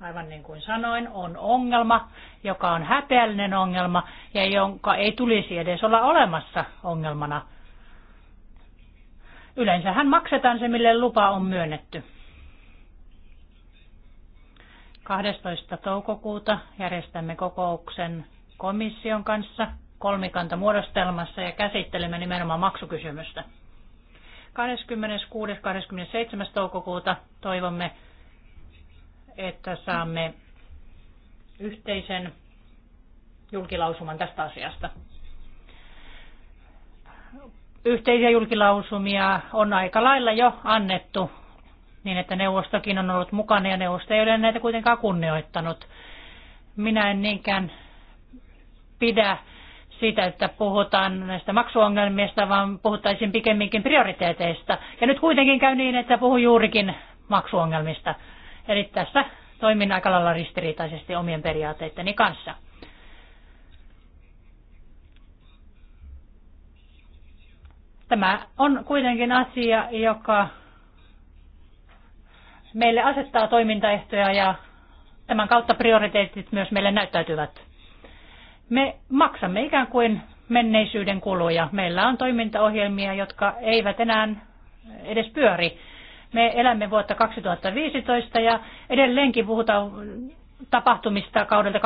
aivan niin kuin sanoin, on ongelma, joka on häpeällinen ongelma ja jonka ei tulisi edes olla olemassa ongelmana. Yleensähän maksetaan se, mille lupa on myönnetty. 12. toukokuuta järjestämme kokouksen komission kanssa kolmikantamuodostelmassa ja käsittelemme nimenomaan maksukysymystä. 26.–27. toukokuuta toivomme, että saamme yhteisen julkilausuman tästä asiasta. Yhteisiä julkilausumia on aika lailla jo annettu, niin että neuvostokin on ollut mukana ja neuvosto ei ole näitä kuitenkaan kunnioittanut. Minä en niinkään pidä siitä, että puhutaan näistä maksuongelmista, vaan puhuttaisiin pikemminkin prioriteeteista. Ja nyt kuitenkin käy niin, että puhun juurikin maksuongelmista. Eli tässä toimin aika lailla ristiriitaisesti omien periaatteitteni kanssa. Tämä on kuitenkin asia, joka meille asettaa toimintaehtoja ja tämän kautta prioriteetit myös meille näyttäytyvät. Me maksamme ikään kuin menneisyyden kuluja. Meillä on toimintaohjelmia, jotka eivät enää edes pyöri. Me elämme vuotta 2015 ja edelleenkin puhutaan tapahtumista kaudelta 2007-2013.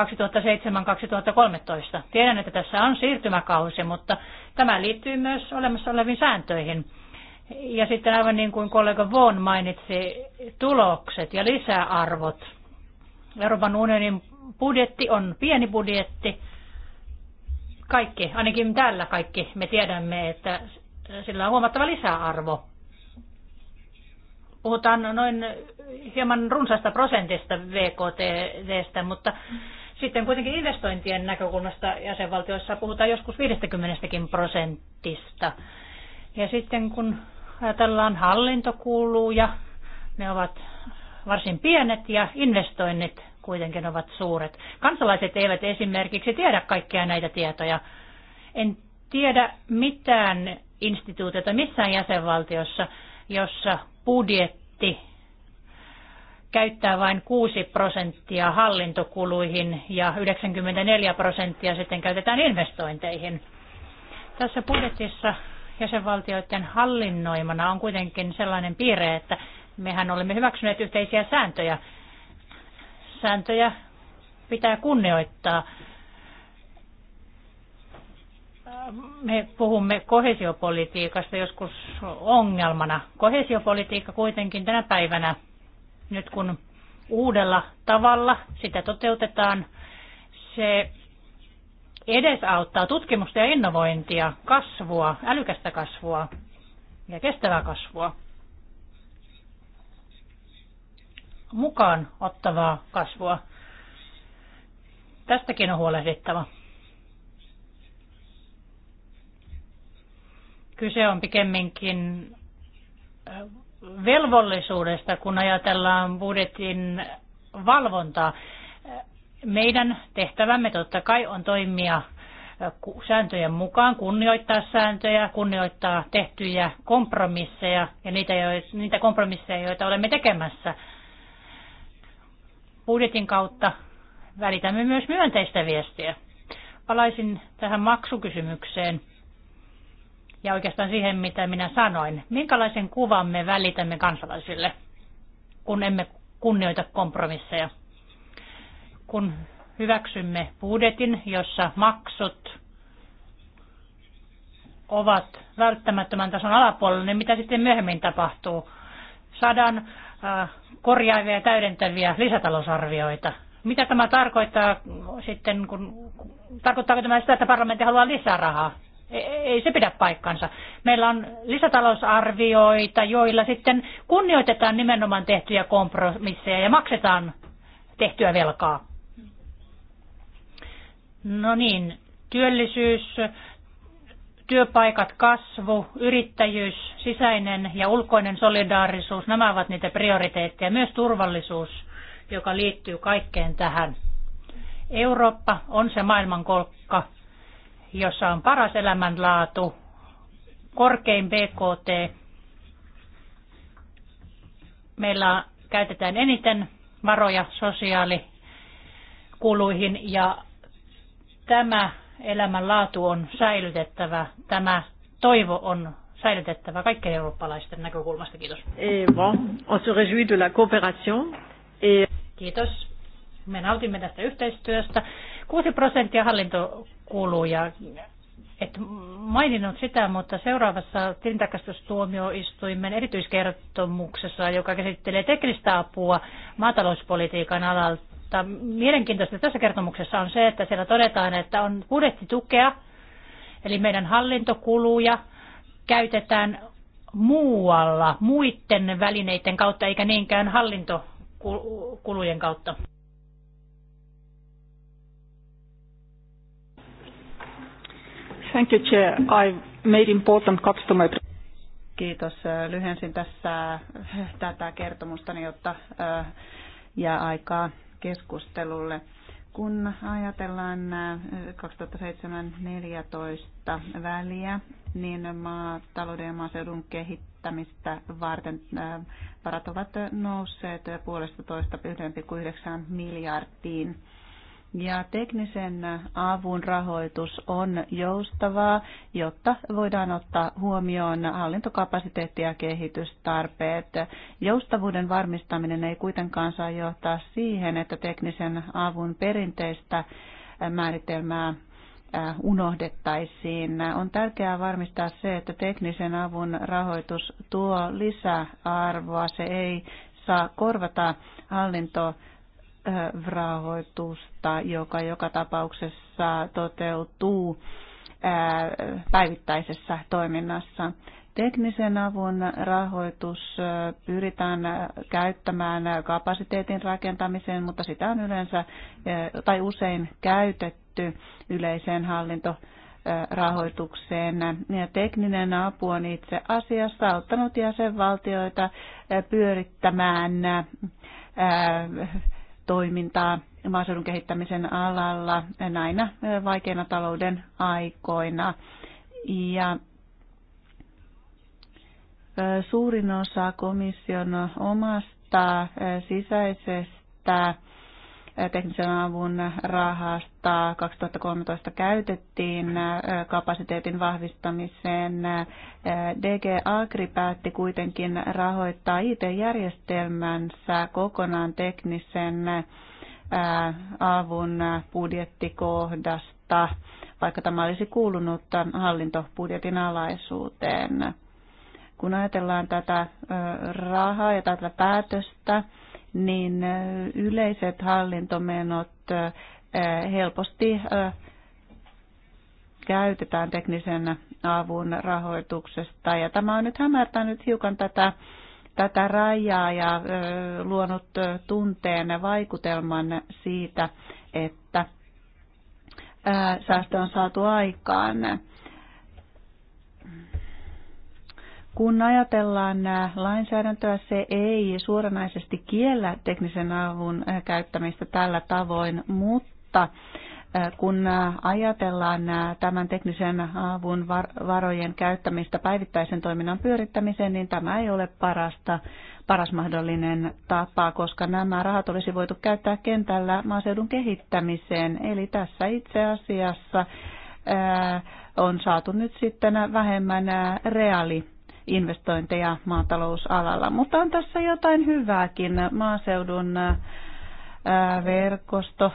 Tiedän, että tässä on siirtymäkausi, mutta tämä liittyy myös olemassa oleviin sääntöihin. Ja sitten aivan niin kuin kollega Vaughan mainitsi, tulokset ja lisäarvot. Euroopan unionin budjetti on pieni budjetti, kaikki, ainakin täällä kaikki, me tiedämme, että sillä on huomattava lisäarvo. Puhutaan noin hieman runsaasta prosentista stä, mutta sitten kuitenkin investointien näkökulmasta jäsenvaltioissa puhutaan joskus 50 prosentista. Ja sitten kun ajatellaan hallintokuluja, ne ovat varsin pienet ja investoinnit kuitenkin ovat suuret. Kansalaiset eivät esimerkiksi tiedä kaikkia näitä tietoja. En tiedä mitään instituutiota missään jäsenvaltiossa, jossa budjetti käyttää vain 6 prosenttia hallintokuluihin ja 94 prosenttia sitten käytetään investointeihin. Tässä budjetissa jäsenvaltioiden hallinnoimana on kuitenkin sellainen piirre, että mehän olemme hyväksyneet yhteisiä sääntöjä sääntöjä pitää kunnioittaa. Me puhumme kohesiopolitiikasta joskus ongelmana. Kohesiopolitiikka kuitenkin tänä päivänä, nyt kun uudella tavalla sitä toteutetaan, se edesauttaa tutkimusta ja innovointia, kasvua, älykästä kasvua ja kestävää kasvua. mukaan ottavaa kasvua. Tästäkin on huolehdittava. Kyse on pikemminkin velvollisuudesta, kun ajatellaan budjetin valvontaa. Meidän tehtävämme totta kai on toimia sääntöjen mukaan, kunnioittaa sääntöjä, kunnioittaa tehtyjä kompromisseja ja niitä, niitä kompromisseja, joita olemme tekemässä – budjetin kautta välitämme myös myönteistä viestiä. Palaisin tähän maksukysymykseen ja oikeastaan siihen, mitä minä sanoin. Minkälaisen kuvan me välitämme kansalaisille, kun emme kunnioita kompromisseja? Kun hyväksymme budjetin, jossa maksut ovat välttämättömän tason alapuolella, niin mitä sitten myöhemmin tapahtuu? Sadan korjaavia ja täydentäviä lisätalousarvioita. Mitä tämä tarkoittaa sitten, kun, tarkoittaako tämä sitä, että parlamentti haluaa lisää rahaa? E, e, ei se pidä paikkansa. Meillä on lisätalousarvioita, joilla sitten kunnioitetaan nimenomaan tehtyjä kompromisseja ja maksetaan tehtyä velkaa. No niin, työllisyys, työpaikat, kasvu, yrittäjyys, sisäinen ja ulkoinen solidaarisuus, nämä ovat niitä prioriteetteja, myös turvallisuus, joka liittyy kaikkeen tähän. Eurooppa on se maailmankolkka, jossa on paras elämänlaatu, korkein BKT. Meillä käytetään eniten varoja sosiaalikuluihin ja tämä elämänlaatu on säilytettävä. Tämä toivo on säilytettävä kaikkien eurooppalaisten näkökulmasta. Kiitos. Bon, on se réjouit de la coopération. Et... Kiitos. Me nautimme tästä yhteistyöstä. 6 prosenttia hallinto ja Et maininnut sitä, mutta seuraavassa tilintarkastustuomioistuimen erityiskertomuksessa, joka käsittelee teknistä apua maatalouspolitiikan alalta, mutta mielenkiintoista tässä kertomuksessa on se, että siellä todetaan, että on budjettitukea, eli meidän hallintokuluja käytetään muualla, muiden välineiden kautta, eikä niinkään hallintokulujen kautta. Thank you, Chair. I made important cuts to my... Kiitos. Lyhensin tässä tätä kertomusta, jotta jää aikaa keskustelulle. Kun ajatellaan 2007-2014 äh, väliä, niin maatalouden ja maaseudun kehittämistä varten äh, varat ovat nousseet puolesta toista 1,9 miljardiin ja teknisen avun rahoitus on joustavaa, jotta voidaan ottaa huomioon hallintokapasiteetti- ja kehitystarpeet. Joustavuuden varmistaminen ei kuitenkaan saa johtaa siihen, että teknisen avun perinteistä määritelmää unohdettaisiin. On tärkeää varmistaa se, että teknisen avun rahoitus tuo lisäarvoa. Se ei saa korvata hallinto rahoitusta, joka joka tapauksessa toteutuu päivittäisessä toiminnassa. Teknisen avun rahoitus pyritään käyttämään kapasiteetin rakentamiseen, mutta sitä on yleensä tai usein käytetty yleiseen hallinto rahoitukseen. Ja tekninen apu on itse asiassa auttanut jäsenvaltioita pyörittämään toimintaa maaseudun kehittämisen alalla näinä vaikeina talouden aikoina. Ja suurin osa komission omasta sisäisestä teknisen avun rahasta 2013 käytettiin kapasiteetin vahvistamiseen. DG Agri päätti kuitenkin rahoittaa IT-järjestelmänsä kokonaan teknisen avun budjettikohdasta, vaikka tämä olisi kuulunut hallintobudjetin alaisuuteen. Kun ajatellaan tätä rahaa ja tätä päätöstä, niin yleiset hallintomenot helposti käytetään teknisen avun rahoituksesta. Ja tämä on nyt hämärtänyt hiukan tätä, tätä rajaa ja luonut tunteen vaikutelman siitä, että säästö on saatu aikaan. Kun ajatellaan äh, lainsäädäntöä, se ei suoranaisesti kiellä teknisen avun äh, käyttämistä tällä tavoin, mutta äh, kun ajatellaan tämän teknisen avun varojen käyttämistä päivittäisen toiminnan pyörittämiseen, niin tämä ei ole parasta, paras mahdollinen tapa, koska nämä rahat olisi voitu käyttää kentällä maaseudun kehittämiseen. Eli tässä itse asiassa on saatu nyt sitten vähemmän reaali investointeja maatalousalalla. Mutta on tässä jotain hyvääkin. Maaseudun äh, verkosto,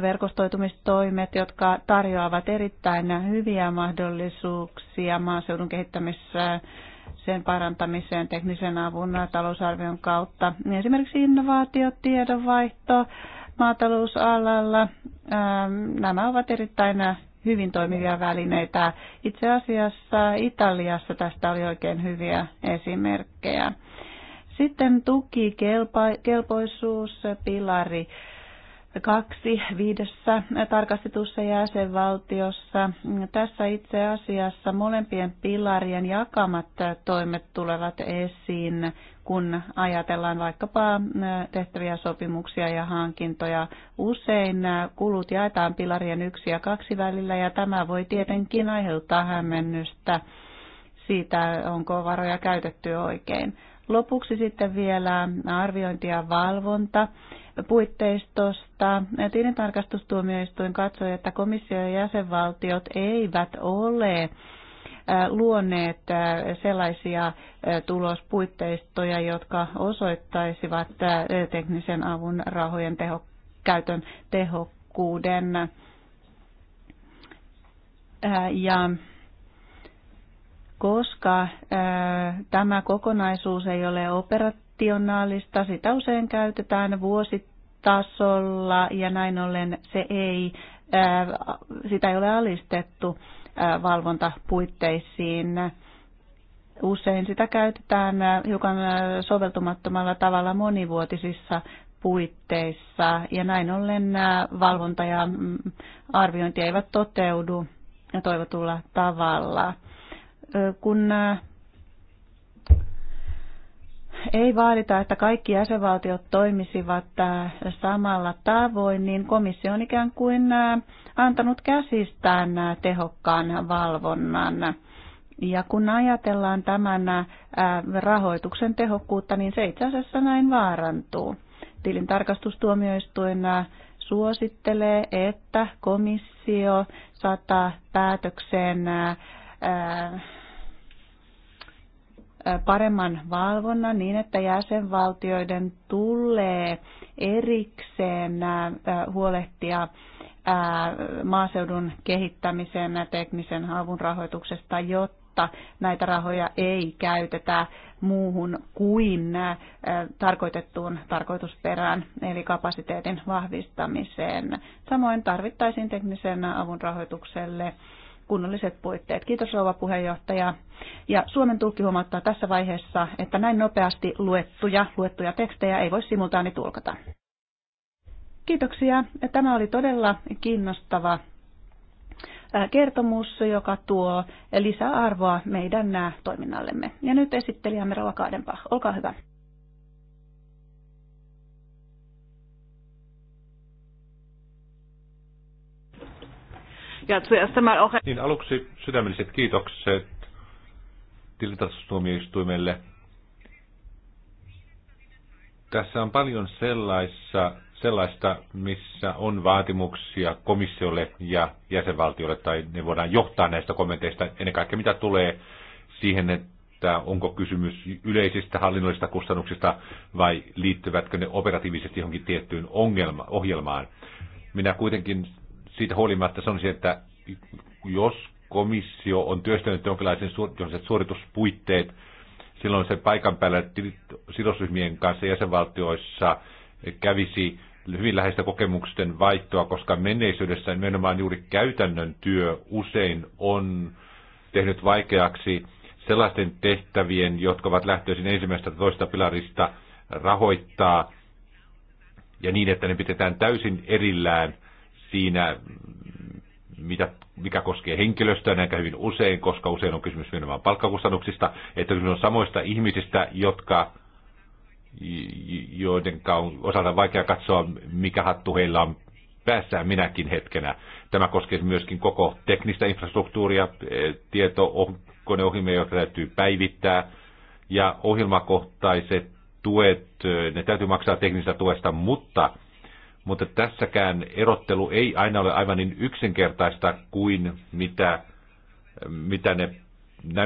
verkostoitumistoimet, jotka tarjoavat erittäin hyviä mahdollisuuksia maaseudun kehittämisessä sen parantamiseen teknisen avun talousarvion kautta. Esimerkiksi innovaatiot, tiedonvaihto maatalousalalla. Ähm, nämä ovat erittäin hyvin toimivia välineitä. Itse asiassa Italiassa tästä oli oikein hyviä esimerkkejä. Sitten tuki, pilari kaksi viidessä tarkastetussa jäsenvaltiossa. Tässä itse asiassa molempien pilarien jakamat toimet tulevat esiin, kun ajatellaan vaikkapa tehtäviä sopimuksia ja hankintoja. Usein kulut jaetaan pilarien yksi ja kaksi välillä ja tämä voi tietenkin aiheuttaa hämmennystä siitä, onko varoja käytetty oikein. Lopuksi sitten vielä arviointi ja valvonta puitteistosta. Tilintarkastustuomioistuin katsoi, että komissio ja jäsenvaltiot eivät ole luoneet sellaisia tulospuitteistoja, jotka osoittaisivat teknisen avun rahojen teho, käytön tehokkuuden. Ja koska tämä kokonaisuus ei ole operat traditionaalista, sitä usein käytetään vuositasolla ja näin ollen se ei, äh, sitä ei ole alistettu äh, valvontapuitteisiin. Usein sitä käytetään äh, hiukan soveltumattomalla tavalla monivuotisissa puitteissa ja näin ollen valvonta ja mm, arviointi eivät toteudu toivotulla tavalla. Kun ei vaadita, että kaikki jäsenvaltiot toimisivat äh, samalla tavoin, niin komissio on ikään kuin äh, antanut käsistään äh, tehokkaan valvonnan. Ja kun ajatellaan tämän rahoituksen tehokkuutta, niin se itse asiassa näin vaarantuu. Tilintarkastustuomioistuin suosittelee, että komissio saattaa päätökseen paremman valvonnan niin, että jäsenvaltioiden tulee erikseen huolehtia maaseudun kehittämisen ja teknisen avun rahoituksesta, jotta näitä rahoja ei käytetä muuhun kuin tarkoitettuun tarkoitusperään, eli kapasiteetin vahvistamiseen. Samoin tarvittaisiin teknisen avun rahoitukselle kunnolliset puitteet. Kiitos rouva puheenjohtaja. Ja Suomen tulkki huomauttaa tässä vaiheessa, että näin nopeasti luettuja, luettuja tekstejä ei voi simultaani tulkata. Kiitoksia. Tämä oli todella kiinnostava kertomus, joka tuo lisäarvoa meidän toiminnallemme. Ja nyt esittelijämme Rova Kaadenpa. Olkaa hyvä. Ja zuerst einmal auch... Niin aluksi sydämelliset kiitokset tilintarkastustuomioistuimelle. Tässä on paljon sellaista, sellaista, missä on vaatimuksia komissiolle ja jäsenvaltiolle, tai ne voidaan johtaa näistä kommenteista ennen kaikkea, mitä tulee siihen, että onko kysymys yleisistä hallinnollisista kustannuksista vai liittyvätkö ne operatiivisesti johonkin tiettyyn ongelma, ohjelmaan. Minä kuitenkin siitä huolimatta sanoisin, että jos komissio on työstänyt jonkinlaisen suorituspuitteet, silloin se paikan päällä sidosryhmien kanssa jäsenvaltioissa kävisi hyvin läheistä kokemuksen vaihtoa, koska menneisyydessä nimenomaan juuri käytännön työ usein on tehnyt vaikeaksi sellaisten tehtävien, jotka ovat lähtöisin ensimmäistä toista pilarista, rahoittaa ja niin, että ne pidetään täysin erillään siinä, mitä, mikä koskee henkilöstöä näinkä hyvin usein, koska usein on kysymys nimenomaan palkkakustannuksista, että kysymys on samoista ihmisistä, jotka joiden on osalta vaikea katsoa, mikä hattu heillä on päässään minäkin hetkenä. Tämä koskee myöskin koko teknistä infrastruktuuria, tietokoneohjelmia, joita täytyy päivittää, ja ohjelmakohtaiset tuet, ne täytyy maksaa teknisestä tuesta, mutta mutta tässäkään erottelu ei aina ole aivan niin yksinkertaista kuin mitä, mitä, ne,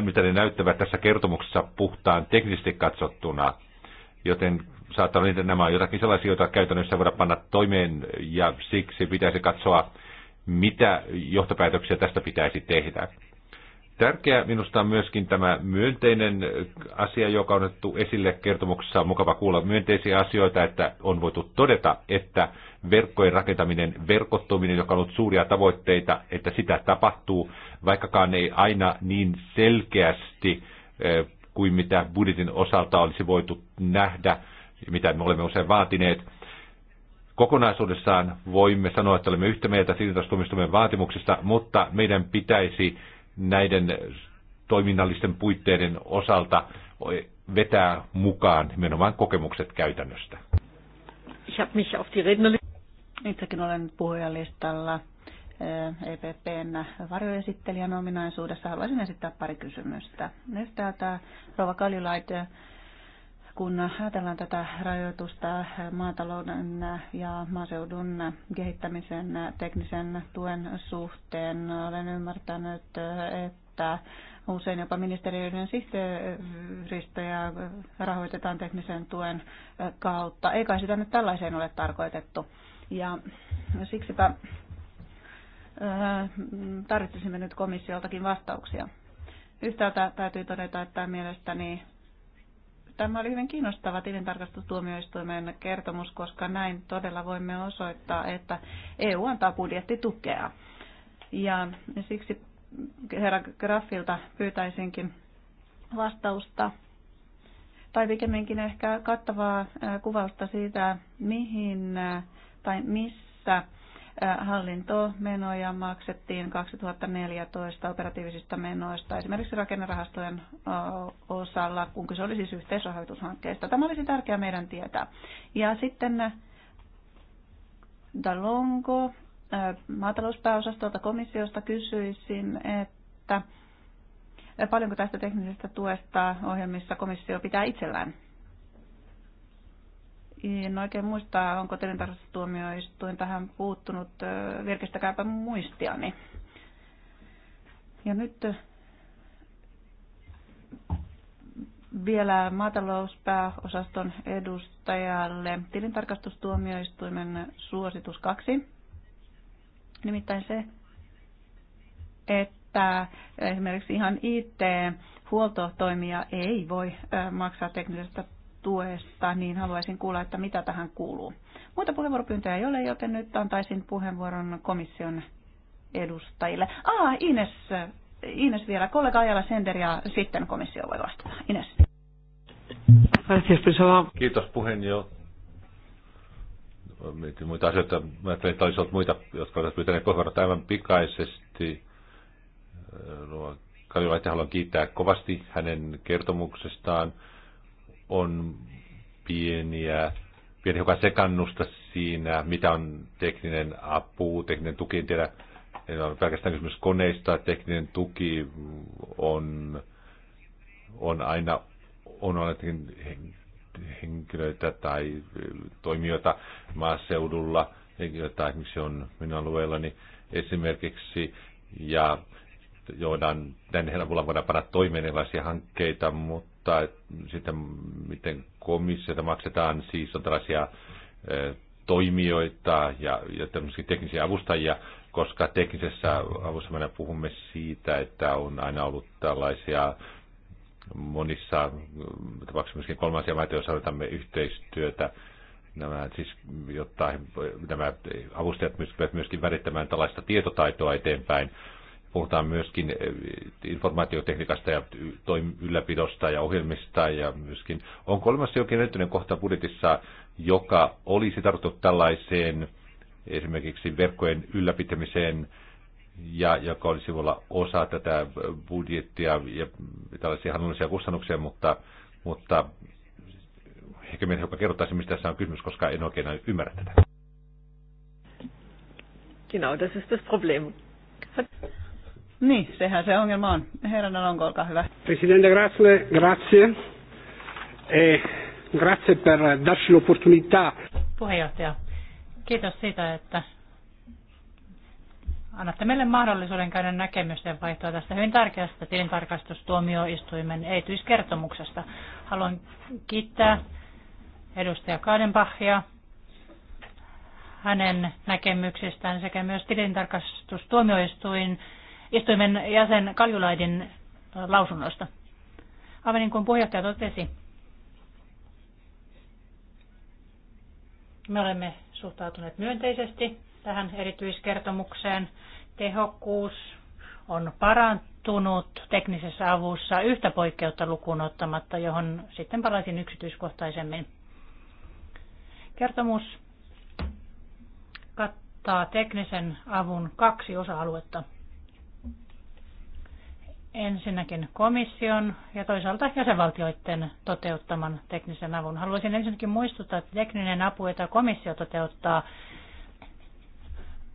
mitä ne näyttävät tässä kertomuksessa puhtaan teknisesti katsottuna. Joten saattaa olla, niin, että nämä on jotakin sellaisia, joita käytännössä voidaan panna toimeen ja siksi pitäisi katsoa, mitä johtopäätöksiä tästä pitäisi tehdä. Tärkeä minusta on myöskin tämä myönteinen asia, joka on otettu esille kertomuksessa. On mukava kuulla myönteisiä asioita, että on voitu todeta, että verkkojen rakentaminen, verkottuminen, joka on ollut suuria tavoitteita, että sitä tapahtuu, vaikkakaan ei aina niin selkeästi eh, kuin mitä budjetin osalta olisi voitu nähdä, mitä me olemme usein vaatineet – kokonaisuudessaan voimme sanoa, että olemme yhtä mieltä tilintarkastustuomioistuimen vaatimuksista, mutta meidän pitäisi näiden toiminnallisten puitteiden osalta vetää mukaan nimenomaan kokemukset käytännöstä. Ich habe mich auf die Itsekin olen puhujalistalla EPPn eh, e varjoesittelijän ominaisuudessa. Haluaisin esittää pari kysymystä. Nyt täältä Rova Kaljulaite kun ajatellaan tätä rajoitusta maatalouden ja maaseudun kehittämisen teknisen tuen suhteen, olen ymmärtänyt, että usein jopa ministeriöiden sihteeristöjä rahoitetaan teknisen tuen kautta. Eikä sitä nyt tällaiseen ole tarkoitettu. Ja siksipä tarvitsisimme nyt komissioltakin vastauksia. Yhtäältä täytyy todeta, että mielestäni Tämä oli hyvin kiinnostava tilintarkastustuomioistuimen kertomus, koska näin todella voimme osoittaa, että EU antaa budjettitukea. Ja siksi herra Graffilta pyytäisinkin vastausta tai pikemminkin ehkä kattavaa kuvausta siitä, mihin tai missä hallintomenoja maksettiin 2014 operatiivisista menoista, esimerkiksi rakennerahastojen osalla, kun se oli siis yhteisrahoitushankkeesta. Tämä olisi tärkeää meidän tietää. Ja sitten Dalongo maatalouspääosastolta komissiosta kysyisin, että paljonko tästä teknisestä tuesta ohjelmissa komissio pitää itsellään? En oikein muista, onko tilintarkastustuomioistuin tähän puuttunut. Virkistäkääpä muistiani. Ja nyt vielä maatalouspääosaston edustajalle tilintarkastustuomioistuimen suositus kaksi. Nimittäin se, että esimerkiksi ihan IT-huoltotoimija ei voi maksaa teknisestä tuesta, niin haluaisin kuulla, että mitä tähän kuuluu. Muita puheenvuoropyyntöjä ei ole, joten nyt antaisin puheenvuoron komission edustajille. Ah, Ines, Ines vielä, kollega Ajala Sender ja sitten komissio voi vastata. Ines. Kiitos puheenjohtaja. Mietin muita asioita. Mä ajattelin, että olisi ollut muita, jotka olisivat pyytäneet puheenvuorot aivan pikaisesti. Eh, Kalju haluan kiittää kovasti hänen kertomuksestaan on pieniä, pieni hiukan sekannusta siinä, mitä on tekninen apu, tekninen tuki, en tiedä, en ole pelkästään kysymys koneista, tekninen tuki on, on aina on ainakin henkilöitä tai toimijoita maaseudulla, henkilöitä esimerkiksi on minun alueellani esimerkiksi, ja joudan näiden avulla voidaan panna toimeen erilaisia hankkeita, mutta mutta sitten miten komissiota maksetaan, siis on tällaisia toimijoita ja, ja tämmöisiä teknisiä avustajia, koska teknisessä avussa me puhumme siitä, että on aina ollut tällaisia monissa tapauksissa myöskin kolmansia maita, joissa odotamme yhteistyötä, nämä, siis, jotta nämä avustajat pystyvät myöskin värittämään tällaista tietotaitoa eteenpäin Puhutaan myöskin eh, informaatiotekniikasta ja ylläpidosta ja ohjelmista ja myöskin onko olemassa jokin erityinen kohta budjetissa, joka olisi tarttunut tällaiseen esimerkiksi verkkojen ylläpitämiseen ja joka olisi voi olla osa tätä budjettia ja tällaisia hallinnollisia kustannuksia, mutta, mutta ehkä meidän hiukan kerrottaisiin, mistä tässä on kysymys, koska en oikein ymmärrä tätä. Genau, das ist das Problem. Niin, sehän se ongelma on. Herran Alonko, olkaa hyvä. Presidente, grazie. Grazie. E grazie per darci l'opportunità. Puheenjohtaja, kiitos siitä, että annatte meille mahdollisuuden käydä näkemysten vaihtoa tästä hyvin tärkeästä tilintarkastustuomioistuimen eityiskertomuksesta. Haluan kiittää edustaja Kaadenbachia hänen näkemyksistään sekä myös tilintarkastustuomioistuin istuimen jäsen Kaljulaidin äh, lausunnosta. Aivan niin kuin puheenjohtaja totesi, me olemme suhtautuneet myönteisesti tähän erityiskertomukseen. Tehokkuus on parantunut teknisessä avussa yhtä poikkeutta lukuun ottamatta, johon sitten palaisin yksityiskohtaisemmin. Kertomus kattaa teknisen avun kaksi osa-aluetta – ensinnäkin komission ja toisaalta jäsenvaltioiden toteuttaman teknisen avun. Haluaisin ensinnäkin muistuttaa, että tekninen apu, jota komissio toteuttaa,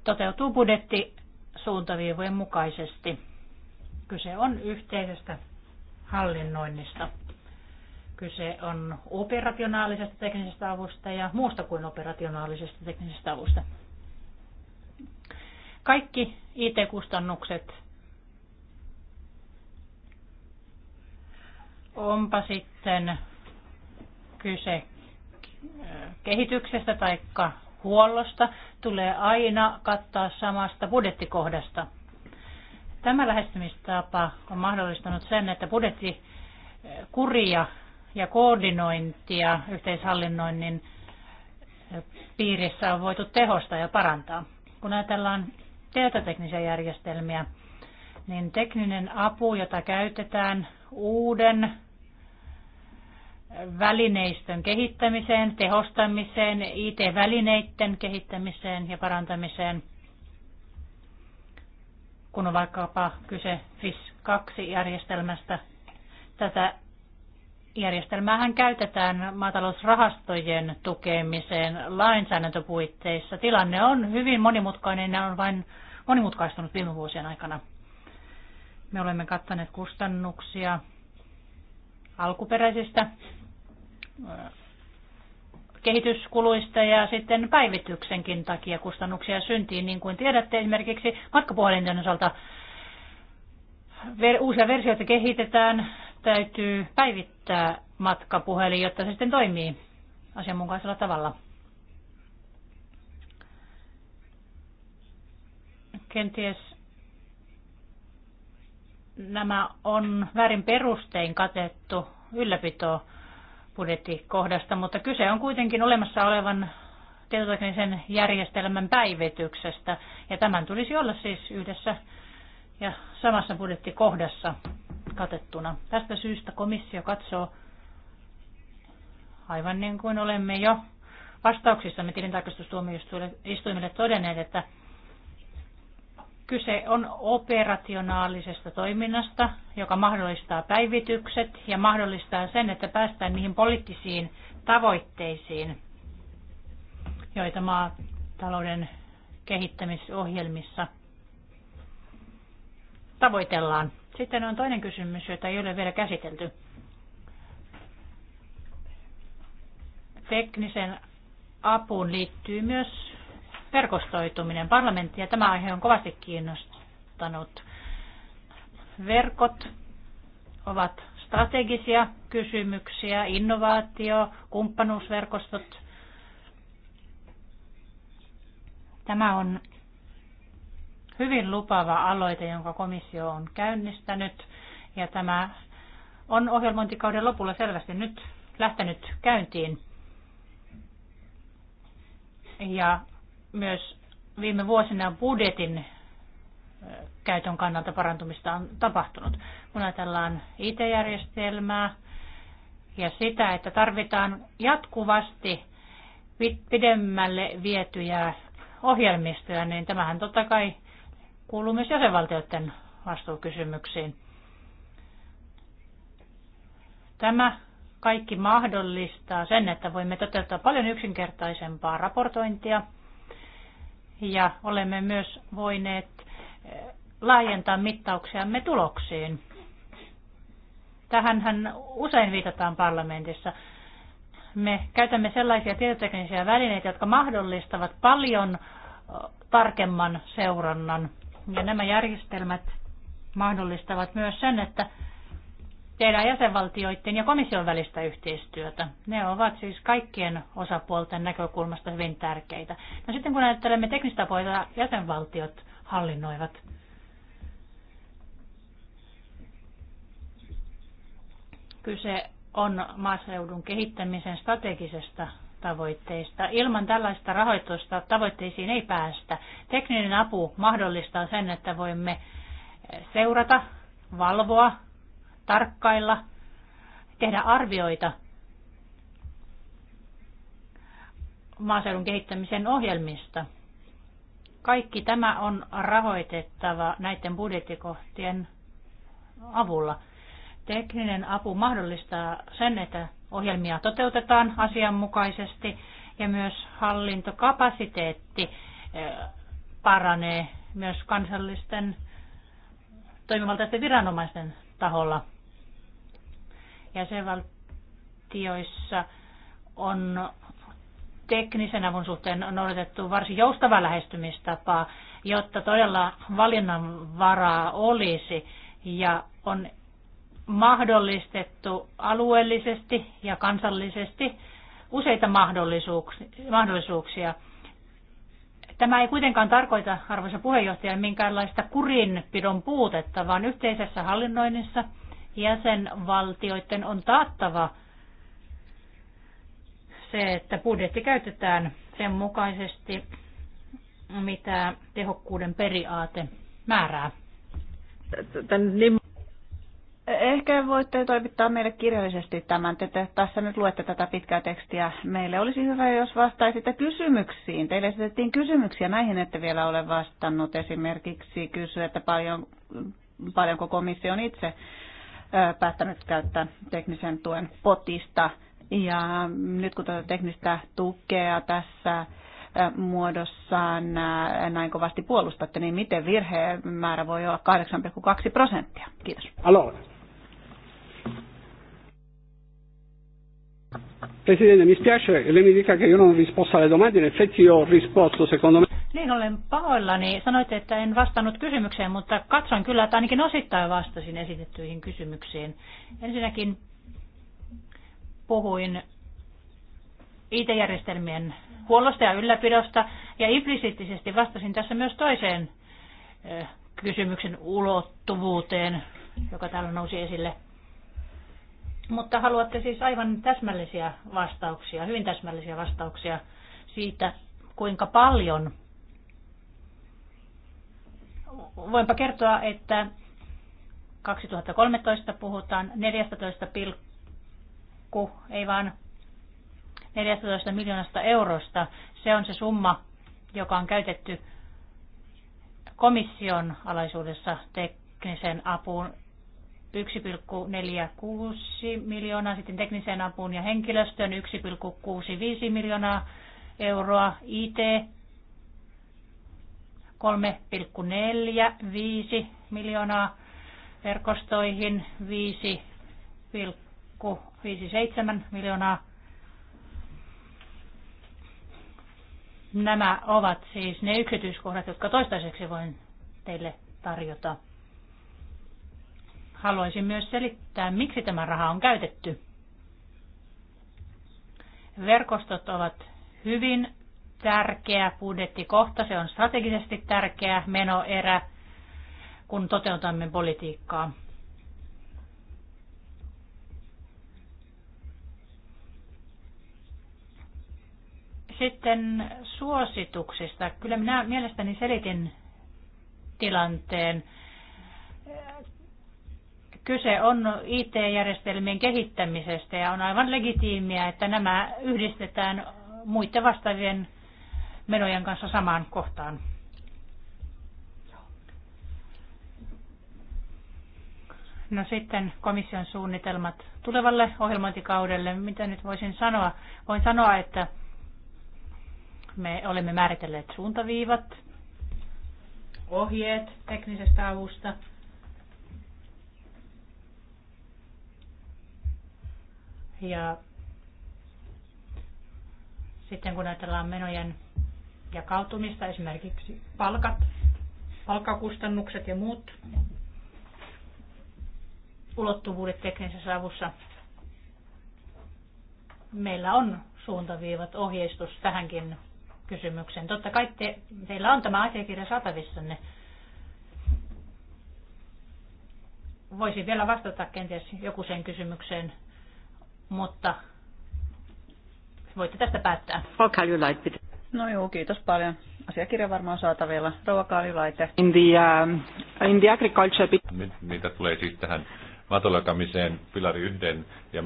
toteutuu budjettisuuntaviivojen mukaisesti. Kyse on yhteisestä hallinnoinnista. Kyse on operationaalisesta teknisestä avusta ja muusta kuin operationaalisesta teknisestä avusta. Kaikki IT-kustannukset Onpa sitten kyse äh, kehityksestä tai huollosta, tulee aina kattaa samasta budjettikohdasta. Tämä lähestymistapa on mahdollistanut sen, että budjettikuria ja koordinointia yhteishallinnoinnin äh, piirissä on voitu tehostaa ja parantaa. Kun ajatellaan tietoteknisiä järjestelmiä, niin tekninen apu, jota käytetään uuden välineistön kehittämiseen, tehostamiseen, IT-välineiden kehittämiseen ja parantamiseen, kun on vaikkapa kyse FIS-2-järjestelmästä. Tätä järjestelmää käytetään maatalousrahastojen tukemiseen lainsäädäntöpuitteissa. Tilanne on hyvin monimutkainen ja on vain monimutkaistunut viime vuosien aikana. Me olemme kattaneet kustannuksia alkuperäisistä kehityskuluista ja sitten päivityksenkin takia kustannuksia syntiin, niin kuin tiedätte esimerkiksi matkapuhelinten osalta uusia versioita kehitetään, täytyy päivittää matkapuhelin, jotta se sitten toimii asianmukaisella tavalla. Kenties nämä on väärin perustein katettu ylläpito budjettikohdasta, mutta kyse on kuitenkin olemassa olevan tietoteknisen järjestelmän päivityksestä. Ja tämän tulisi olla siis yhdessä ja samassa budjettikohdassa katettuna. Tästä syystä komissio katsoo, aivan niin kuin olemme jo vastauksissamme tilintarkastustuomioistuimille todenneet, että Kyse on operationaalisesta toiminnasta, joka mahdollistaa päivitykset ja mahdollistaa sen, että päästään niihin poliittisiin tavoitteisiin, joita maatalouden kehittämisohjelmissa tavoitellaan. Sitten on toinen kysymys, jota ei ole vielä käsitelty. Teknisen apuun liittyy myös verkostoituminen. Parlamentti ja tämä aihe on kovasti kiinnostanut. Verkot ovat strategisia kysymyksiä, innovaatio, kumppanuusverkostot. Tämä on hyvin lupava aloite, jonka komissio on käynnistänyt. Ja tämä on ohjelmointikauden lopulla selvästi nyt lähtenyt käyntiin. Ja myös viime vuosina budjetin käytön kannalta parantumista on tapahtunut. Kun ajatellaan IT-järjestelmää ja sitä, että tarvitaan jatkuvasti pidemmälle vietyjä ohjelmistoja, niin tämähän totta kai kuuluu myös jäsenvaltioiden vastuukysymyksiin. Tämä kaikki mahdollistaa sen, että voimme toteuttaa paljon yksinkertaisempaa raportointia – ja olemme myös voineet eh, laajentaa mittauksiamme tuloksiin. Tähänhän usein viitataan parlamentissa. Me käytämme sellaisia tietoteknisiä välineitä, jotka mahdollistavat paljon eh, tarkemman seurannan. Ja nämä järjestelmät mahdollistavat myös sen, että tehdään jäsenvaltioiden ja komission välistä yhteistyötä. Ne ovat siis kaikkien osapuolten näkökulmasta hyvin tärkeitä. No sitten kun ajattelemme puolta, jäsenvaltiot hallinnoivat. Kyse on maaseudun kehittämisen strategisesta tavoitteista. Ilman tällaista rahoitusta tavoitteisiin ei päästä. Tekninen apu mahdollistaa sen, että voimme seurata, valvoa tarkkailla, tehdä arvioita maaseudun kehittämisen ohjelmista. Kaikki tämä on rahoitettava näiden budjettikohtien avulla. Tekninen apu mahdollistaa sen, että ohjelmia toteutetaan asianmukaisesti ja myös hallintokapasiteetti eh, paranee myös kansallisten toimivaltaisten viranomaisten taholla jäsenvaltioissa on teknisen avun suhteen noudatettu varsin joustava lähestymistapa, jotta todella valinnanvaraa olisi ja on mahdollistettu alueellisesti ja kansallisesti useita mahdollisuuksia. Tämä ei kuitenkaan tarkoita, arvoisa puheenjohtaja, minkäänlaista kurinpidon puutetta, vaan yhteisessä hallinnoinnissa – jäsenvaltioiden on taattava se, että budjetti käytetään sen mukaisesti, mitä tehokkuuden periaate määrää. Ehkä voitte toimittaa meille kirjallisesti tämän. Te, te tässä nyt luette tätä pitkää tekstiä. Meille olisi hyvä, jos vastaisitte kysymyksiin. Teille esitettiin kysymyksiä. Näihin ette vielä ole vastannut. Esimerkiksi kysy, että paljon, paljonko komissio on itse päättänyt käyttää teknisen tuen potista. Ja nyt kun tätä teknistä tukea tässä muodossaan näin kovasti puolustatte, niin miten virheen määrä voi olla 8,2 prosenttia? Kiitos. Allora. Presidente, mi spiace, lei mi dica che io non ho risposto alle domande, in effetti io ho risposto secondo me. Niin olen pahoillani. Sanoitte, että en vastannut kysymykseen, mutta katson kyllä, että ainakin osittain vastasin esitettyihin kysymyksiin. Ensinnäkin puhuin IT-järjestelmien huollosta ja ylläpidosta, ja implisiittisesti vastasin tässä myös toiseen kysymyksen ulottuvuuteen, joka täällä nousi esille. Mutta haluatte siis aivan täsmällisiä vastauksia, hyvin täsmällisiä vastauksia siitä, kuinka paljon voinpa kertoa, että 2013 puhutaan 14, pilkku, ei vaan 14 miljoonasta eurosta. Se on se summa, joka on käytetty komission alaisuudessa teknisen apuun 1,46 miljoonaa, sitten tekniseen apuun ja henkilöstön 1,65 miljoonaa euroa, IT 3,45 miljoonaa verkostoihin, 5,57 miljoonaa. Nämä ovat siis ne yksityiskohdat, jotka toistaiseksi voin teille tarjota. Haluaisin myös selittää, miksi tämä raha on käytetty. Verkostot ovat hyvin tärkeä budjettikohta, se on strategisesti tärkeä menoerä, kun toteutamme politiikkaa. Sitten suosituksista. Kyllä minä mielestäni selitin tilanteen. Kyse on IT-järjestelmien kehittämisestä ja on aivan legitiimiä, että nämä yhdistetään muiden vastaavien menojen kanssa samaan kohtaan. No sitten komission suunnitelmat tulevalle ohjelmointikaudelle. Mitä nyt voisin sanoa? Voin sanoa, että me olemme määritelleet suuntaviivat, ohjeet teknisestä avusta. Ja sitten kun ajatellaan menojen jakautumista, esimerkiksi palkat, palkkakustannukset ja muut ulottuvuudet teknisessä avussa. Meillä on suuntaviivat ohjeistus tähänkin kysymykseen. Totta kai te, teillä on tämä asiakirja saatavissanne. Voisin vielä vastata kenties joku sen kysymykseen, mutta voitte tästä päättää. Olkaa hyvä. No joo, kiitos paljon. Asiakirja varmaan saatavilla. Rouva Kaalilaite. In the, uh, in the agriculture... Mitä tulee siis tähän maatalojakamiseen, pilari yhden ja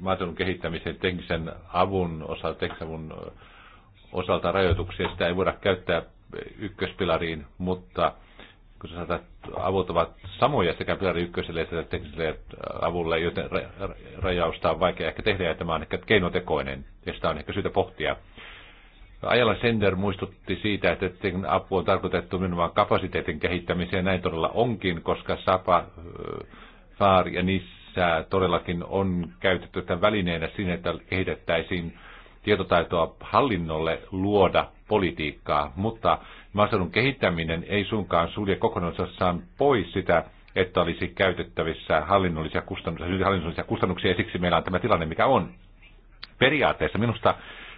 maatalon kehittämiseen teknisen avun osalta, teknisavun osalta rajoituksia, sitä ei voida käyttää ykköspilariin, mutta kun sä saatat, avut ovat samoja sekä pilari ykköselle että tekniselle avulle, joten rajausta on vaikea ehkä tehdä, ja tämä on ehkä keinotekoinen, ja sitä on ehkä syytä pohtia Ajalla Sender muistutti siitä, että apu on tarkoitettu nimenomaan kapasiteetin kehittämiseen. Näin todella onkin, koska SAPA, FAR ja niissä todellakin on käytetty tämän välineenä siinä, että kehitettäisiin tietotaitoa hallinnolle luoda politiikkaa, mutta maaseudun kehittäminen ei suinkaan sulje kokonaisuudessaan pois sitä, että olisi käytettävissä hallinnollisia kustannuksia, siis hallinnollisia kustannuksia ja siksi meillä on tämä tilanne, mikä on. Periaatteessa minusta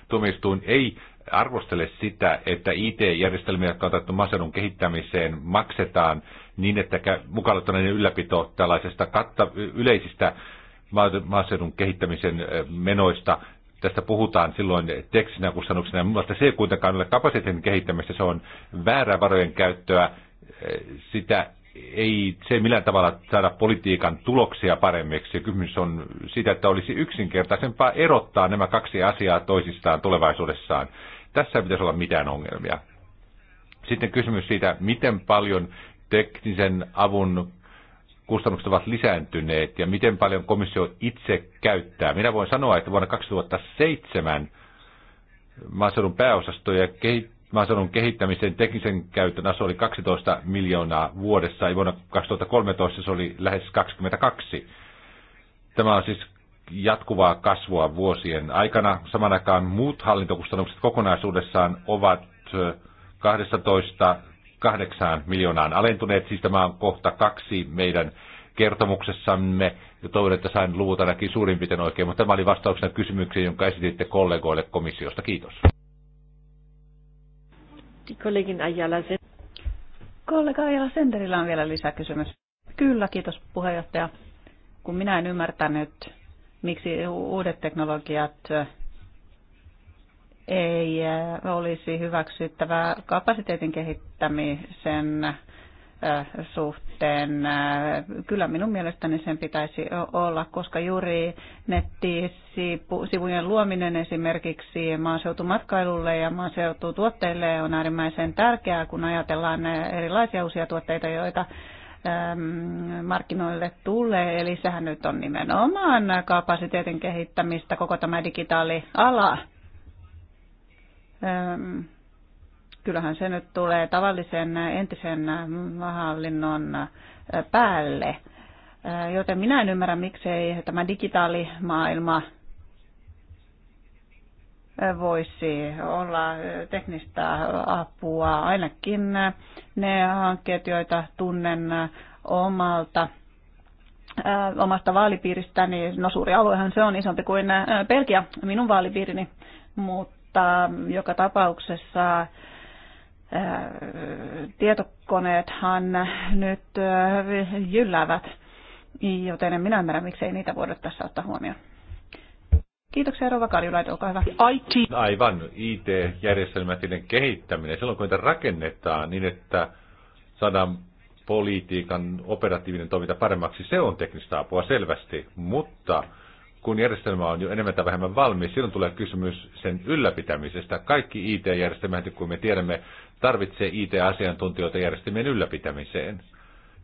tuomioistuin ei arvostele sitä, että IT-järjestelmiä, jotka on otettu Masadun kehittämiseen, maksetaan niin, että mukaan ylläpito tällaisesta katta, yleisistä maaseudun kehittämisen menoista. Tästä puhutaan silloin tekstinä kustannuksena, mutta se ei kuitenkaan ole kapasiteetin kehittämistä, se on väärää varojen käyttöä. Sitä ei se ei millään tavalla saada politiikan tuloksia paremmiksi. Kysymys on sitä, että olisi yksinkertaisempaa erottaa nämä kaksi asiaa toisistaan tulevaisuudessaan. Tässä ei pitäisi olla mitään ongelmia. Sitten kysymys siitä, miten paljon teknisen avun kustannukset ovat lisääntyneet ja miten paljon komissio itse käyttää. Minä voin sanoa, että vuonna 2007 maaseudun pääosasto ja maaseudun kehittämisen teknisen käytön asu oli 12 miljoonaa vuodessa ja vuonna 2013 se oli lähes 22. Tämä on siis jatkuvaa kasvua vuosien aikana. aikaan muut hallintokustannukset kokonaisuudessaan ovat 12,8 miljoonaan alentuneet. Siis tämä on kohta kaksi meidän kertomuksessamme. Ja toivon, että sain luvut ainakin suurin piirtein oikein, mutta tämä oli vastauksena kysymykseen, jonka esititte kollegoille komissiosta. Kiitos. Kollegin Ajala Kollega Ajala Senterillä on vielä lisäkysymys. Kyllä, kiitos puheenjohtaja. Kun minä en ymmärtänyt miksi uudet teknologiat ei olisi hyväksyttävää kapasiteetin kehittämisen suhteen. Kyllä minun mielestäni sen pitäisi olla, koska juuri nettisivujen luominen esimerkiksi maaseutumatkailulle ja maaseututuotteille on äärimmäisen tärkeää, kun ajatellaan erilaisia uusia tuotteita, joita Ähm, markkinoille tulee. Eli sehän nyt on nimenomaan kapasiteetin kehittämistä, koko tämä digitaaliala. Ähm, kyllähän se nyt tulee tavallisen entisen hallinnon äh, päälle. Äh, joten minä en ymmärrä, miksei tämä digitaalimaailma voisi olla teknistä apua. Ainakin ne hankkeet, joita tunnen omalta äh, omasta vaalipiiristäni, no suuri aluehan se on isompi kuin äh, Belgia, minun vaalipiirini, mutta joka tapauksessa äh, tietokoneethan nyt jyllävät, joten en minä ymmärrä, miksei niitä voida tässä ottaa huomioon. Kiitoksia Rova Karjulaid, olkaa hyvä. IT. Aivan, IT-järjestelmät kehittäminen. Silloin kun niitä rakennetaan niin, että saadaan politiikan operatiivinen toiminta paremmaksi, se on teknistä apua selvästi, mutta kun järjestelmä on jo enemmän tai vähemmän valmis, silloin tulee kysymys sen ylläpitämisestä. Kaikki IT-järjestelmät, kun me tiedämme, tarvitsee IT-asiantuntijoita järjestelmien ylläpitämiseen.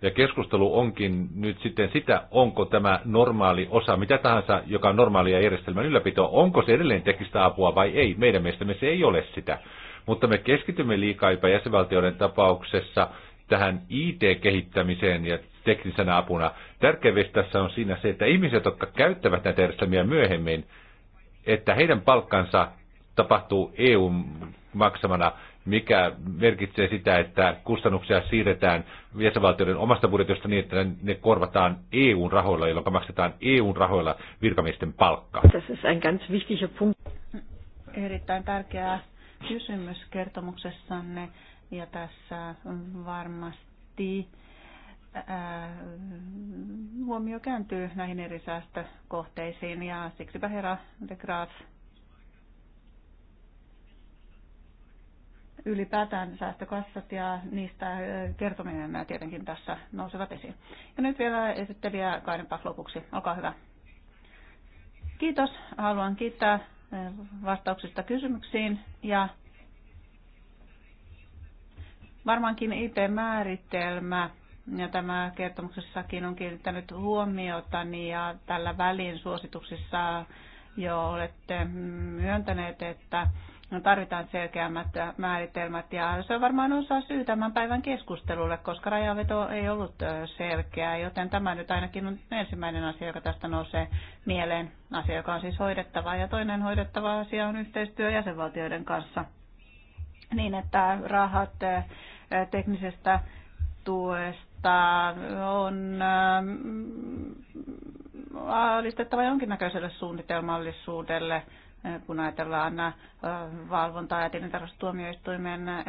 Ja keskustelu onkin nyt sitten sitä, onko tämä normaali osa, mitä tahansa, joka on normaalia järjestelmän ylläpito, onko se edelleen teknistä apua vai ei. Meidän mielestämme se ei ole sitä. Mutta me keskitymme liikaa jopa jäsenvaltioiden tapauksessa tähän IT-kehittämiseen ja teknisenä apuna. Tärkeä tässä on siinä se, että ihmiset, jotka käyttävät näitä järjestelmiä myöhemmin, että heidän palkkansa tapahtuu EU maksamana mikä merkitsee sitä, että kustannuksia siirretään jäsenvaltioiden omasta budjetista niin, että ne korvataan EUn rahoilla, jolloin maksetaan EUn rahoilla virkamiesten palkka. Das on Erittäin tärkeä kysymys kertomuksessanne ja tässä varmasti äh, huomio kääntyy näihin eri säästökohteisiin ja siksipä herra de Graaf ylipäätään säästökassat ja niistä kertominen tietenkin tässä nousevat esiin. Ja nyt vielä esittelijä Kaiden Pak lopuksi. Olkaa hyvä. Kiitos. Haluan kiittää vastauksista kysymyksiin ja varmaankin IT-määritelmä ja tämä kertomuksessakin on kiinnittänyt huomiotani niin ja tällä välin suosituksissa jo olette myöntäneet, että No, tarvitaan selkeämmät äh, määritelmät ja se on varmaan osa syy tämän päivän keskustelulle, koska rajaveto ei ollut äh, selkeää, joten tämä nyt ainakin on ensimmäinen asia, joka tästä nousee mieleen. Asia, joka on siis hoidettava ja toinen hoidettava asia on yhteistyö jäsenvaltioiden kanssa niin, että rahat äh, teknisestä tuesta on alistettava jonkinnäköiselle suunnitelmallisuudelle kun ajatellaan äh, valvontaa ja tilintarkastustuomioistuimen äh,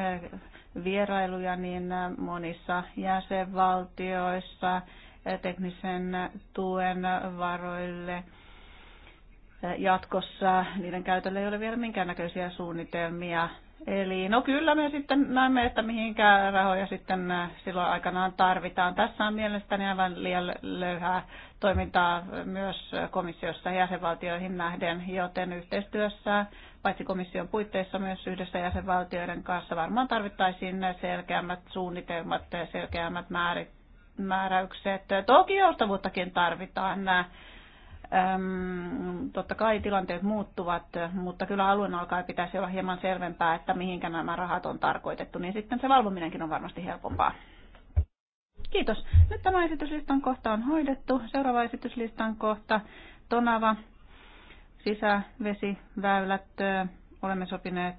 vierailuja, niin äh, monissa jäsenvaltioissa teknisen tuen varoille jatkossa niiden käytölle ei ole vielä minkäännäköisiä suunnitelmia. Eli no kyllä me sitten näemme, että mihinkä rahoja sitten silloin aikanaan tarvitaan. Tässä on mielestäni aivan liian löyhää toimintaa myös komissiossa jäsenvaltioihin nähden, joten yhteistyössä paitsi komission puitteissa myös yhdessä jäsenvaltioiden kanssa varmaan tarvittaisiin selkeämmät suunnitelmat, selkeämmät määrit, määräykset. Toki joustavuuttakin tarvitaan. Nämä, totta kai tilanteet muuttuvat, mutta kyllä alueen alkaa pitäisi olla hieman selvempää, että mihinkä nämä rahat on tarkoitettu, niin sitten se valvominenkin on varmasti helpompaa. Kiitos. Nyt tämä esityslistan kohta on hoidettu. Seuraava esityslistan kohta Tonava, sisävesiväylät. Olemme sopineet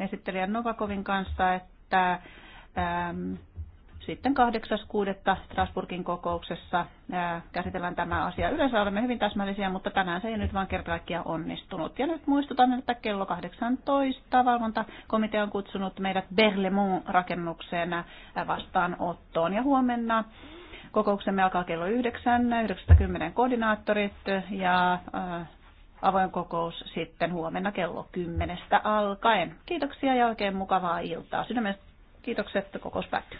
esittelijän Novakovin kanssa, että sitten 8.6. Strasburgin kokouksessa käsitellään tämä asia. Yleensä olemme hyvin täsmällisiä, mutta tänään se ei nyt vaan kerta kaikkiaan onnistunut. Ja nyt muistutan, että kello 18 valvontakomitea on kutsunut meidät Berlemont-rakennukseen vastaanottoon. Ja huomenna kokouksemme alkaa kello 9, 9.10 koordinaattorit ja avoin kokous sitten huomenna kello 10 alkaen. Kiitoksia ja oikein mukavaa iltaa. Sydämestä kiitokset, kokous päättyy.